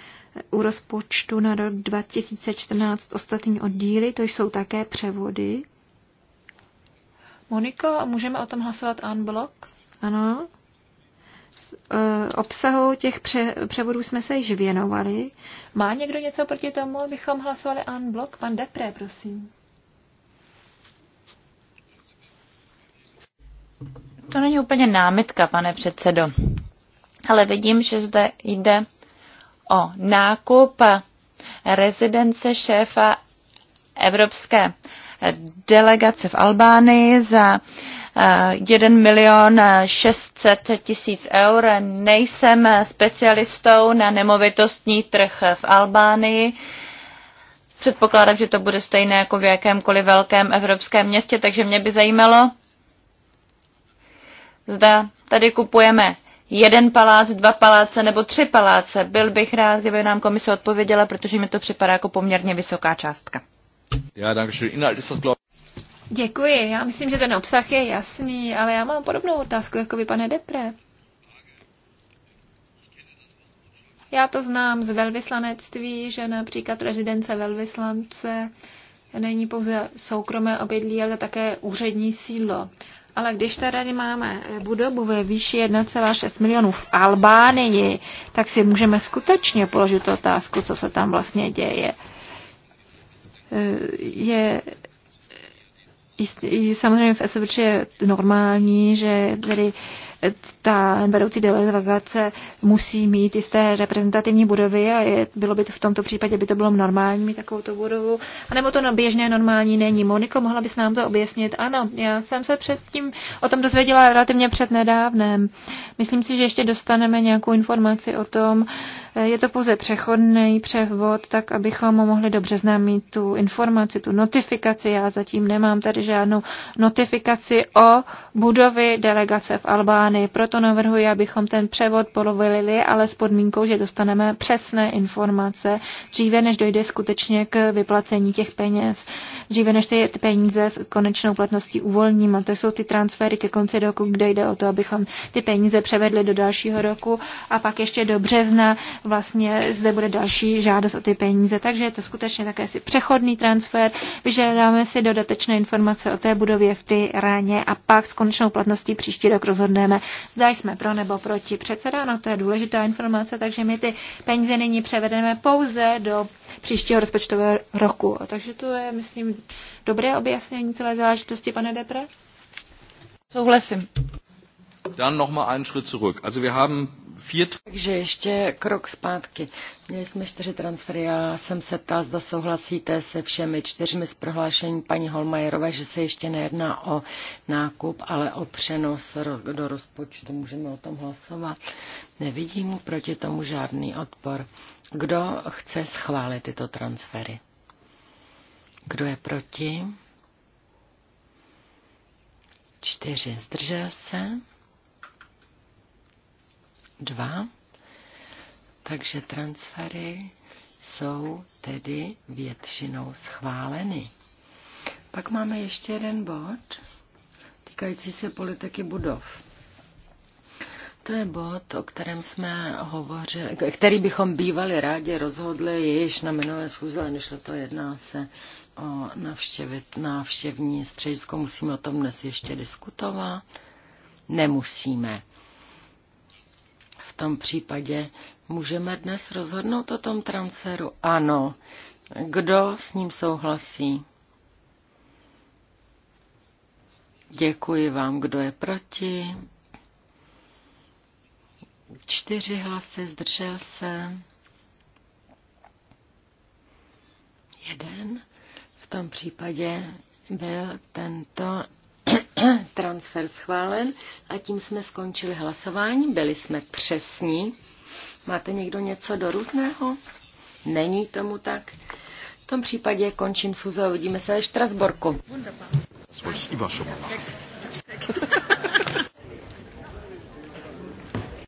Speaker 3: u rozpočtu na rok 2014 ostatní oddíly, to jsou také převody. Moniko, můžeme o tom hlasovat unblock? Ano. Eh, obsahu těch pře- převodů jsme se již věnovali. Má někdo něco proti tomu, abychom hlasovali unblock? Pan Depré, prosím.
Speaker 2: To není úplně námitka, pane předsedo, ale vidím, že zde jde o nákup rezidence šéfa Evropské delegace v Albánii za 1 eh, milion 600 eh, tisíc eur. Nejsem eh, specialistou na nemovitostní trh v Albánii. Předpokládám, že to bude stejné jako v jakémkoliv velkém evropském městě, takže mě by zajímalo, zda tady kupujeme jeden palác, dva paláce nebo tři paláce. Byl bych rád, kdyby nám komise odpověděla, protože mi to připadá jako poměrně vysoká částka.
Speaker 3: Já, Děkuji. Já myslím, že ten obsah je jasný, ale já mám podobnou otázku jako vy, pane Depre. Já to znám z velvyslanectví, že například rezidence velvyslance není pouze soukromé obydlí, ale také úřední sídlo. Ale když tady máme budovu ve výši 1,6 milionů v Albánii, tak si můžeme skutečně položit otázku, co se tam vlastně děje. Je samozřejmě v SVČ je normální, že tedy ta vedoucí delegace musí mít jisté reprezentativní budovy a je, bylo by to v tomto případě by to bylo normální mít takovou budovu, nebo to no, běžné normální není. Moniko, mohla bys nám to objasnit? Ano, já jsem se předtím o tom dozvěděla relativně před nedávnem. Myslím si, že ještě dostaneme nějakou informaci o tom, uh, je to pouze přechodný převod, tak abychom mohli dobře známit tu informaci, tu notifikaci. Já zatím nemám tady žádnou notifikaci o budovy delegace v Albánii. Proto navrhuji, abychom ten převod polovili, ale s podmínkou, že dostaneme přesné informace dříve, než dojde skutečně k vyplacení těch peněz. Dříve, než ty peníze s konečnou platností A To jsou ty transfery ke konci roku, kde jde o to, abychom ty peníze převedli do dalšího roku a pak ještě do března vlastně zde bude další žádost o ty peníze. Takže je to skutečně také si přechodný transfer. Vyžádáme si dodatečné informace o té budově v ty ráně a pak s konečnou platností příští rok rozhodneme, zda jsme pro nebo proti. Předseda, no to je důležitá informace, takže my ty peníze nyní převedeme pouze do příštího rozpočtového roku. Takže to je, myslím, dobré objasnění celé záležitosti, pane Depre. Souhlasím. Dann nochmal einen Schritt zurück. Also wir haben vier...
Speaker 1: Takže ještě krok zpátky. Měli jsme čtyři transfery. Já jsem se ptal, zda souhlasíte se všemi čtyřmi z prohlášení paní Holmajerové, že se ještě nejedná o nákup, ale o přenos do rozpočtu. Můžeme o tom hlasovat. Nevidím proti tomu žádný odpor. Kdo chce schválit tyto transfery? Kdo je proti? Čtyři. Zdržel se? 2. Takže transfery jsou tedy většinou schváleny. Pak máme ještě jeden bod týkající se politiky budov. To je bod, o kterém jsme hovořili, který bychom bývali rádi rozhodli již na minulé schůze, ale nešlo to, jedná se o navštěvit, návštěvní středisko. Musíme o tom dnes ještě diskutovat? Nemusíme tom případě můžeme dnes rozhodnout o tom transferu? Ano. Kdo s ním souhlasí? Děkuji vám. Kdo je proti? Čtyři hlasy, zdržel se. Jeden. V tom případě byl tento transfer schválen a tím jsme skončili hlasování. Byli jsme přesní. Máte někdo něco do různého? Není tomu tak. V tom případě končím schůze a uvidíme se ve Štrasborku. Wunderbar.